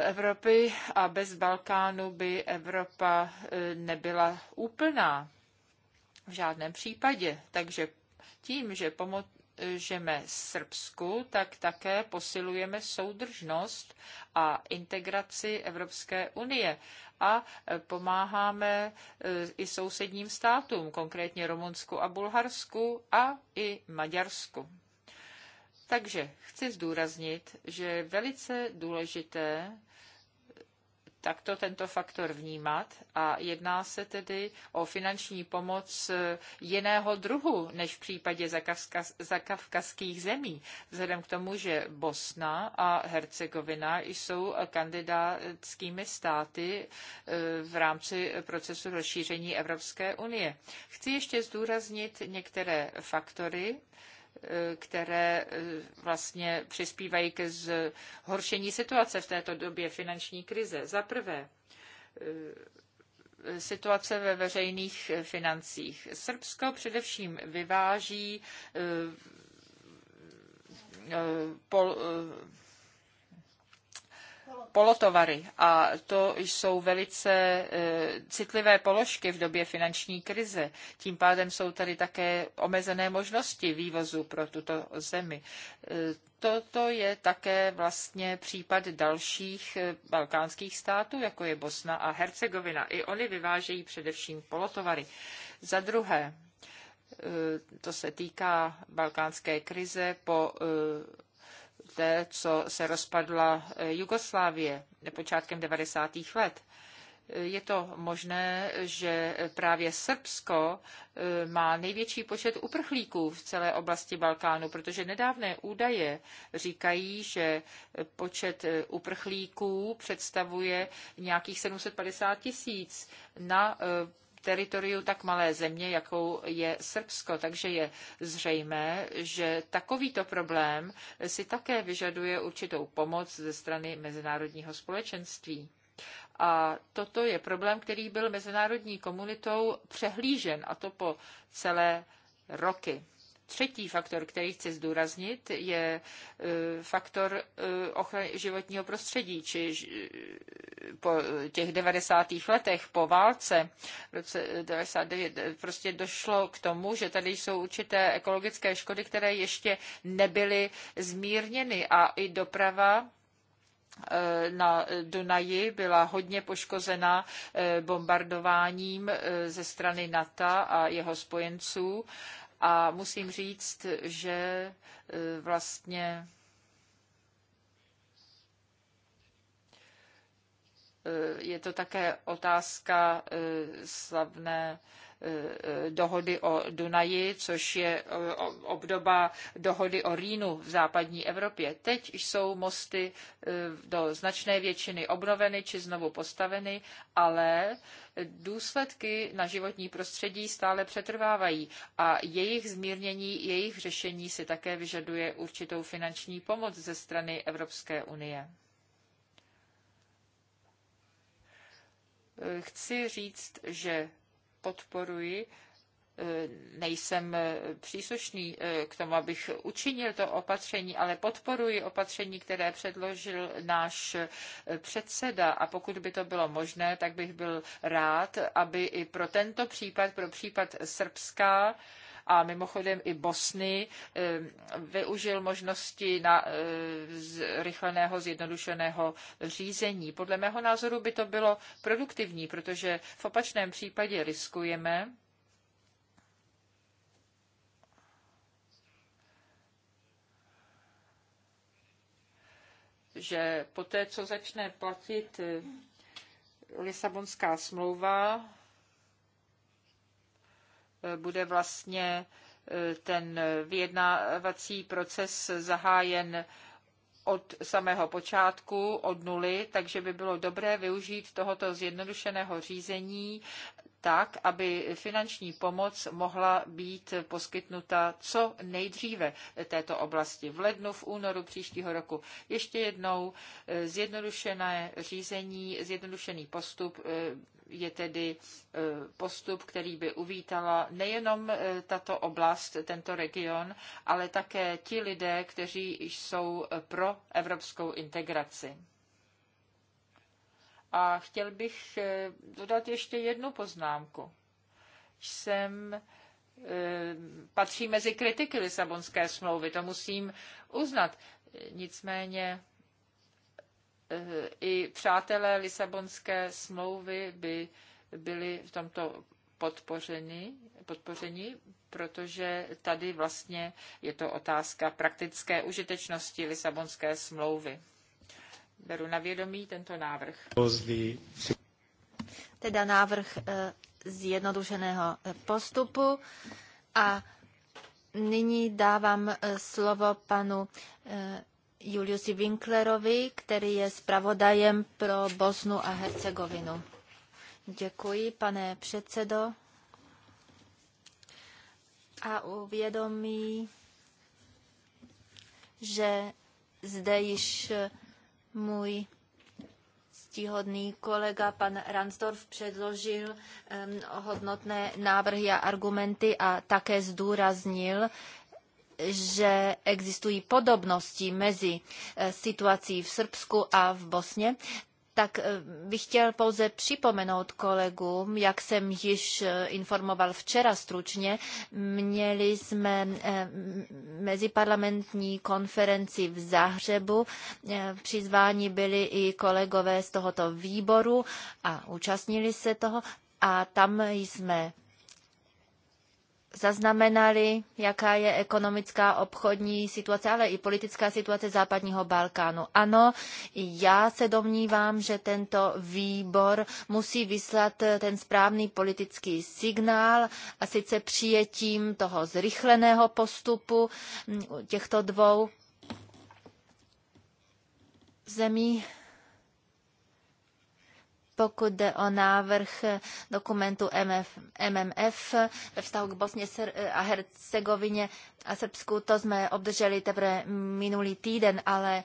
Evropy a bez Balkánu by Evropa eh, nebyla úplná. V žádném případě. Takže tím, že pomo- žeme Srbsku, tak také posilujeme soudržnost a integraci Evropské unie a e, pomáháme e, i sousedním státům, konkrétně Rumunsku a Bulharsku a i Maďarsku. Takže chci zdůraznit, že je velice důležité takto tento faktor vnímat a jedná se tedy o finanční pomoc eh, jiného druhu než v případě zakavkazských zemí, vzhledem k tomu, že Bosna a Hercegovina jsou kandidátskými státy eh, v rámci procesu rozšíření Evropské unie. Chci ještě zdůraznit některé faktory, Eh, které eh, vlastně přispívají ke zhoršení situace v této době finanční krize. Za prvé, eh, situace ve veřejných financích. Srbsko především vyváží pol, polotovary a to jsou velice e, citlivé položky v době finanční krize. Tím pádem jsou tady také omezené možnosti vývozu pro tuto zemi. E, toto je také vlastně případ dalších e, balkánských států, jako je Bosna a Hercegovina. I oni vyvážejí především polotovary. Za druhé, to se týká balkánské krize po poté, co se rozpadla eh, Jugoslávie počátkem 90. let eh, je to možné, že právě Srbsko eh, má největší počet uprchlíků v celé oblasti Balkánu, protože nedávné údaje říkají, že počet uprchlíků představuje nějakých 750 tisíc na teritoriu tak malé země, jakou je Srbsko. Takže je zřejmé, že takovýto problém si také vyžaduje určitou pomoc ze strany mezinárodního společenství. A toto je problém, který byl mezinárodní komunitou přehlížen, a to po celé roky. Třetí faktor, který chci zdůraznit, je e, faktor e, ochrany životního prostředí, či e, po těch 90. letech, po válce v roce 99, prostě došlo k tomu, že tady jsou určité ekologické škody, které ještě nebyly zmírněny a i doprava na Dunaji byla hodně poškozena bombardováním ze strany NATO a jeho spojenců a musím říct, že e, vlastně e, je to také otázka e, slavné Eh, dohody o Dunaji, což je eh, obdoba dohody o Rýnu v západní Evropě. Teď jsou mosty eh, do značné většiny obnoveny či znovu postaveny, ale důsledky na životní prostředí stále přetrvávají a jejich zmírnění, jejich řešení si také vyžaduje určitou finanční pomoc ze strany Evropské unie. Chci říct, že podporuji. E, nejsem e, příslušný e, k tomu, abych učinil to opatření, ale podporuji opatření, které předložil náš předseda. A pokud by to bylo možné, tak bych byl rád, aby i pro tento případ, pro případ Srbská, a mimochodem i Bosny eh, využil možnosti na eh, rychleného zjednodušeného řízení. Podle mého názoru by to bylo produktivní, protože v opačném případě riskujeme, že poté, co začne platit eh, Lisabonská smlouva, bude vlastně e, ten vyjednávací proces zahájen od samého počátku, od nuly, takže by bylo dobré využít tohoto zjednodušeného řízení tak, aby finanční pomoc mohla být poskytnuta co nejdříve této oblasti v lednu, v únoru příštího roku. Ještě jednou e, zjednodušené řízení, zjednodušený postup e, je tedy e, postup, který by uvítala nejenom e, tato oblast, tento region, ale také ti lidé, kteří jsou pro evropskou integraci. A chtěl bych e, dodat ještě jednu poznámku. Jsem patří mezi kritiky Lisabonské smlouvy, to musím uznat. Nicméně i přátelé Lisabonské smlouvy by byli v tomto podpořeni, podpoření, protože tady vlastně je to otázka praktické užitečnosti Lisabonské smlouvy. Beru na vědomí tento návrh. Teda návrh eh, zjednodušeného eh, postupu a nyní dávám eh, slovo panu Juliusi Winklerovi, který je zpravodajem pro Bosnu a Hercegovinu. Děkuji, pane předsedo. A uvědomí, že zde již můj ctihodný kolega pan Ransdorf předložil um, hodnotné návrhy a argumenty a také zdůraznil, že existují podobnosti mezi eh, situací v Srbsku a v Bosně, tak eh, bych chtěl pouze připomenout kolegům, jak jsem již eh, informoval včera stručně, měli jsme meziparlamentní konferenci v Záhřebu. Přizváni byli i kolegové z tohoto výboru a účastnili se toho. A tam jsme zaznamenali, jaká je ekonomická obchodní situace, ale i politická situace západního Balkánu. Ano, já se domnívám, že tento výbor musí vyslat ten správný politický signál a sice přijetím toho zrychleného postupu mm, těchto dvou zemí pokud jde o návrh dokumentu MF, MMF ve vztahu k Bosně a Hercegovině a Srbsku, to jsme obdrželi teprve minulý týden, ale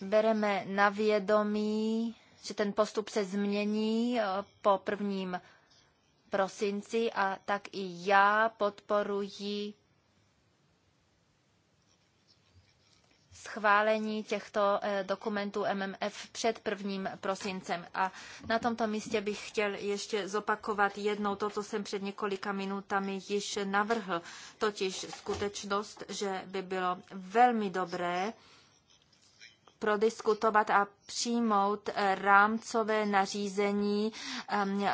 bereme na vědomí, že ten postup se změní eh, po prvním prosinci a tak i já podporuji schválení těchto eh, dokumentů MMF před prvním prosincem. A na tomto místě bych chtěl ještě zopakovat jednou to, co jsem před několika minutami již navrhl, totiž skutečnost, že by bylo velmi dobré prodiskutovat a přijmout eh, rámcové nařízení ehm,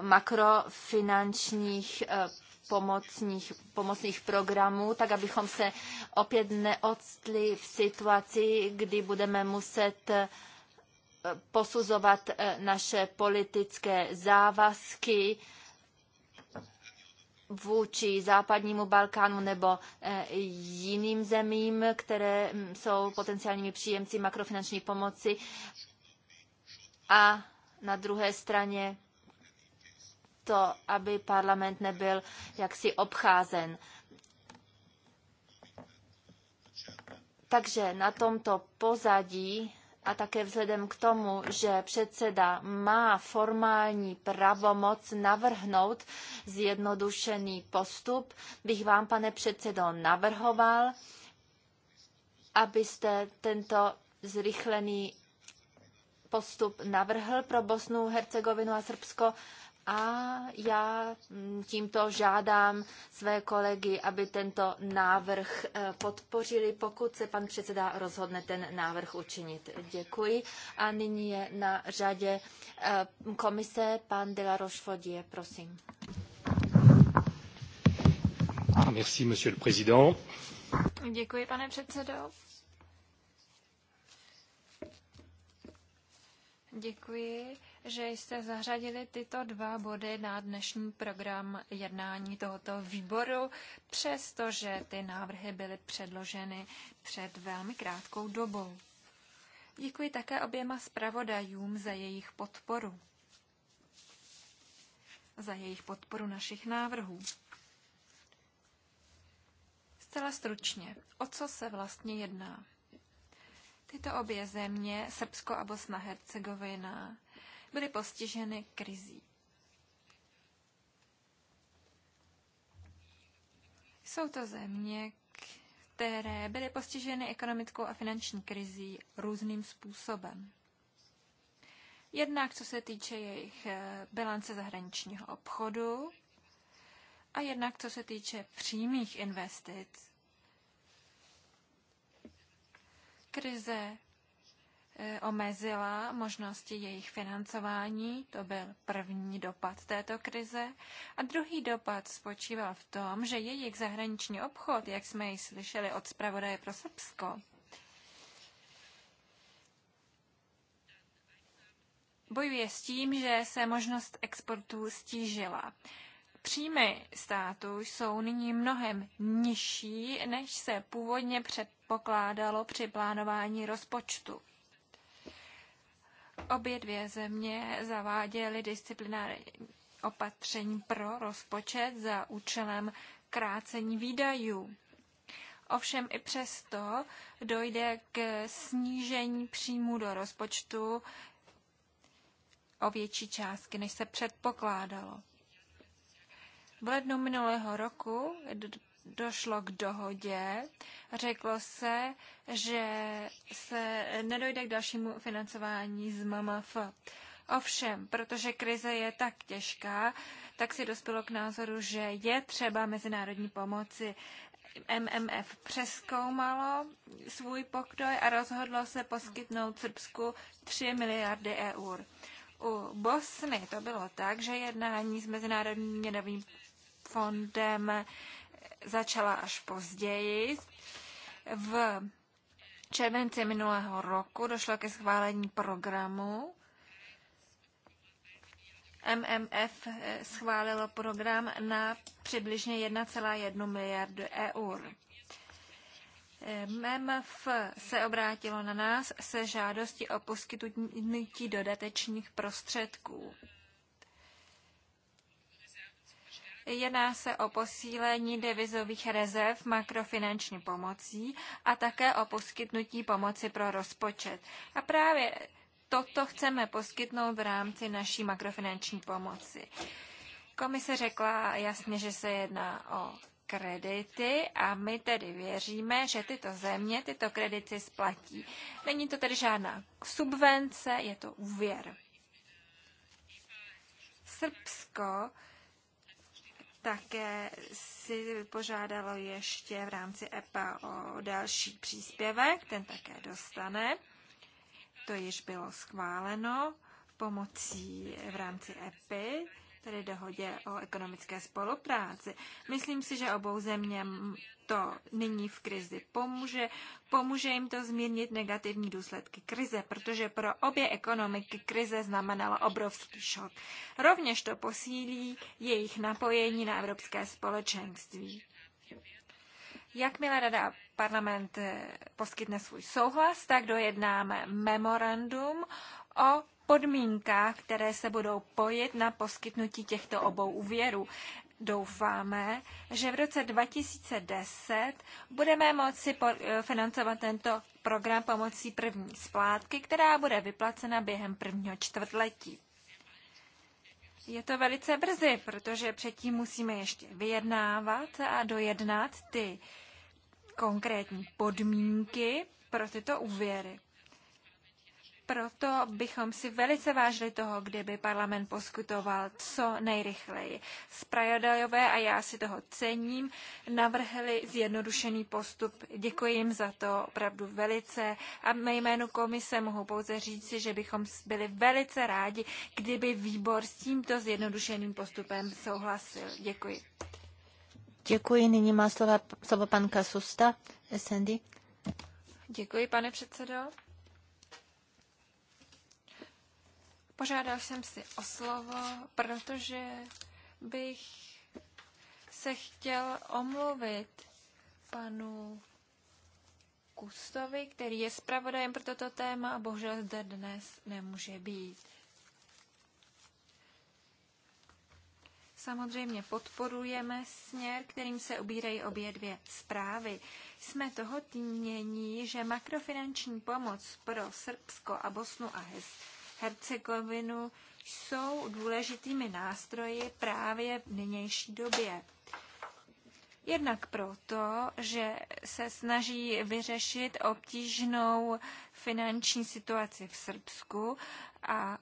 makrofinančních eh, pomocných, pomocných programů, tak abychom se opět neodstli v situaci, kdy budeme muset eh, posuzovat eh, naše politické závazky vůči západnímu Balkánu nebo eh, jiným zemím, které hm, jsou potenciálními příjemci makrofinanční pomoci. A na druhé straně to, aby parlament nebyl jaksi obcházen. Takže na tomto pozadí a také vzhledem k tomu, že předseda má formální pravomoc navrhnout zjednodušený postup, bych vám, pane předsedo, navrhoval, abyste tento zrychlený postup navrhl pro Bosnu, Hercegovinu a Srbsko a já mm, tímto žádám své kolegy, aby tento návrh eh, podpořili, pokud se pan předseda rozhodne ten návrh učinit. Děkuji. A nyní je na řadě eh, komise pan de la Rochefodie, prosím. Merci, monsieur le président. Děkuji, pane předsedo. Děkuji že jste zařadili tyto dva body na dnešní program jednání tohoto výboru, přestože ty návrhy byly předloženy před velmi krátkou dobou. Děkuji také oběma zpravodajům za jejich podporu. Za jejich podporu našich návrhů. Zcela stručně, o co se vlastně jedná? Tyto obě země, Srbsko a Bosna-Hercegovina, byly postiženy krizí. Jsou to země, které byly postiženy ekonomickou a finanční krizí různým způsobem. Jednak co se týče jejich eh, bilance zahraničního obchodu a jednak co se týče přímých investic. Krize E, omezila možnosti jejich financování, to byl první dopad této krize. A druhý dopad spočíval v tom, že jejich zahraniční obchod, jak jsme ji slyšeli od zpravodaje pro Srbsko, bojuje s tím, že se možnost exportu stížila. Příjmy státu jsou nyní mnohem nižší, než se původně předpokládalo při plánování rozpočtu. Obě dvě země zaváděly disciplinární opatření pro rozpočet za účelem krácení výdajů. Ovšem i přesto dojde k snížení příjmu do rozpočtu o větší částky, než se předpokládalo. V lednu minulého roku došlo k dohodě. Řeklo se, že se nedojde k dalšímu financování z MMF. Ovšem, protože krize je tak těžká, tak si dospělo k názoru, že je třeba mezinárodní pomoci. MMF přeskoumalo svůj pokroj a rozhodlo se poskytnout Srbsku 3 miliardy eur. U Bosny to bylo tak, že jednání s Mezinárodním měnovým fondem začala až později. V červenci minulého roku došlo ke schválení programu. MMF eh, schválilo program na přibližně 1,1 miliardy eur. MMF se obrátilo na nás se žádostí o poskytnutí dodatečných prostředků. Jedná se o posílení devizových rezerv makrofinanční pomocí a také o poskytnutí pomoci pro rozpočet. A právě toto chceme poskytnout v rámci naší makrofinanční pomoci. Komise řekla jasně, že se jedná o kredity a my tedy věříme, že tyto země tyto kredity splatí. Není to tedy žádná subvence, je to úvěr. Srbsko také si požádalo ještě v rámci EPA o další příspěvek, ten také dostane. To již bylo schváleno pomocí v rámci EPI, tedy dohodě o ekonomické spolupráci. Myslím si, že obou zeměm to nyní v krizi pomůže. Pomůže jim to zmírnit negativní důsledky krize, protože pro obě ekonomiky krize znamenala obrovský šok. Rovněž to posílí jejich napojení na evropské společenství. Jakmile Rada parlament eh, poskytne svůj souhlas, tak dojednáme memorandum o podmínkách, které se budou pojet na poskytnutí těchto obou úvěrů doufáme, že v roce 2010 budeme moci financovat tento program pomocí první splátky, která bude vyplacena během prvního čtvrtletí. Je to velice brzy, protože předtím musíme ještě vyjednávat a dojednat ty konkrétní podmínky pro tyto úvěry. Proto bychom si velice vážili toho, kdyby parlament poskutoval co nejrychleji. Spravodajové a já si toho cením, navrhli zjednodušený postup. Děkuji jim za to opravdu velice a mé jménu komise mohu pouze říci, že bychom byli velice rádi, kdyby výbor s tímto zjednodušeným postupem souhlasil. Děkuji. Děkuji. Nyní má slova, slovo pan Kasusta, SND. Děkuji, pane předsedo. Požádal jsem si o slovo, protože bych se chtěl omluvit panu Kustovi, který je zpravodajem pro toto téma a bohužel zde dnes nemůže být. Samozřejmě podporujeme směr, kterým se ubírají obě dvě zprávy. Jsme toho týmění, že makrofinanční pomoc pro Srbsko a Bosnu a Hez Hercegovinu jsou důležitými nástroji právě v nynější době. Jednak proto, že se snaží vyřešit obtížnou finanční situaci v Srbsku a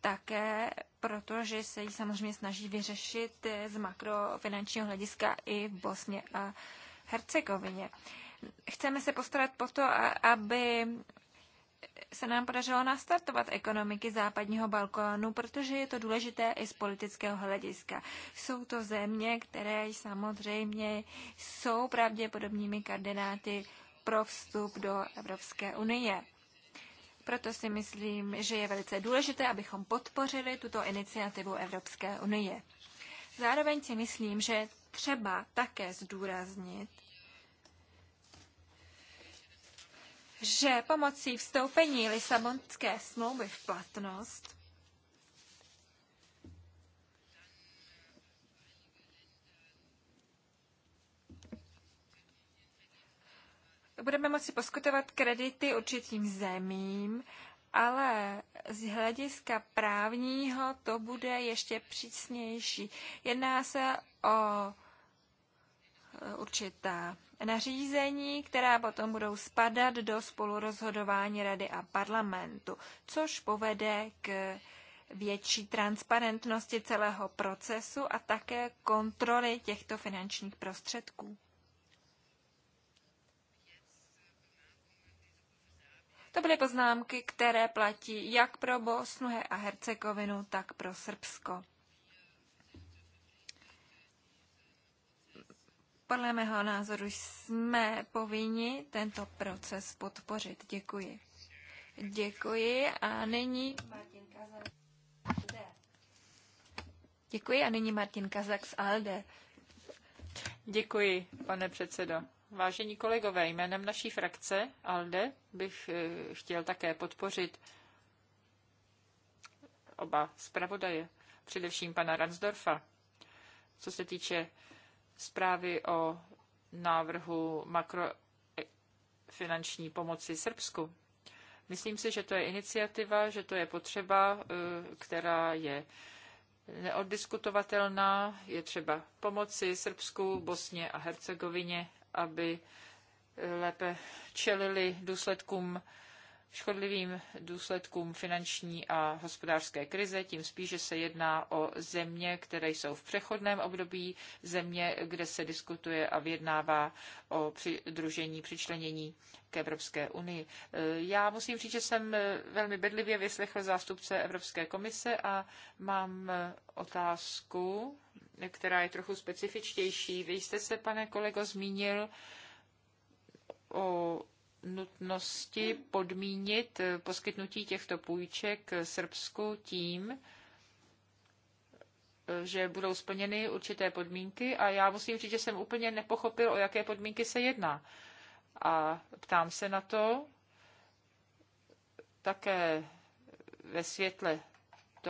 také proto, že se ji samozřejmě snaží vyřešit z makrofinančního hlediska i v Bosně a Hercegovině. Chceme se postarat po to, aby se nám podařilo nastartovat ekonomiky západního Balkánu, protože je to důležité i z politického hlediska. Jsou to země, které samozřejmě jsou pravděpodobnými kandidáty pro vstup do Evropské unie. Proto si myslím, že je velice důležité, abychom podpořili tuto iniciativu Evropské unie. Zároveň si myslím, že třeba také zdůraznit, že pomocí vstoupení Lisabonské smlouvy v platnost budeme moci poskytovat kredity určitým zemím, ale z hlediska právního to bude ještě přísnější. Jedná se o e, určitá nařízení, která potom budou spadat do spolurozhodování Rady a parlamentu, což povede k větší transparentnosti celého procesu a také kontroly těchto finančních prostředků. To byly poznámky, které platí jak pro Bosnu a Hercegovinu, tak pro Srbsko. Podle mého názoru jsme povinni tento proces podpořit. Děkuji. Děkuji a nyní Martin Kazak. Děkuji a nyní Martin Kazak z ALDE. Děkuji, pane předsedo. Vážení kolegové, jménem naší frakce ALDE bych eh, chtěl také podpořit oba zpravodaje, především pana Ransdorfa, co se týče zprávy o návrhu makrofinanční pomoci Srbsku. Myslím si, že to je iniciativa, že to je potřeba, eh, která je neoddiskutovatelná. Je třeba pomoci Srbsku, Bosně a Hercegovině, aby lépe čelili důsledkům škodlivým důsledkům finanční a hospodářské krize, tím spíše se jedná o země, které jsou v přechodném období, země, kde se diskutuje a vyjednává o přidružení, přičlenění k Evropské unii. Já musím říct, že jsem velmi bedlivě vyslechl zástupce Evropské komise a mám otázku, která je trochu specifičtější. Vy jste se, pane kolego, zmínil o nutnosti podmínit poskytnutí těchto půjček Srbsku tím, že budou splněny určité podmínky a já musím říct, že jsem úplně nepochopil, o jaké podmínky se jedná. A ptám se na to také ve světle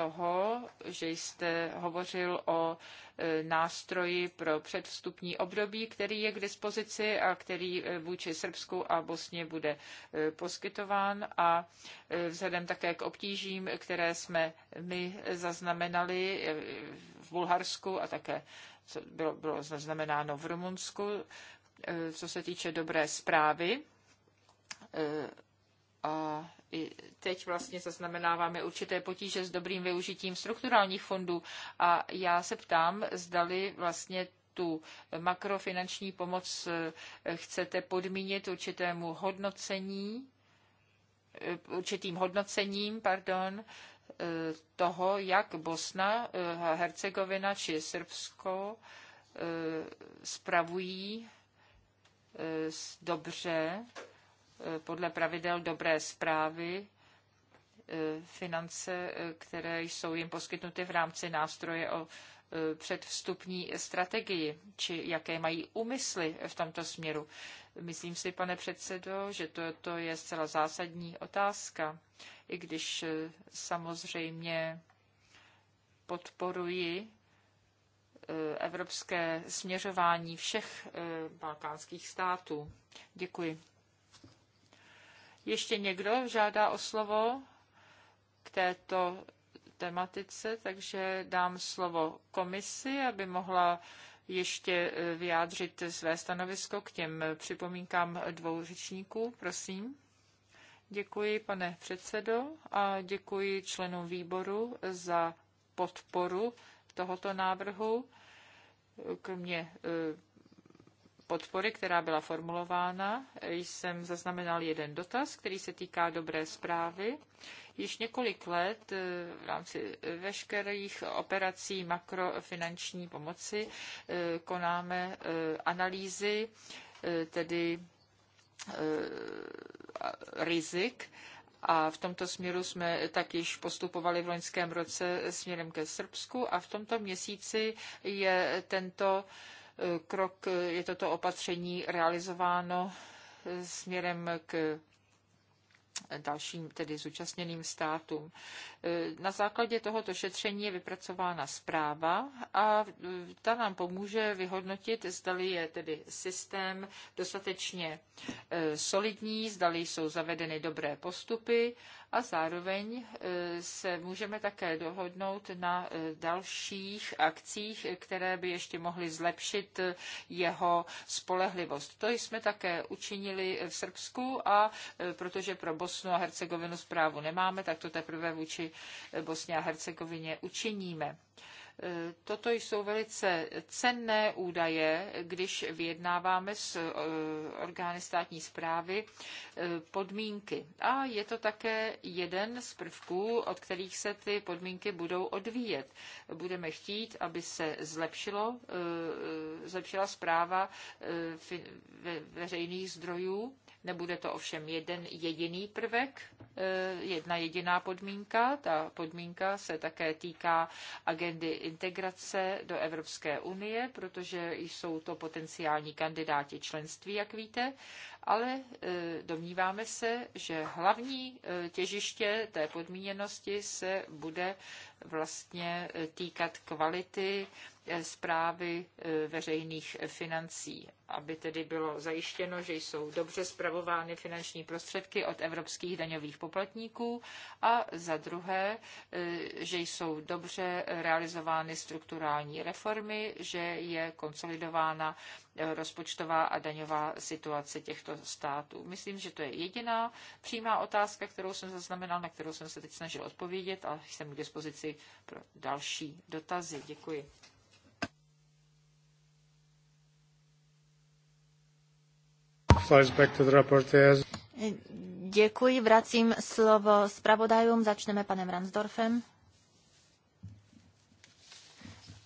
toho, že jste hovořil o e, nástroji pro předvstupní období, který je k dispozici a který e, vůči Srbsku a Bosně bude e, poskytován a vzhledem také k obtížím, které jsme my zaznamenali v Bulharsku a také co bylo, bylo zaznamenáno v Rumunsku, co se týče dobré zprávy a i teď vlastně zaznamenáváme určité potíže s dobrým využitím strukturálních fondů a já se ptám, zdali vlastně tu makrofinanční pomoc eh, chcete podmínit určitému hodnocení, eh, určitým hodnocením, pardon, eh, toho, jak Bosna, Hercegovina či Srbsko spravují dobře podle pravidel dobré zprávy e, finance, e, které jsou jim poskytnuty v rámci nástroje o e, předvstupní strategii, či jaké mají úmysly v tomto směru. Myslím si, pane předsedo, že toto je zcela zásadní otázka, i když samozřejmě podporuji evropské směřování všech balkánských států. Děkuji. Ještě někdo žádá o slovo k této tematice, takže dám slovo komisi, aby mohla ještě eh, vyjádřit své stanovisko k těm připomínkám dvou řečníků. Prosím. Děkuji, pane předsedo, a děkuji členům výboru za podporu tohoto návrhu. Kromě eh, podpory, která byla formulována, jsem zaznamenal jeden dotaz, který se týká dobré zprávy. Již několik let eh, v rámci veškerých operací makrofinanční pomoci eh, konáme eh, analýzy, tedy rizik a v tomto směru jsme tak již postupovali v loňském roce směrem ke Srbsku a v tomto měsíci je tento krok, je toto opatření realizováno směrem k dalším tedy zúčastněným státům. Na základě tohoto šetření je vypracována zpráva a ta nám pomůže vyhodnotit, zdali je tedy systém dostatečně eh, solidní, zdali jsou zavedeny dobré postupy a zároveň e, se můžeme také dohodnout na e, dalších akcích, které by ještě mohly zlepšit e, jeho spolehlivost. To jsme také učinili v Srbsku a protože pro Bosnu a Hercegovinu zprávu nemáme, tak to teprve vůči Bosně a Hercegovině učiníme. Toto jsou velice cenné údaje, když vyjednáváme s eh, orgány státní zprávy eh, podmínky. A je to také jeden z prvků, od kterých se ty podmínky budou odvíjet. Budeme chtít, aby se zlepšilo, eh, zlepšila zpráva veřejných zdrojů Nebude to ovšem jeden jediný prvek, eh, jedna jediná podmínka. Ta podmínka se také týká agendy integrace do Evropské unie, protože jsou to potenciální kandidáti členství, jak víte, ale eh, domníváme se, že hlavní eh, těžiště té podmíněnosti se bude vlastně týkat kvality zprávy e, veřejných financí, aby tedy bylo zajištěno, že jsou dobře zpravovány finanční prostředky od evropských daňových poplatníků a za druhé, e, že jsou dobře realizovány strukturální reformy, že je konsolidována e, rozpočtová a daňová situace těchto států. Myslím, že to je jediná přímá otázka, kterou jsem zaznamenal, na kterou jsem se teď snažil odpovědět a jsem k dispozici pro další dotazy. Děkuji. Děkuji, vracím slovo zpravodajům. Začneme panem Ransdorfem.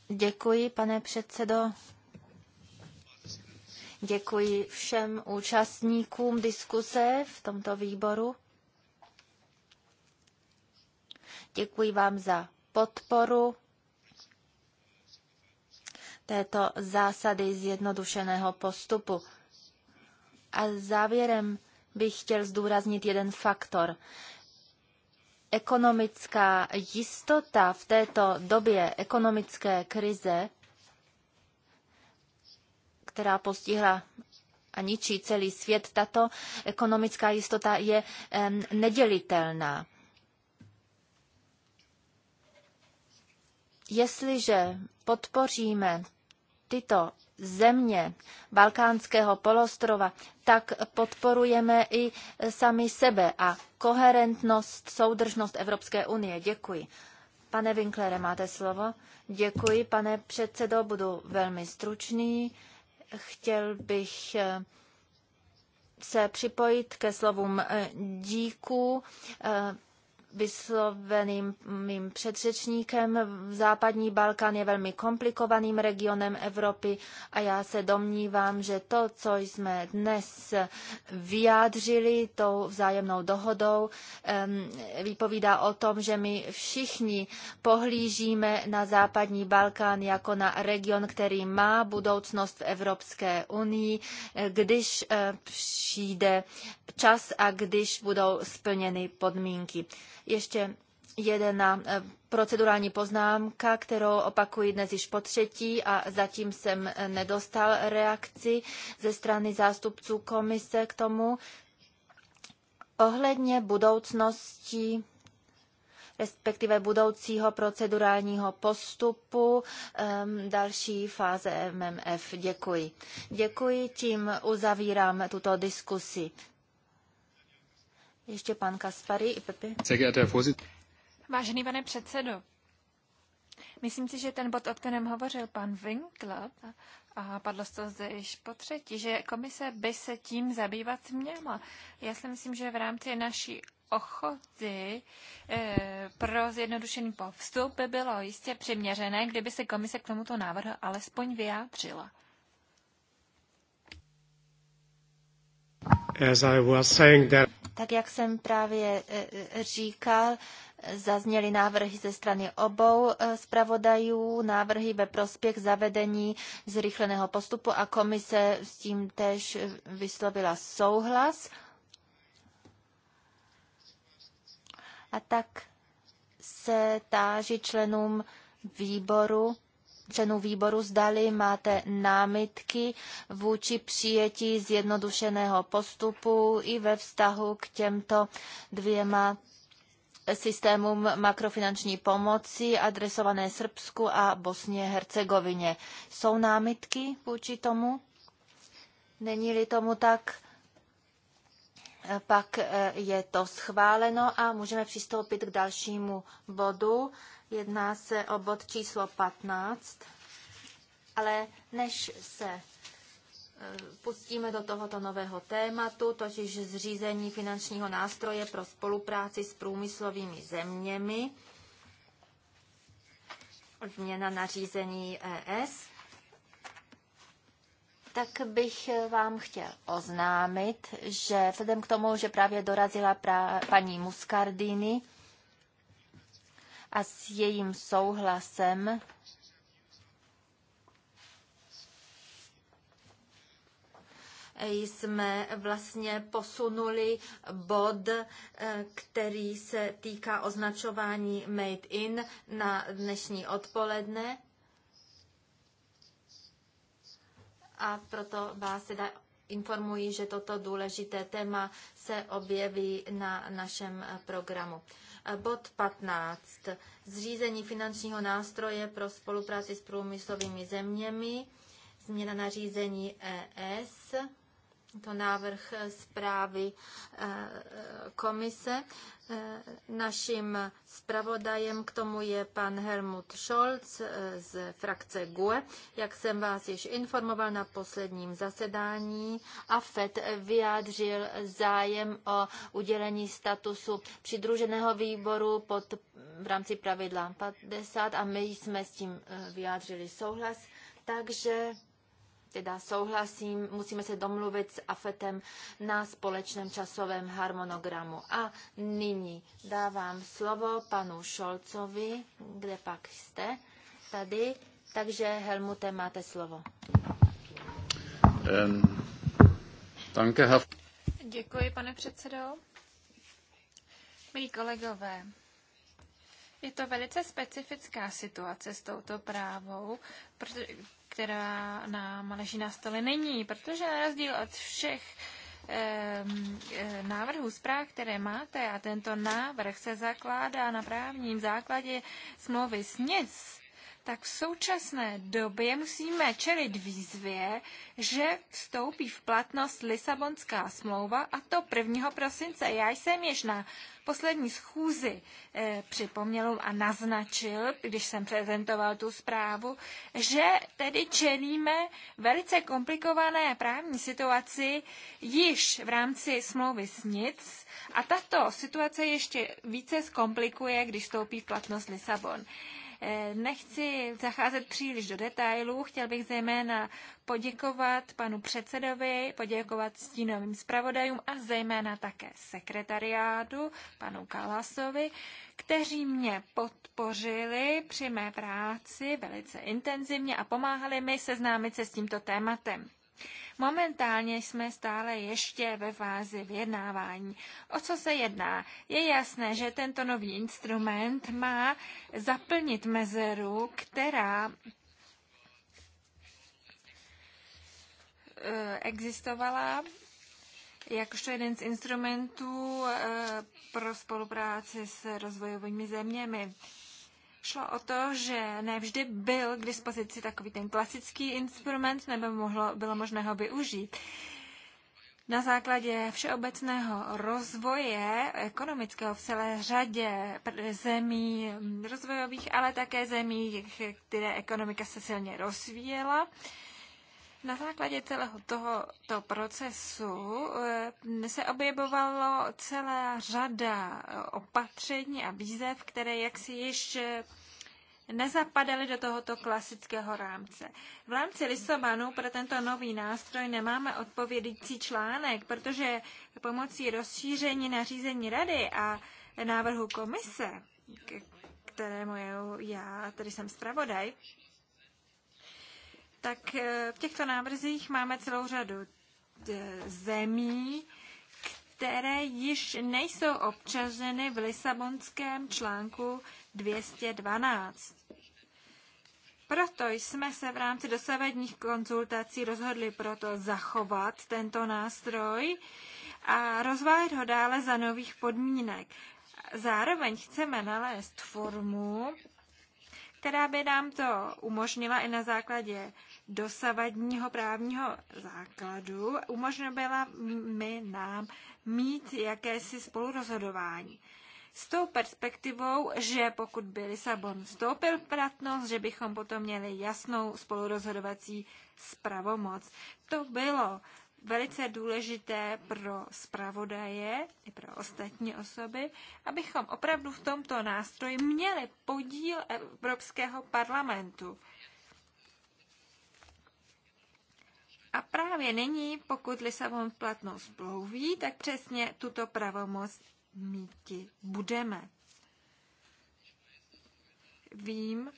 Děkuji, pane předsedo. Děkuji všem účastníkům diskuse v tomto výboru. Děkuji vám za podporu této zásady zjednodušeného postupu. A závěrem bych chtěl zdůraznit jeden faktor. Ekonomická jistota v této době ekonomické krize, která postihla a ničí celý svět, tato ekonomická jistota je nedělitelná. Jestliže podpoříme tyto země Balkánského polostrova, tak podporujeme i sami sebe a koherentnost, soudržnost Evropské unie. Děkuji. Pane Winklere, máte slovo. Děkuji, pane předsedo, budu velmi stručný. Chtěl bych eh, se připojit ke slovům eh, díků eh, vysloveným mm, mým předřečníkem. Západní Balkán je velmi komplikovaným regionem Evropy a já se domnívám, že to, co jsme dnes vyjádřili tou vzájemnou dohodou, vypovídá o tom, že my všichni pohlížíme na Západní Balkán jako na region, který má budoucnost v Evropské unii, když eh, přijde čas a když budou splněny podmínky. Ještě jedna eh, procedurální poznámka, kterou opakuji dnes již po třetí a zatím jsem eh, nedostal reakci ze strany zástupců komise k tomu. Ohledně budoucnosti respektive budoucího procedurálního postupu ehm, další fáze MMF. Děkuji. Děkuji, tím uzavírám tuto diskusi. Ještě pan Kaspary i Pepi. Vážený pane předsedo, myslím si, že ten bod, o kterém hovořil pan Winkler, a padlo to zde již po třetí, že komise by se tím zabývat měla. Já si myslím, že v rámci naší ochoty e, pro zjednodušený povstup by bylo jistě přiměřené, kdyby se komise k tomuto návrhu alespoň vyjádřila. As I was saying that... Tak jak jsem právě e, e, říkal, zazněly návrhy ze strany obou e, zpravodajů, návrhy ve prospěch zavedení zrychleného postupu a komise s tím též vyslovila souhlas. A tak se táží členům výboru, členů výboru, zdali máte námitky vůči přijetí zjednodušeného postupu i ve vztahu k těmto dvěma systémům makrofinanční pomoci adresované Srbsku a Bosně Hercegovině. Jsou námitky vůči tomu? Není-li tomu tak, pak eh, je to schváleno a můžeme přistoupit k dalšímu bodu Jedná se o bod číslo 15, ale než se e, pustíme do tohoto nového tématu, totiž zřízení finančního nástroje pro spolupráci s průmyslovými zeměmi, změna nařízení ES, tak bych vám chtěl oznámit, že vzhledem k tomu, že právě dorazila pra- paní Muscardini, a s jejím souhlasem jsme vlastně posunuli bod, eh, který se týká označování Made in na dnešní odpoledne. A proto vás teda informuji, že toto důležité téma se objeví na našem eh, programu. Eh, bod 15. Zřízení finančního nástroje pro spolupráci s průmyslovými zeměmi. Změna nařízení ES to návrh eh, zprávy eh, komise. Eh, naším zpravodajem k tomu je pan Helmut Scholz z frakce GUE. Jak jsem vás již informoval na posledním zasedání, AFET vyjádřil zájem o udělení statusu přidruženého výboru pod, v rámci pravidla 50 a my jsme s tím vyjádřili souhlas. Takže Teda souhlasím, musíme se domluvit s AFETem na společném časovém harmonogramu. A nyní dávám slovo panu Šolcovi, kde pak jste, tady. Takže Helmute, máte slovo. Um, danke, Děkuji, pane předsedo. Milí kolegové, je to velice specifická situace s touto právou, protože která nám leží na stole, není, protože na rozdíl od všech e, návrhů zpráv, které máte, a tento návrh se zakládá na právním základě smlouvy SNIS, tak v současné době musíme čelit výzvě, že vstoupí v platnost Lisabonská smlouva a to 1. prosince. Já jsem již na poslední schůzi e, připomněl a naznačil, když jsem prezentoval tu zprávu, že tedy čelíme velice komplikované právní situaci již v rámci smlouvy s nic a tato situace ještě více zkomplikuje, když vstoupí v platnost Lisabon. E, Nechci zacházet příliš do detailů, chtěl bych zejména poděkovat panu předsedovi, poděkovat stínovým zpravodajům a zejména také sekretariádu, panu Kalasovi, kteří mě podpořili při mé práci velice intenzivně a pomáhali mi seznámit se s tímto tématem. Momentálně jsme stále ještě ve fázi vyjednávání. O co se jedná? Je jasné, že tento nový instrument má zaplnit mezeru, která eh, existovala jakožto jeden z instrumentů eh, pro spolupráci s rozvojovými zeměmi šlo o to, že nevždy byl k dispozici takový ten klasický instrument, nebo mohlo, bylo možné ho využít. Na základě všeobecného rozvoje ekonomického v celé řadě zemí mm, rozvojových, ale také zemí, které ekonomika se silně rozvíjela, na základě celého tohoto procesu eh, se objevovalo celá řada eh, opatření a výzev, které jaksi ještě nezapadaly do tohoto klasického rámce. V rámci Lisabonu pro tento nový nástroj nemáme odpovědící článek, protože pomocí rozšíření nařízení rady a návrhu komise, kterému já, tedy jsem zpravodaj, tak eh, v těchto návrzích máme celou řadu eh, zemí, které již nejsou občaženy v Lisabonském článku 212. Proto jsme se v rámci dosavadních konzultací rozhodli proto zachovat tento nástroj a rozvájet ho dále za nových podmínek. Zároveň chceme nalézt formu, která by nám to umožnila i na základě dosavadního právního základu umožnila mi nám mít jakési spolurozhodování s tou perspektivou, že pokud by Lisabon vstoupil v platnost, že bychom potom měli jasnou spolurozhodovací spravomoc. To bylo velice důležité pro zpravodaje i pro ostatní osoby, abychom opravdu v tomto nástroji měli podíl Evropského parlamentu. A právě nyní, pokud Lisabon platnou splouví, tak přesně tuto pravomoc míti budeme. Vím,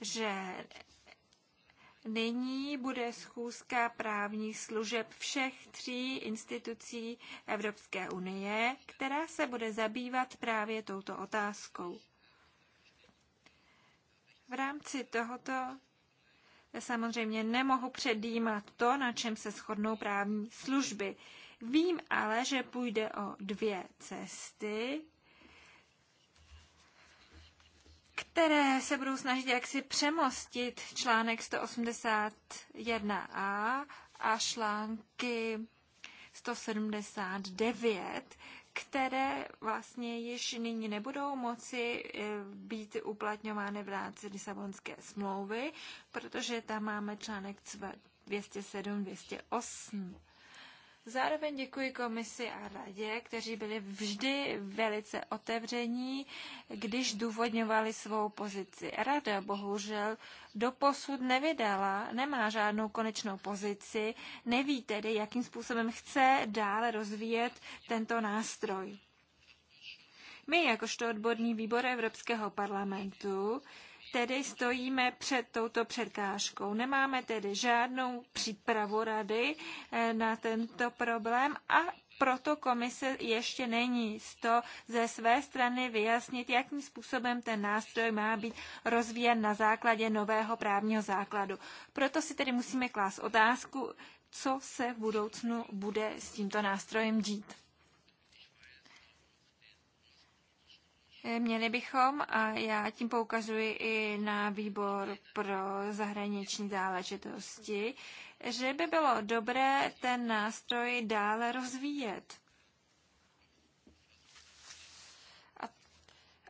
že Nyní bude schůzka právních služeb všech tří institucí Evropské unie, která se bude zabývat právě touto otázkou. V rámci tohoto samozřejmě nemohu předjímat to, na čem se shodnou právní služby. Vím ale, že půjde o dvě cesty, které se budou snažit jaksi přemostit článek 181a a články 179, které vlastně již nyní nebudou moci eh, být uplatňovány v rámci Lisabonské smlouvy, protože tam máme článek 207-208. Zároveň děkuji komisi a radě, kteří byli vždy velice otevření, když důvodňovali svou pozici. Rada bohužel doposud nevydala, nemá žádnou konečnou pozici, neví tedy, jakým způsobem chce dále rozvíjet tento nástroj. My, jakožto odborní výbor Evropského parlamentu, tedy stojíme před touto překážkou. Nemáme tedy žádnou přípravu rady eh, na tento problém a proto komise ještě není z to ze své strany vyjasnit, jakým způsobem ten nástroj má být rozvíjen na základě nového právního základu. Proto si tedy musíme klást otázku, co se v budoucnu bude s tímto nástrojem dít. Měli bychom, a já tím poukazuji i na výbor pro zahraniční záležitosti, že by bylo dobré ten nástroj dále rozvíjet.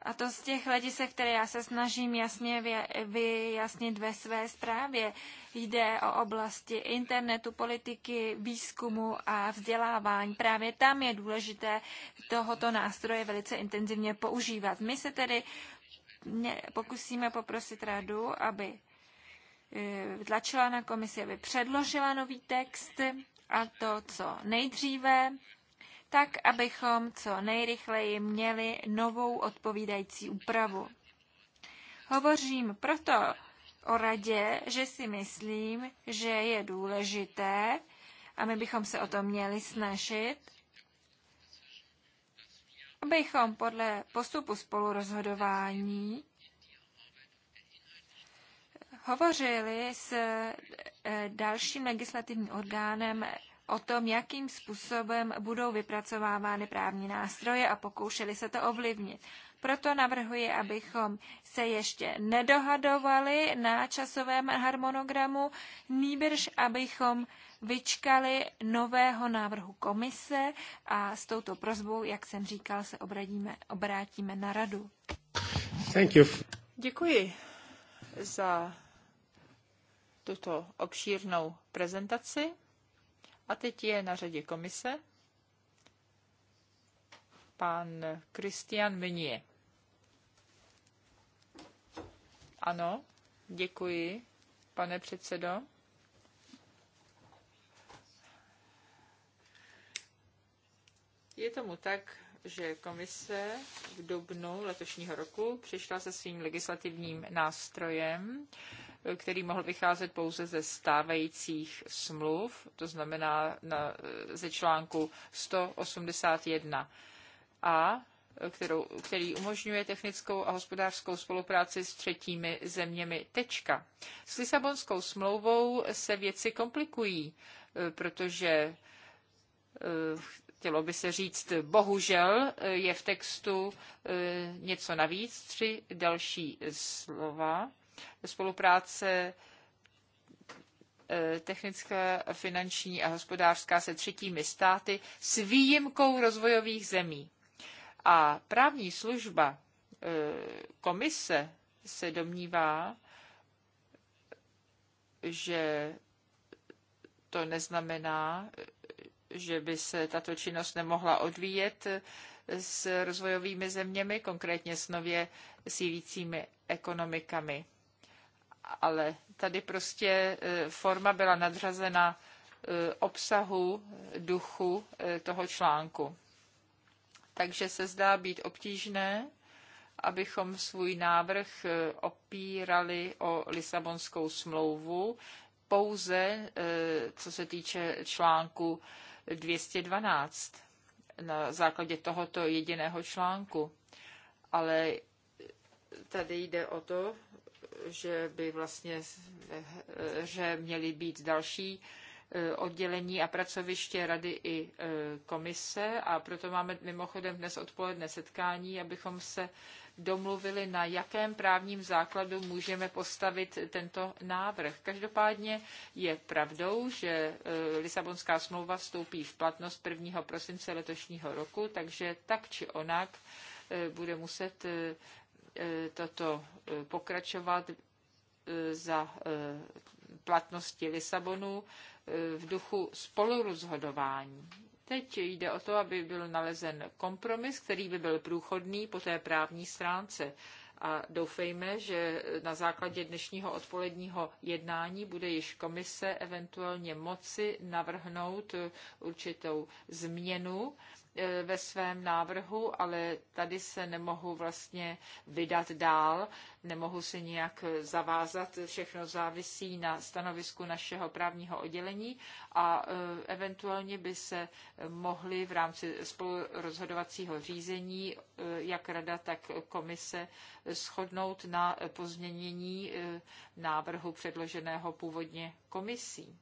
A to z těch hledisek, které já se snažím jasně vyjasnit ve své zprávě. Jde o oblasti internetu, politiky, výzkumu a vzdělávání. Právě tam je důležité tohoto nástroje velice intenzivně používat. My se tedy pokusíme poprosit radu, aby e, tlačila na komisi, aby předložila nový text a to co nejdříve, tak abychom co nejrychleji měli novou odpovídající úpravu. Hovořím proto, o radě, že si myslím, že je důležité, a my bychom se o to měli snažit, abychom podle postupu spolurozhodování hovořili s eh, dalším legislativním orgánem o tom, jakým způsobem budou vypracovávány právní nástroje a pokoušeli se to ovlivnit. Proto navrhuji, abychom se ještě nedohadovali na časovém harmonogramu, nýbrž abychom vyčkali nového návrhu komise a s touto prozbou, jak jsem říkal, se obradíme, obrátíme na radu. Thank you. Děkuji za tuto obšírnou prezentaci. A teď je na řadě komise pan Christian Menier. Ano, děkuji, pane předsedo. Je tomu tak, že komise v dubnu letošního roku přišla se svým legislativním nástrojem, který mohl vycházet pouze ze stávajících smluv, to znamená na, ze článku 181a kterou, který umožňuje technickou a hospodářskou spolupráci s třetími zeměmi. Tečka. S Lisabonskou smlouvou se věci komplikují, e, protože e, chtělo by se říct, bohužel e, je v textu něco navíc, tři další slova. Spolupráce technická, finanční a hospodářská se třetími státy s výjimkou rozvojových zemí. A právní služba e, komise se domnívá, že to neznamená, že by se tato činnost nemohla odvíjet s rozvojovými zeměmi, konkrétně s nově sílícími ekonomikami. Ale tady prostě e, forma byla nadřazena e, obsahu, duchu toho článku takže se zdá být obtížné, abychom svůj návrh eh, opírali o Lisabonskou smlouvu pouze eh, co se týče článku 212 na základě tohoto jediného článku. Ale eh, tady jde o to, že by vlastně že měly být další Eh, oddělení a pracoviště rady i eh, komise a proto máme mimochodem dnes odpoledne setkání, abychom se domluvili, na jakém právním základu můžeme postavit tento návrh. Každopádně je pravdou, že eh, Lisabonská smlouva vstoupí v platnost 1. prosince letošního roku, takže tak či onak bude muset toto pokračovat za platnosti Lisabonu e, v duchu spolurozhodování. Teď jde o to, aby byl nalezen kompromis, který by byl průchodný po té právní stránce. A doufejme, že na základě dnešního odpoledního jednání bude již komise eventuálně moci navrhnout určitou změnu E, ve svém návrhu, ale tady se nemohu vlastně vydat dál, nemohu se nějak zavázat, všechno závisí na stanovisku našeho právního oddělení a e, eventuálně by se mohly v rámci spolurozhodovacího řízení, e, jak rada, tak komise, shodnout na pozměnění návrhu předloženého původně komisí.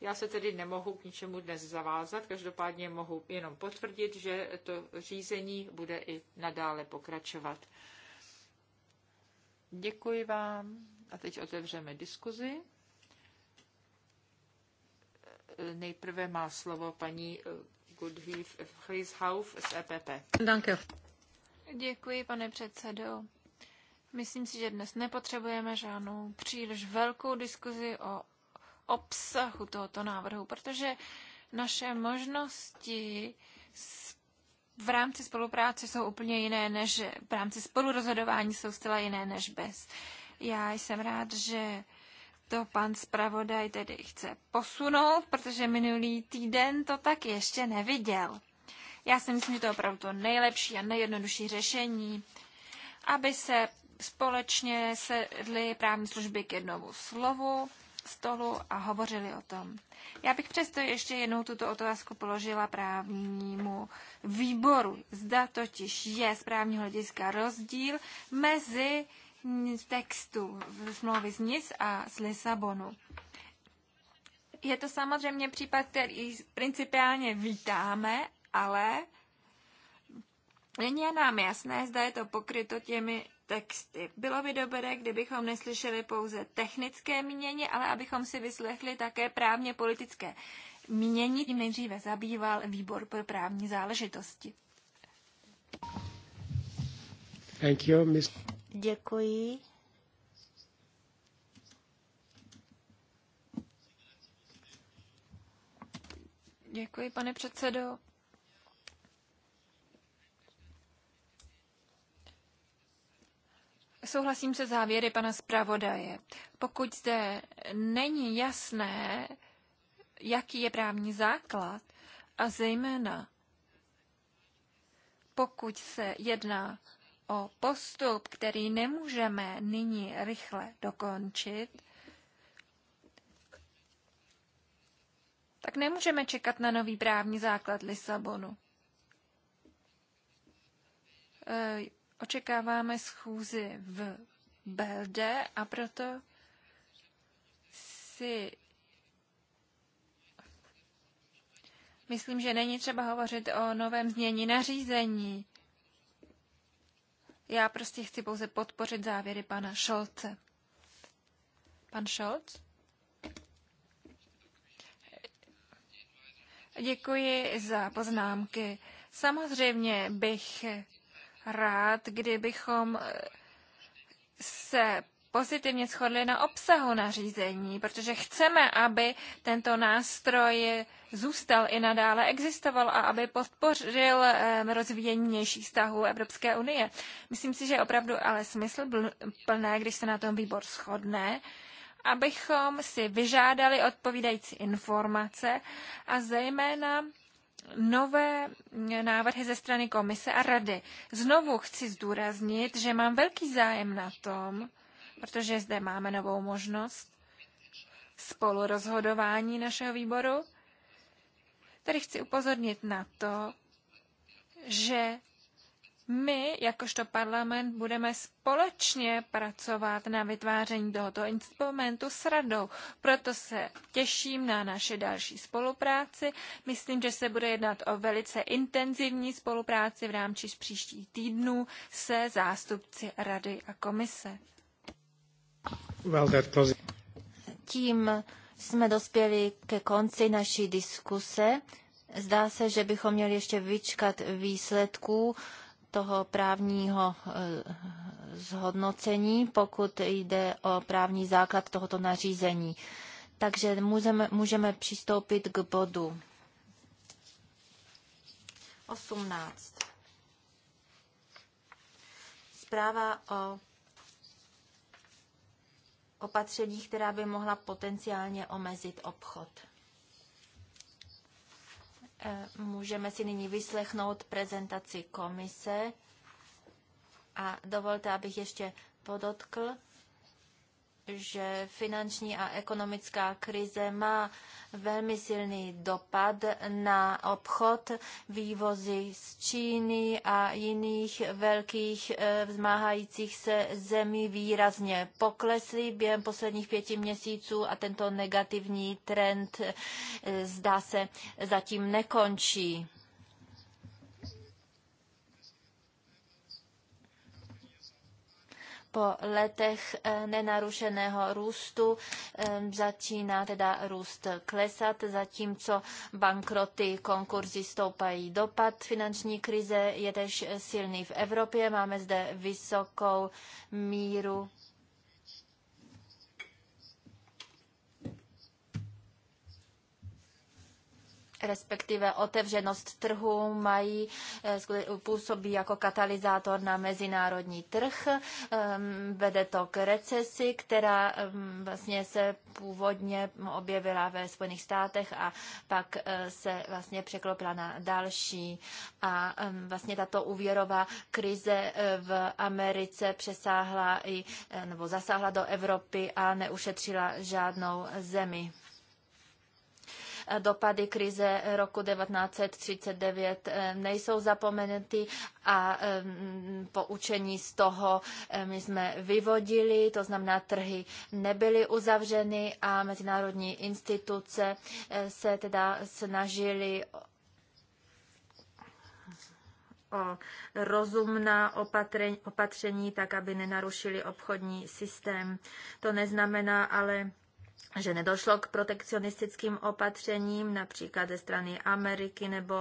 Já se tedy nemohu k ničemu dnes zavázat, každopádně mohu jenom potvrdit, že to řízení bude i nadále pokračovat. Děkuji vám a teď otevřeme diskuzi. Nejprve má slovo paní Gudhýv Frieshauf z EPP. Danke. Děkuji, pane předsedo. Myslím si, že dnes nepotřebujeme žádnou příliš velkou diskuzi o obsahu tohoto návrhu, protože naše možnosti v rámci spolupráce jsou úplně jiné než v rámci spolurozhodování jsou zcela jiné než bez. Já jsem rád, že to pan zpravodaj tedy chce posunout, protože minulý týden to tak ještě neviděl. Já si myslím, že to je opravdu to nejlepší a nejjednodušší řešení, aby se společně sedly právní služby k jednomu slovu, stolu a hovořili o tom. Já bych přesto ještě jednou tuto otázku položila právnímu výboru. Zda totiž je z právního hlediska rozdíl mezi textu smlouvy z NIS a z Lisabonu. Je to samozřejmě případ, který principiálně vítáme, ale Není nám jasné, zda je to pokryto těmi texty. Bylo by dobré, kdybychom neslyšeli pouze technické mínění, ale abychom si vyslechli také právně politické mínění. Tím nejdříve zabýval výbor pro právní záležitosti. Thank you, miss. Děkuji. Děkuji, pane předsedo. Souhlasím se závěry pana zpravodaje. Pokud zde není jasné, jaký je právní základ, a zejména pokud se jedná o postup, který nemůžeme nyní rychle dokončit, tak nemůžeme čekat na nový právní základ Lisabonu očekáváme schůzi v Belde a proto si myslím, že není třeba hovořit o novém změní nařízení. Já prostě chci pouze podpořit závěry pana Šolce. Pan Šolc? Děkuji za poznámky. Samozřejmě bych rád, kdybychom eh, se pozitivně shodli na obsahu nařízení, protože chceme, aby tento nástroj zůstal i nadále existoval a aby podpořil eh, rozvíjení vnějších vztahů Evropské unie. Myslím si, že je opravdu ale smysl plné, když se na tom výbor shodne, abychom si vyžádali odpovídající informace a zejména nové návrhy ze strany komise a rady. Znovu chci zdůraznit, že mám velký zájem na tom, protože zde máme novou možnost spolurozhodování našeho výboru. Tady chci upozornit na to, že my, jakožto parlament, budeme společně pracovat na vytváření tohoto instrumentu s radou. Proto se těším na naše další spolupráci. Myslím, že se bude jednat o velice intenzivní spolupráci v rámci příštích týdnů se zástupci rady a komise. Tím jsme dospěli ke konci naší diskuse. Zdá se, že bychom měli ještě vyčkat výsledků toho právního eh, zhodnocení, pokud jde o právní základ tohoto nařízení. Takže můžeme, můžeme přistoupit k bodu 18. Zpráva o opatřeních, která by mohla potenciálně omezit obchod. Eh, můžeme si nyní vyslechnout prezentaci komise a dovolte, abych ještě podotkl, že finanční a ekonomická krize má velmi silný dopad na obchod, vývozy z Číny a jiných velkých eh, vzmáhajících se zemí výrazně poklesly během posledních pěti měsíců a tento negativní trend eh, zdá se zatím nekončí. Po letech eh, nenarušeného růstu eh, začíná teda růst klesat, zatímco bankroty, konkurzy stoupají. Dopad finanční krize je tež silný v Evropě. Máme zde vysokou míru respektive otevřenost trhu mají, eh, působí jako katalyzátor na mezinárodní trh. Ehm, vede to k recesi, která ehm, vlastně se původně objevila ve Spojených státech a pak eh, se vlastně překlopila na další. A ehm, vlastně tato úvěrová krize eh, v Americe přesáhla i, nebo zasáhla do Evropy a neušetřila žádnou zemi dopady krize roku 1939 eh, nejsou zapomenuty a poučení z toho my jsme vyvodili, to znamená trhy nebyly uzavřeny a mezinárodní instituce eh, se teda snažili o rozumná opatření, tak aby nenarušili obchodní systém. To neznamená ale že nedošlo k protekcionistickým opatřením, například ze strany Ameriky nebo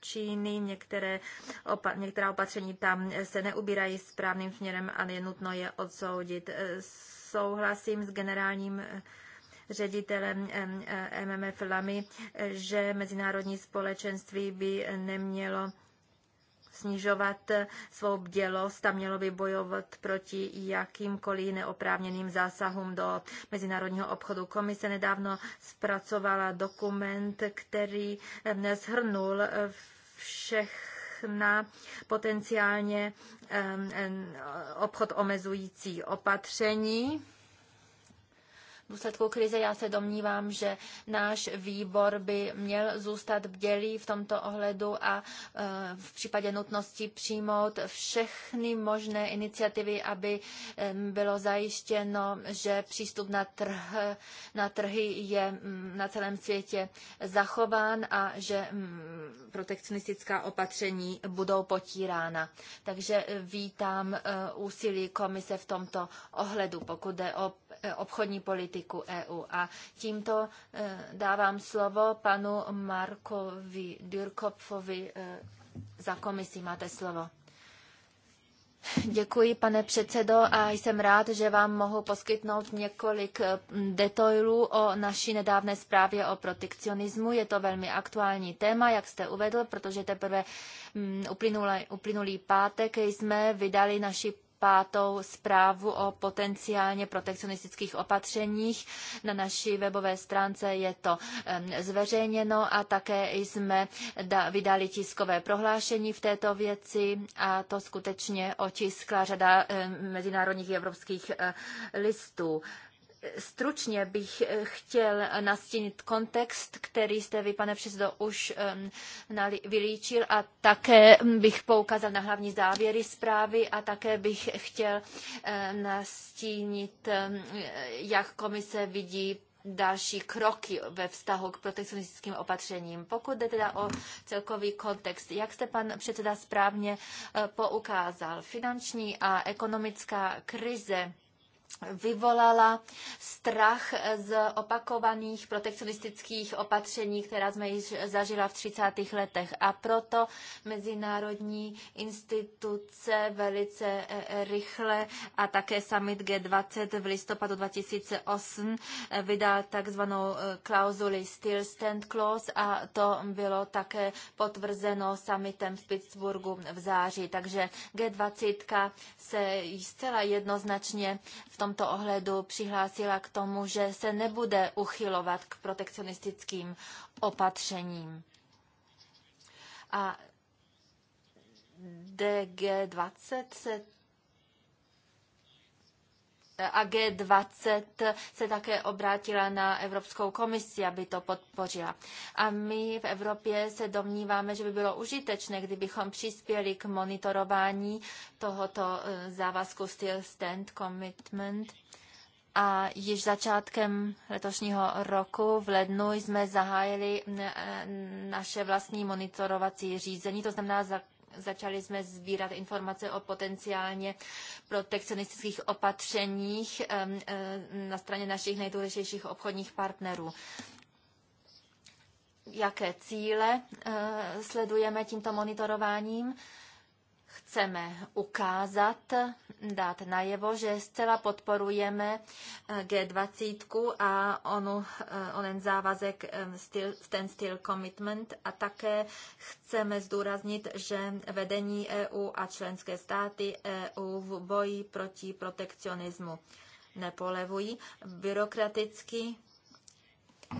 Číny, některé opa- některá opatření tam se neubírají správným směrem a je nutno je odsoudit. Souhlasím s generálním eh, ředitelem MMF eh, Lamy, že mezinárodní společenství by nemělo snižovat svou bdělost a mělo by bojovat proti jakýmkoliv neoprávněným zásahům do mezinárodního obchodu. Komise nedávno zpracovala dokument, který nezhrnul eh, eh, všech na potenciálně eh, obchod omezující opatření v důsledku krize. Já se domnívám, že náš výbor by měl zůstat bdělý v tomto ohledu a e, v případě nutnosti přijmout všechny možné iniciativy, aby bylo zajištěno, že přístup na, trh, na trhy je na celém světě zachován a že protekcionistická opatření budou potírána. Takže vítám e, úsilí komise v tomto ohledu, pokud jde o Eh, obchodní politiku EU. A tímto eh, dávám slovo panu Markovi Dyrkopfovi eh, za komisi. Máte slovo. Děkuji, pane předsedo, a jsem rád, že vám mohu poskytnout několik detailů o naší nedávné zprávě o protekcionismu. Je to velmi aktuální téma, jak jste uvedl, protože teprve mm, uplynulý pátek jsme vydali naši pátou zprávu o potenciálně protekcionistických opatřeních. Na naší webové stránce je to zveřejněno a také jsme vydali tiskové prohlášení v této věci a to skutečně otiskla řada mezinárodních evropských eh, listů. Stručně bych eh, chtěl nastínit kontext, který jste vy, pane předsedo, už vylíčil a také mm, bych poukázal na hlavní závěry zprávy a také bych chtěl eh, nastínit, jak komise vidí další kroky ve vztahu k protekcionistickým opatřením. Pokud jde teda o celkový kontext, jak jste pan předseda správně eh, poukázal, finanční a ekonomická krize vyvolala strach z opakovaných protekcionistických opatření, která jsme již zažila v 30. letech. A proto mezinárodní instituce velice eh, rychle a také summit G20 v listopadu 2008 eh, vydal takzvanou eh, klauzuli "Still Stand Clause a to bylo také potvrzeno summitem v Pittsburghu v září. Takže G20 se zcela jednoznačně v tomto ohledu přihlásila k tomu, že se nebude uchylovat k protekcionistickým opatřením. A DG20 se a G20 se také obrátila na Evropskou komisi, aby to podpořila. A my v Evropě se domníváme, že by bylo užitečné, kdybychom přispěli k monitorování tohoto e, závazku Still Stand Commitment. A již začátkem letošního roku v lednu jsme zahájili e, naše vlastní monitorovací řízení, to znamená Začali jsme sbírat informace o potenciálně protekcionistických opatřeních na straně našich nejdůležitějších obchodních partnerů jaké cíle eh, sledujeme tímto monitorováním chceme ukázat, dát najevo, že zcela podporujeme eh, G20 a onu, eh, onen závazek eh, still, ten styl commitment a také chceme zdůraznit, že vedení EU a členské státy EU v boji proti protekcionismu nepolevují. Byrokraticky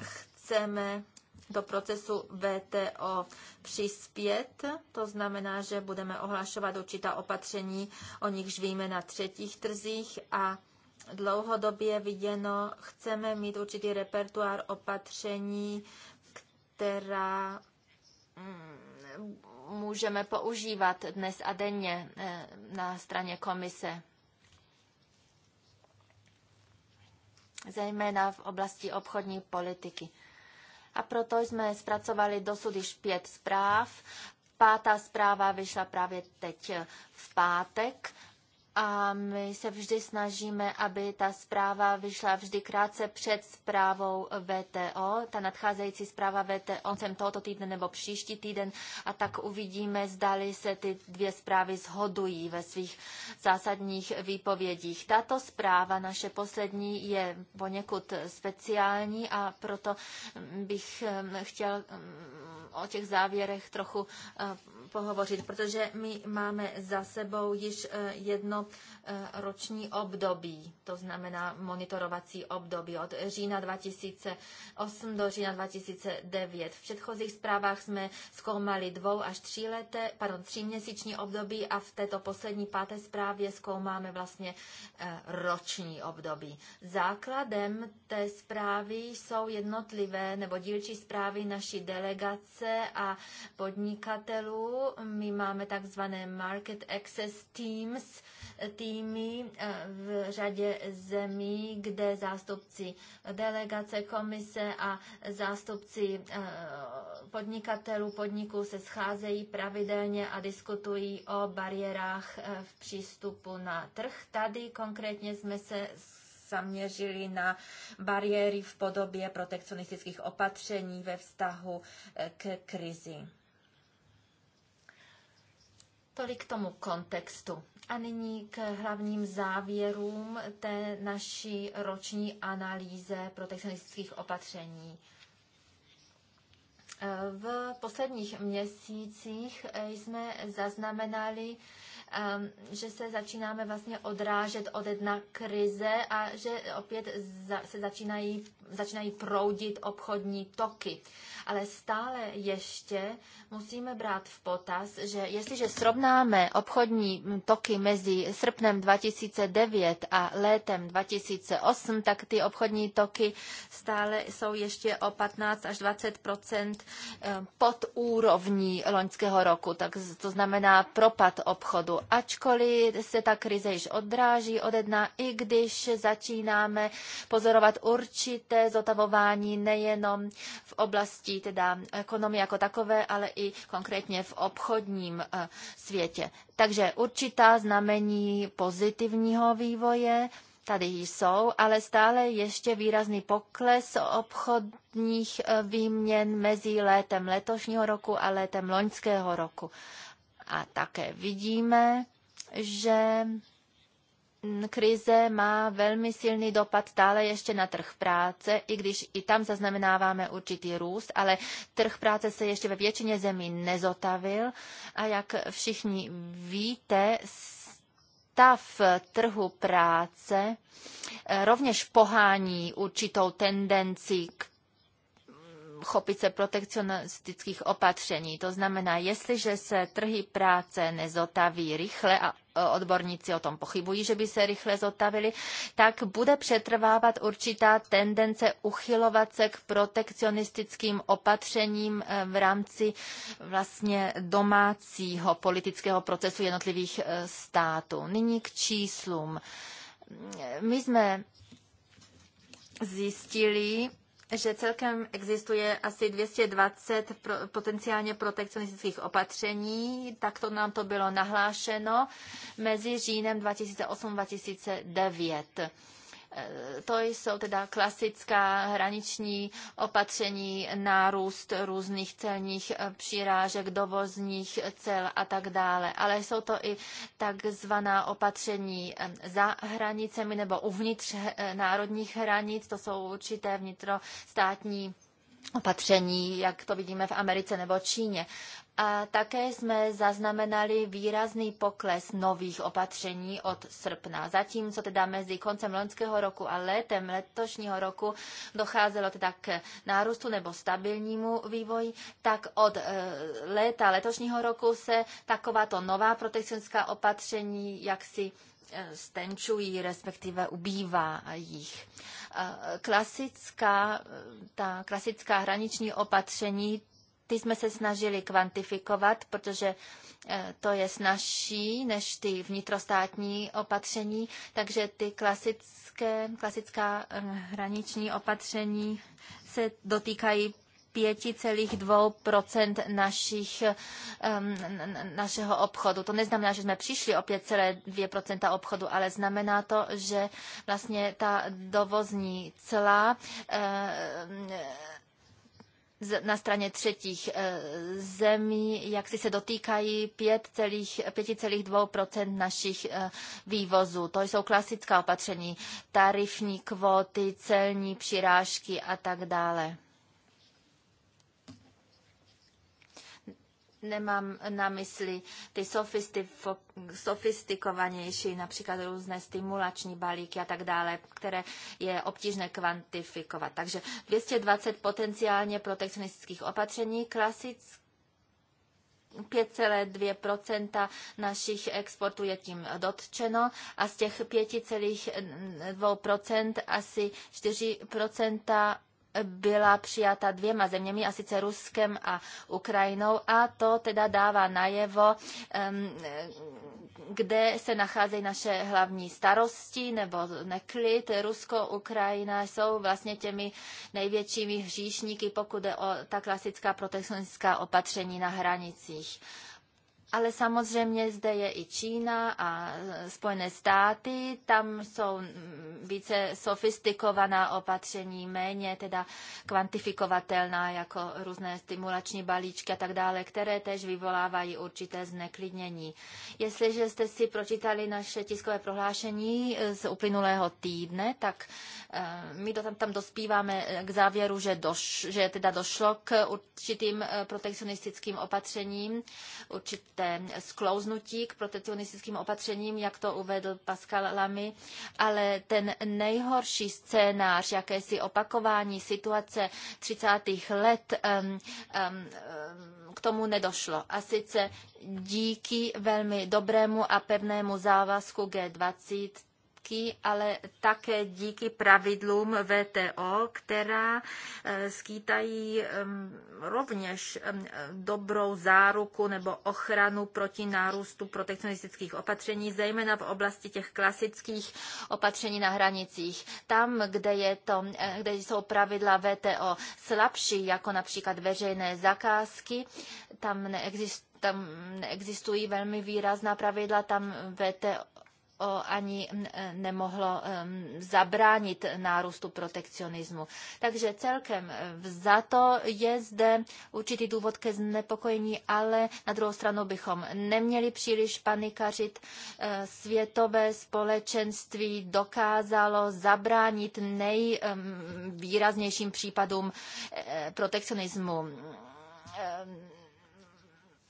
chceme do procesu VTO přispět. To znamená, že budeme ohlašovat určitá opatření, o nichž víme na třetích trzích a dlouhodobě viděno chceme mít určitý repertuár opatření, která mm, můžeme používat dnes a denně eh, na straně komise. Zejména v oblasti obchodní politiky a proto jsme zpracovali dosud již pět zpráv. Pátá zpráva vyšla právě teď v pátek a my se vždy snažíme, aby ta zpráva vyšla vždy krátce před zprávou VTO. Ta nadcházející zpráva VTO sem tohoto týdne nebo příští týden a tak uvidíme, zdali se ty dvě zprávy zhodují ve svých zásadních výpovědích. Tato zpráva, naše poslední, je poněkud speciální a proto bych ehm, chtěl ehm, o těch závěrech trochu eh, pohovořit, protože my máme za sebou již eh, jedno eh, roční období, to znamená monitorovací období od října 2008 do října 2009. V předchozích zprávách jsme zkoumali dvou až tří leté, pardon, tří měsíční období a v této poslední páté zprávě zkoumáme vlastně roční období. Základem té zprávy jsou jednotlivé nebo dílčí zprávy naší delegace výrobce a podnikatelů. My máme takzvané Market Access Teams, týmy eh, v řadě zemí, kde zástupci delegace, komise a zástupci eh, podnikatelů podniků se scházejí pravidelně a diskutují o bariérách eh, v přístupu na trh. Tady konkrétně jsme se zaměřili na bariéry v podobě protekcionistických opatření ve vztahu eh, k krizi. Tolik k tomu kontextu. A nyní k hlavním závěrům té naší roční analýze protekcionistických opatření. Eh, v posledních měsících eh, jsme zaznamenali Ehm, že se začínáme vlastně odrážet od jedna krize a že opět se začínají začínají proudit obchodní toky. Ale stále ještě musíme brát v potaz, že jestliže srovnáme obchodní toky mezi srpnem 2009 a létem 2008, tak ty obchodní toky stále jsou ještě o 15 až 20 eh, pod úrovní loňského roku. Tak to znamená propad obchodu. Ačkoliv se ta krize již odráží ode dna, i když začínáme pozorovat určité důležité zotavování nejenom v oblasti teda ekonomie jako takové, ale i konkrétně v obchodním eh, světě. Takže určitá znamení pozitivního vývoje, tady jsou, ale stále ještě výrazný pokles obchodních eh, výměn mezi létem letošního roku a létem loňského roku. A také vidíme, že krize má velmi silný dopad stále ještě na trh práce, i když i tam zaznamenáváme určitý růst, ale trh práce se ještě ve většině zemí nezotavil a jak všichni víte, stav trhu práce eh, rovněž pohání určitou tendenci k chopit se protekcionistických opatření. To znamená, jestliže se trhy práce nezotaví rychle a e, odborníci o tom pochybují, že by se rychle zotavili, tak bude přetrvávat určitá tendence uchylovat se k protekcionistickým opatřením e, v rámci vlastně domácího politického procesu jednotlivých e, států. Nyní k číslům. My jsme zjistili, že celkem existuje asi 220 pro, potenciálně protekcionistických opatření, takto nám to bylo nahlášeno mezi říjnem 2008-2009. Eh, to jsou teda klasická hraniční opatření, nárůst různých celních eh, přirážek, dovozních cel a tak dále. Ale jsou to i takzvaná opatření eh, za hranicemi nebo uvnitř národních hranic. To jsou určité vnitrostátní opatření, jak to vidíme v Americe nebo Číně. A také jsme zaznamenali výrazný pokles nových opatření od srpna. Zatímco teda mezi koncem loňského roku a létem letošního roku docházelo teda k nárůstu nebo stabilnímu vývoji, tak od e, léta letošního roku se takováto nová protekcionská opatření jaksi e, stenčují, respektive ubývá jich. E, klasická, ta klasická hraniční opatření ty jsme se snažili kvantifikovat, protože eh, to je snažší než ty vnitrostátní opatření, takže ty klasické, klasická eh, hraniční opatření se dotýkají 5,2 našich, um, našeho obchodu. To neznamená, že jsme přišli o 5,2 obchodu, ale znamená to, že vlastně ta dovozní cla uh, na straně třetích eh, zemí, jak si se dotýkají 5,2 našich eh, vývozů. To jsou klasická opatření, tarifní kvóty, celní přirážky a tak dále. Nemám na mysli ty sofistikovanější, například různé stimulační balíky a tak dále, které je obtížné kvantifikovat. Takže 220 potenciálně protekcionistických opatření, klasických 5,2 našich exportů je tím dotčeno a z těch 5,2 asi byla přijata dvěma zeměmi, a sice Ruskem a Ukrajinou, a to teda dává najevo, kde se nacházejí naše hlavní starosti nebo neklid. Rusko, Ukrajina jsou vlastně těmi největšími hříšníky, pokud jde o ta klasická protekcionistická opatření na hranicích. Ale samozřejmě zde je i Čína a Spojené státy, tam jsou více sofistikovaná opatření, méně teda kvantifikovatelná, jako různé stimulační balíčky a tak dále, které tež vyvolávají určité zneklidnění. Jestliže jste si pročítali naše tiskové prohlášení z uplynulého týdne, tak eh, my tam, tam dospíváme k závěru, že, doš, že teda došlo k určitým eh, protekcionistickým opatřením, určitým určité sklouznutí k protekcionistickým opatřením, jak to uvedl Pascal Lamy, ale ten nejhorší scénář, jakési opakování situace 30. let, um, um, k tomu nedošlo. A sice díky velmi dobrému a pevnému závazku G20 velký, ale také díky pravidlům VTO, která eh, skýtají rovněž dobrou záruku nebo ochranu proti nárůstu protekcionistických opatření, zejména v oblasti těch klasických opatření na hranicích. Tam, kde, je to, eh, kde jsou pravidla VTO slabší, jako například veřejné zakázky, tam neexistují tam neexistují velmi výrazná pravidla, tam VTO ani e, nemohlo zabránit nárůstu protekcionismu. Takže celkem e, to je zde určitý důvod ke znepokojení, ale na druhou stranu bychom neměli příliš panikařit. E, světové společenství dokázalo zabránit nejvýraznějším případům protekcionismu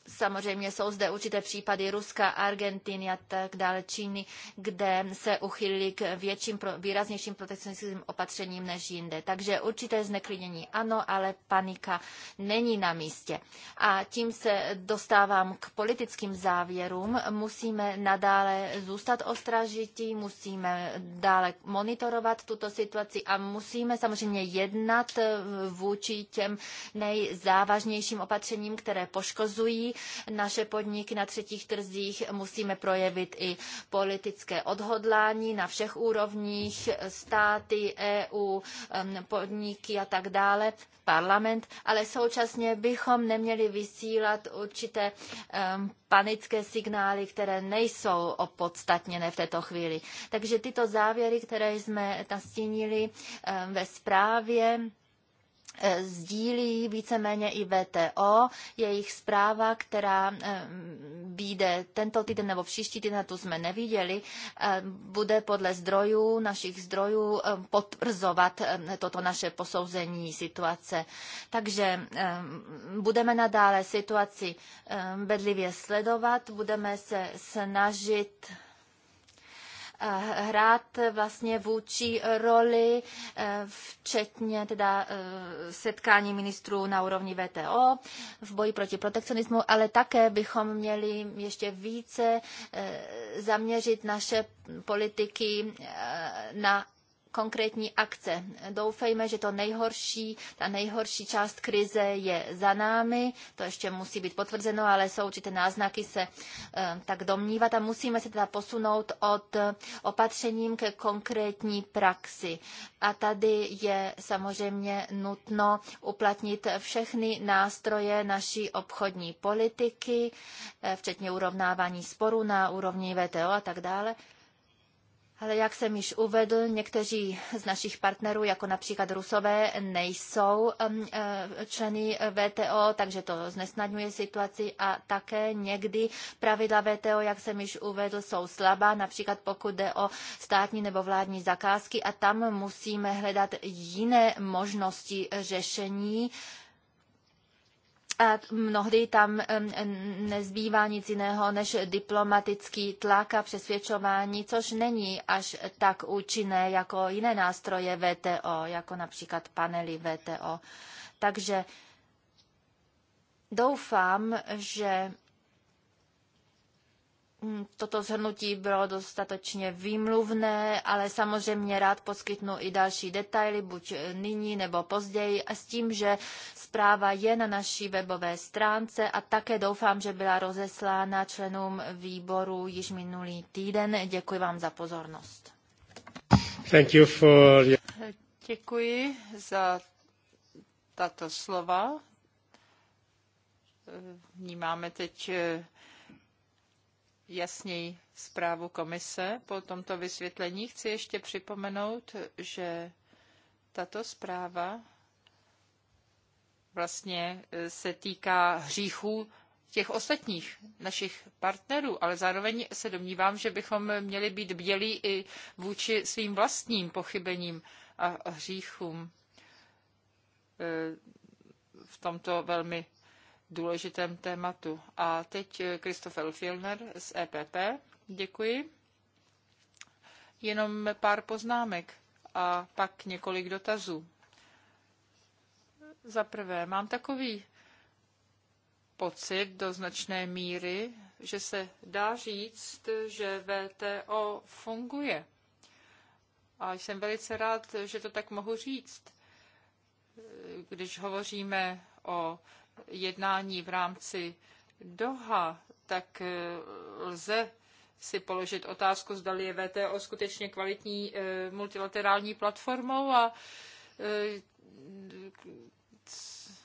Samozřejmě jsou zde určité případy Ruska, Argentiny a tak dále, Číny, kde se uchylili k větším, výraznějším protekcionistickým opatřením než jinde. Takže určité zneklidnění ano, ale panika není na místě. A tím se dostávám k politickým závěrům. Musíme nadále zůstat ostražití, musíme dále monitorovat tuto situaci a musíme samozřejmě jednat vůči těm nejzávažnějším opatřením, které poškozují naše podniky na třetích trzích, musíme projevit i politické odhodlání na všech úrovních, státy, EU, podniky a tak dále, parlament, ale současně bychom neměli vysílat určité panické signály, které nejsou opodstatněné v této chvíli. Takže tyto závěry, které jsme nastínili ve zprávě, Eh, sdílí víceméně i VTO. Jejich zpráva, která eh, vyjde tento týden nebo příští týden, tu jsme neviděli, eh, bude podle zdrojů, našich zdrojů potvrzovat toto naše posouzení situace. Takže budeme nadále situaci bedlivě sledovat, budeme se snažit hrát vlastně vůči roli, eh, včetně teda eh, setkání ministrů na úrovni VTO v boji proti protekcionismu, ale také bychom měli ještě více eh, zaměřit naše politiky na konkrétní akce. Doufejme, že to nejhorší, ta nejhorší část krize je za námi, to ještě musí být potvrzeno, ale jsou určité náznaky se e, tak domnívat a musíme se teda posunout od eh, opatřením ke konkrétní praxi. A tady je samozřejmě nutno uplatnit všechny nástroje naší obchodní politiky, eh, včetně urovnávání sporů na úrovni VTO a tak dále. Ale jak jsem již uvedl, někteří z našich partnerů, jako například Rusové, nejsou um, eh, členy VTO, takže to znesnadňuje situaci a také někdy pravidla VTO, jak jsem již uvedl, jsou slabá, například pokud jde o státní nebo vládní zakázky a tam musíme hledat jiné možnosti řešení, a mnohdy tam nezbývá nic jiného než diplomatický tlak a přesvědčování, což není až tak účinné jako jiné nástroje VTO, jako například panely VTO. Takže doufám, že Mm, toto zhrnutí bylo dostatečně výmluvné, ale samozřejmě rád poskytnu i další detaily, buď eh, nyní nebo později, a s tím, že zpráva je na naší webové stránce a také doufám, že byla rozeslána členům výboru již minulý týden. Děkuji vám za pozornost. Thank you for... Děkuji za tato slova. Vnímáme teď eh, jasněji zprávu komise. Po tomto vysvětlení chci ještě připomenout, že tato zpráva vlastně eh, se týká hříchů těch ostatních našich partnerů, ale zároveň se domnívám, že bychom měli být bdělí i vůči svým vlastním pochybením a hříchům eh, v tomto velmi důležitém tématu. A teď Kristofel eh, Filner z EPP. Děkuji. Jenom pár poznámek a pak několik dotazů. Za prvé, mám takový pocit do značné míry, že se dá říct, že VTO funguje. A jsem velice rád, že to tak mohu říct. Eh, když hovoříme o jednání v rámci Doha, tak eh, lze si položit otázku, zda je VTO skutečně kvalitní eh, multilaterální platformou a eh,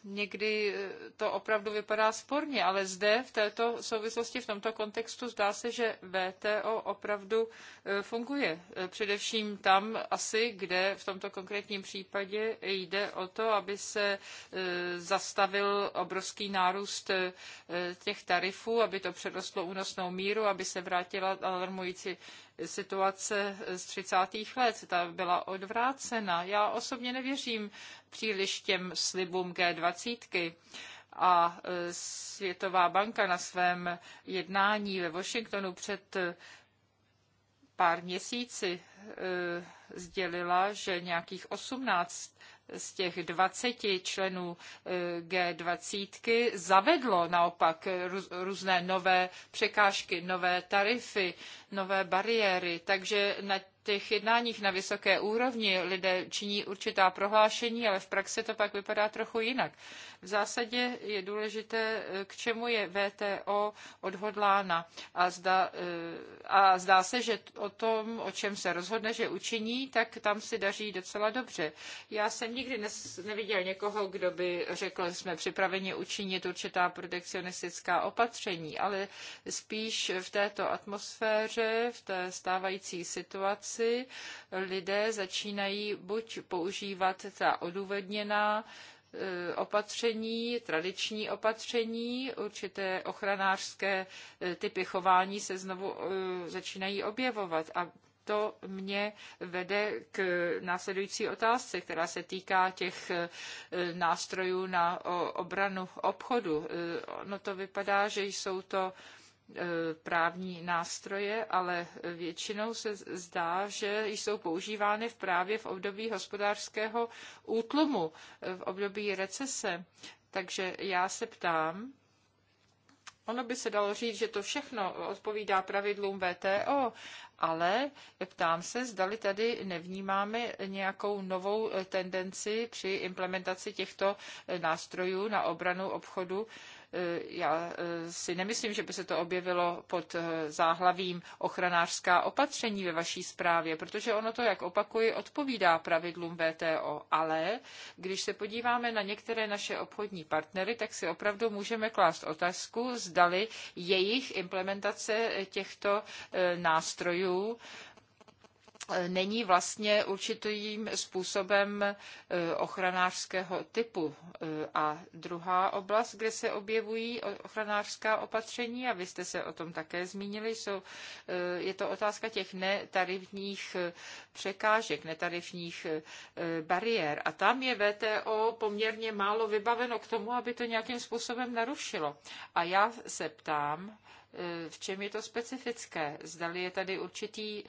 někdy eh, to opravdu vypadá sporně, ale zde v této souvislosti, v tomto kontextu zdá se, že VTO opravdu eh, funguje. Eh, především tam asi, kde v tomto konkrétním případě jde o to, aby se zastavil obrovský nárůst těch tarifů, aby to přerostlo únosnou míru, aby se vrátila alarmující situace z 30. let. Ta byla odvrácena. Já osobně nevěřím příliš těm slibům G20. a e, Světová banka na svém jednání ve Washingtonu před e, pár měsíci e, sdělila, že nějakých 18 z těch 20 členů eh, G20 zavedlo naopak různé nové překážky, nové tarify, nové bariéry, takže na těch jednáních na vysoké úrovni lidé činí určitá prohlášení, ale v praxi to pak vypadá trochu jinak. V zásadě je důležité, eh, k čemu je VTO odhodlána. A zdá, eh, a zdá se, že o tom, o čem se rozhodne, že učiní, tak tam si daří docela dobře. Já jsem nikdy nes, neviděl někoho, kdo by řekl, že jsme připraveni učinit určitá protekcionistická opatření, ale spíš v této atmosféře, v té stávající situaci, praxi lidé začínají buď používat ta odůvodněná eh, opatření, tradiční opatření, určité ochranářské eh, typy chování se znovu eh, začínají objevovat. A to mě vede k následující otázce, která se týká těch nástrojů na obranu obchodu. No to vypadá, že jsou to E, právní nástroje, ale většinou se zdá, že jsou používány v právě v období hospodářského útlumu, e, v období recese. Takže já se ptám, Ono by se dalo říct, že to všechno odpovídá pravidlům VTO, ale ptám se, zdali tady nevnímáme nějakou novou tendenci při implementaci těchto nástrojů na obranu obchodu Eh, já eh, si nemyslím, že by se to objevilo pod eh, záhlavím ochranářská opatření ve vaší zprávě, protože ono to, jak opakuji, odpovídá pravidlům VTO. Ale když se podíváme na některé naše obchodní partnery, tak si opravdu můžeme klást otázku, zdali jejich implementace těchto nástrojů není vlastně určitým způsobem e, ochranářského typu. E, a druhá oblast, kde se objevují ochranářská opatření, a vy jste se o tom také zmínili, jsou, e, je to otázka těch netarifních překážek, netarifních bariér. A tam je VTO poměrně málo vybaveno k tomu, aby to nějakým způsobem narušilo. A já se ptám, v čem je to specifické? Zdali je tady určitý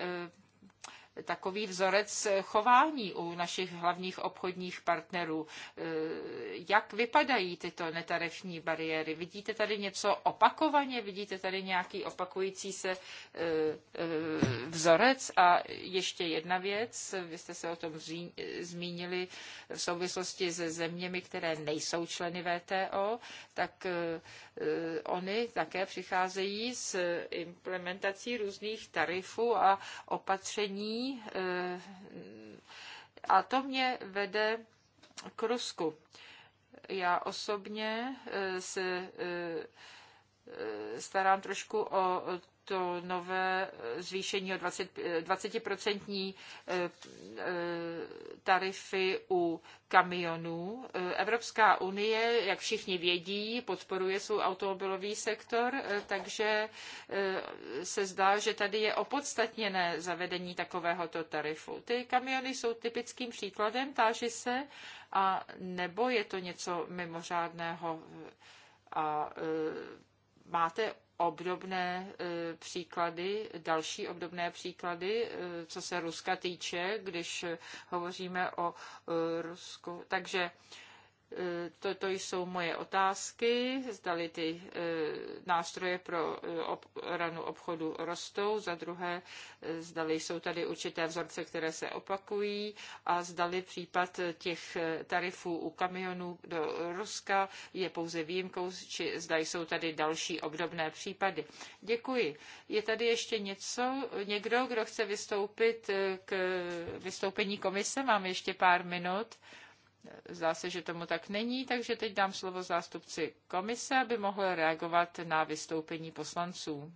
takový vzorec chování u našich hlavních obchodních partnerů. E, jak vypadají tyto netarefní bariéry? Vidíte tady něco opakovaně? Vidíte tady nějaký opakující se e, e, vzorec? A ještě jedna věc, vy jste se o tom zmínili v souvislosti se zeměmi, které nejsou členy VTO, tak oni také přicházejí s implementací různých tarifů a opatření, Eh, a to mě vede k Rusku. Já osobně eh, se eh, starám trošku o to nové eh, zvýšení o 20, 20% eh, eh, tarify u kamionů. Evropská unie, jak všichni vědí, podporuje svůj automobilový sektor, takže se zdá, že tady je opodstatněné zavedení takovéhoto tarifu. Ty kamiony jsou typickým příkladem, táži se, a nebo je to něco mimořádného a máte obdobné e, příklady, další obdobné příklady, e, co se Ruska týče, když hovoříme o e, Rusku. Takže Toto eh, jsou moje otázky. Zdali ty eh, nástroje pro eh, ranu obchodu rostou. Za druhé, zdali jsou tady určité vzorce, které se opakují. A zdali případ těch tarifů u kamionů do Ruska je pouze výjimkou, či zda jsou tady další obdobné případy. Děkuji. Je tady ještě něco? Někdo, kdo chce vystoupit k vystoupení komise? Mám ještě pár minut. Zdá se, že tomu tak není, takže teď dám slovo zástupci komise, aby mohl reagovat na vystoupení poslanců.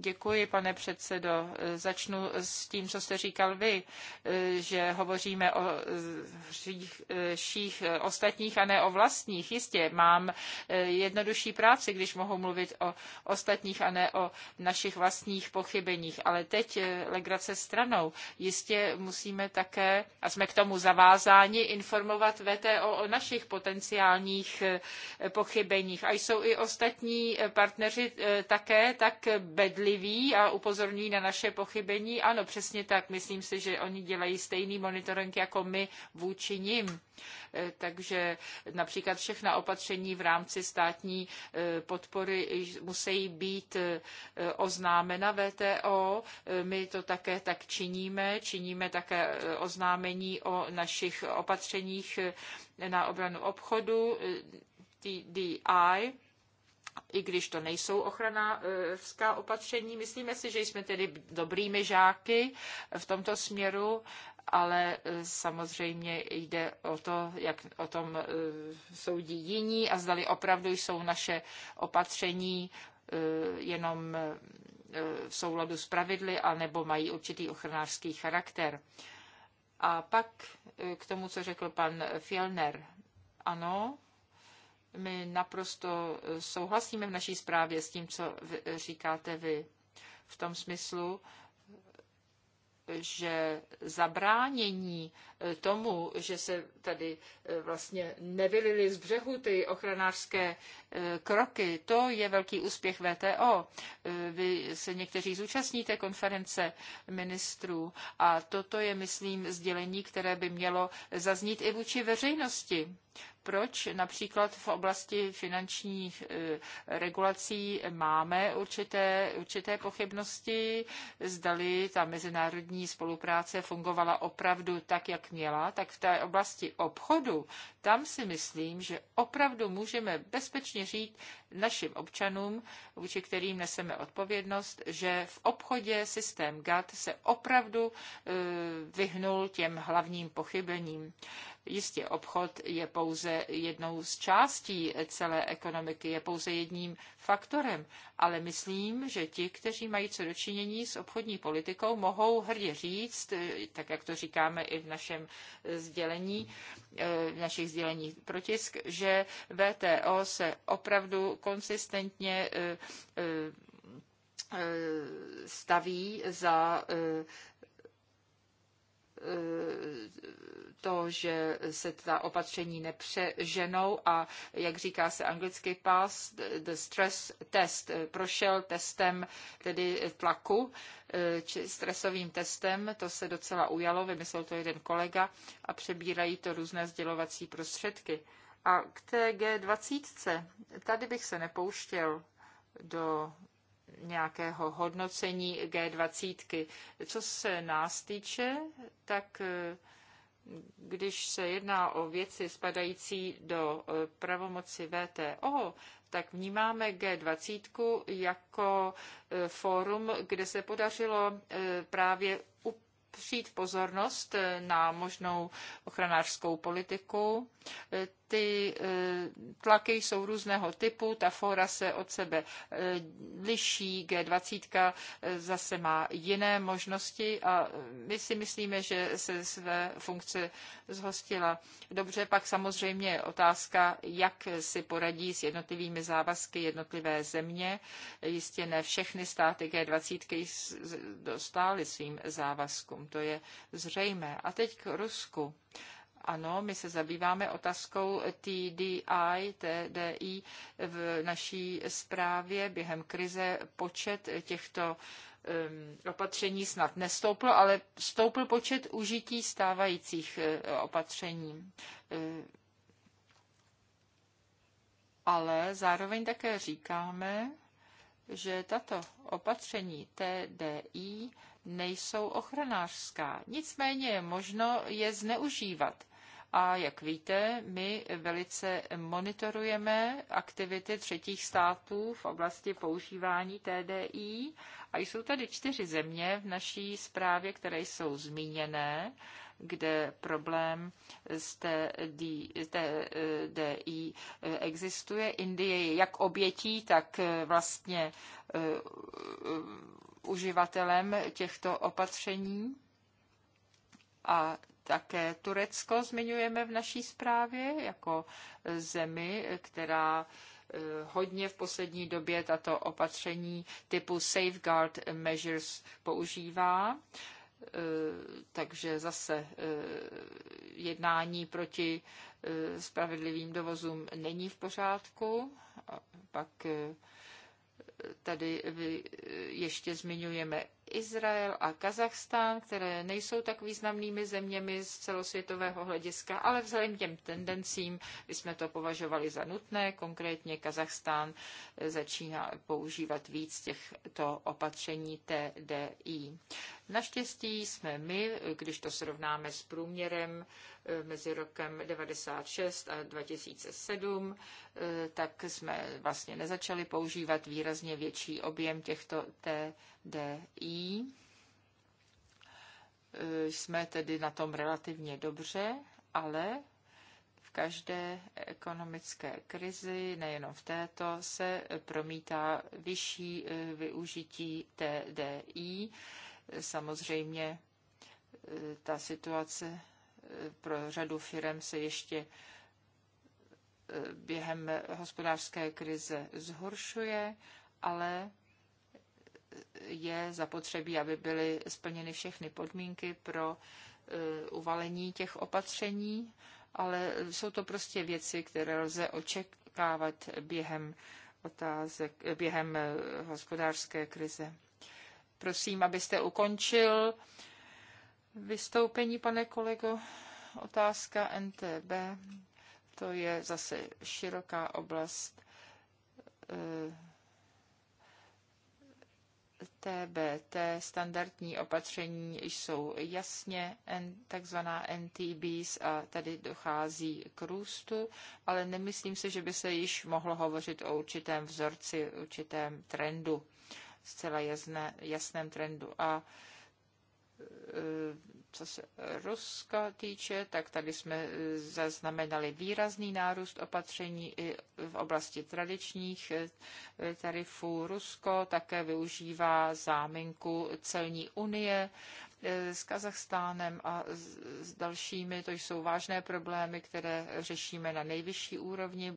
Děkuji, pane předsedo. Začnu s tím, co jste říkal vy, že hovoříme o hříších ostatních a ne o vlastních. Jistě, mám jednodušší práci, když mohu mluvit o ostatních a ne o našich vlastních pochybeních. Ale teď eh, legrace stranou. Jistě musíme také, a jsme k tomu zavázáni, informovat VTO o našich potenciálních eh, pochybeních. A jsou i ostatní eh, partneři také tak bedliví, trpěliví a upozorňují na naše pochybení. Ano, přesně tak. Myslím si, že oni dělají stejný monitoring jako my vůči nim. Eh, takže například všechna opatření v rámci státní eh, podpory musí být eh, oznámena VTO. My to také tak činíme. Činíme také oznámení o našich opatřeních na obranu obchodu, TDI i když to nejsou ochranářská opatření. Myslíme si, že jsme tedy dobrými žáky v tomto směru, ale e, samozřejmě jde o to, jak o tom e, soudí jiní a zdali opravdu jsou naše opatření e, jenom v souladu s pravidly, anebo mají určitý ochranářský charakter. A pak k tomu, co řekl pan Fielner. Ano, my naprosto eh, souhlasíme v naší zprávě s tím, co eh, říkáte vy. V tom smyslu, že zabránění eh, tomu, že se tady vlastně nevylily z břehu ty ochranářské kroky, to je velký úspěch VTO. Vy se někteří zúčastníte konference ministrů a toto je, myslím, sdělení, které by mělo zaznít i vůči veřejnosti proč například v oblasti finančních e, regulací máme určité, určité pochybnosti, zdali ta mezinárodní spolupráce fungovala opravdu tak, jak měla, tak v té oblasti obchodu, tam si myslím, že opravdu můžeme bezpečně říct, našim občanům, vůči kterým neseme odpovědnost, že v obchodě systém GAT se opravdu e, vyhnul těm hlavním pochybením. Jistě obchod je pouze jednou z částí celé ekonomiky, je pouze jedním faktorem, ale myslím, že ti, kteří mají co dočinění s obchodní politikou, mohou hrdě říct, e, tak jak to říkáme i v našem e, sdělení, v našich sděleních protisk, že VTO se opravdu konsistentně eh, eh, staví za eh, to, že se ta opatření nepřeženou a, jak říká se anglicky, pass the stress test, prošel testem tedy tlaku, či stresovým testem, to se docela ujalo, vymyslel to jeden kolega a přebírají to různé sdělovací prostředky. A k té G20, tady bych se nepouštěl do nějakého hodnocení G20. -ky. Co se nás týče, tak eh, když se jedná o věci spadající do eh, pravomoci VTO, tak vnímáme G20 jako eh, fórum, kde se podařilo právě upřít pozornost na možnou ochranářskou politiku, ty e, tlaky jsou různého typu, ta fóra se od sebe e, liší, G20 e, zase má jiné možnosti a my si myslíme, že se své funkce zhostila. Dobře, pak samozřejmě otázka, jak si poradí s jednotlivými závazky jednotlivé země. Jistě ne všechny státy G20 dostály svým závazkům, to je zřejmé. A teď k Rusku ano, my se zabýváme otázkou TDI, TDI v naší zprávě během krize počet těchto opatření snad nestouplo, ale stoupl počet užití stávajících eh, opatření. Eh, ale zároveň také říkáme, že tato opatření TDI nejsou ochranářská. Nicméně je možno je zneužívat. A jak víte, my velice monitorujeme aktivity třetích států v oblasti používání TDI a jsou tady čtyři země v naší zprávě, které jsou zmíněné, kde problém s TDI existuje. Indie je jak obětí, tak vlastně eh, uživatelem těchto opatření. A také Turecko zmiňujeme v naší zprávě jako zemi, která eh, hodně v poslední době tato opatření typu safeguard measures používá. Eh, takže zase eh, jednání proti spravedlivým dovozům není v pořádku. A pak tady ještě zmiňujeme Izrael a Kazachstán, které nejsou tak významnými zeměmi z celosvětového hlediska, ale vzhledem těm tendencím jsme to považovali za nutné. Konkrétně Kazachstán eh, začíná používat víc těchto opatření TDI. Naštěstí jsme my, když to srovnáme s průměrem eh, mezi rokem 96 a 2007, eh, tak jsme vlastně nezačali používat výrazně větší objem těchto TDI. Eh, jsme tedy na tom relativně dobře, ale v každé ekonomické krizi, nejenom v této, se promítá vyšší využití TDI Samozřejmě e, ta situace e, pro řadu firm se ještě e, během hospodářské krize zhoršuje, ale je zapotřebí, aby byly splněny všechny podmínky pro uvalení těch opatření, ale jsou to prostě věci, které lze očekávat během otázek, během hospodářské krize. Prosím, abyste ukončil vystoupení, pane kolego. Otázka NTB, to je zase široká oblast TBT, eh, standardní opatření jsou jasně takzvaná NTBs a tady dochází k růstu, ale nemyslím si, že by se již mohlo hovořit o určitém vzorci, určitém trendu zcela jasné, jasném trendu. A e, co se Ruska týče, tak tady jsme e, zaznamenali výrazný nárůst opatření i v oblasti tradičních e, tarifů. Rusko také využívá záminku celní unie s Kazachstánem a s dalšími. To jsou vážné problémy, které řešíme na nejvyšší úrovni.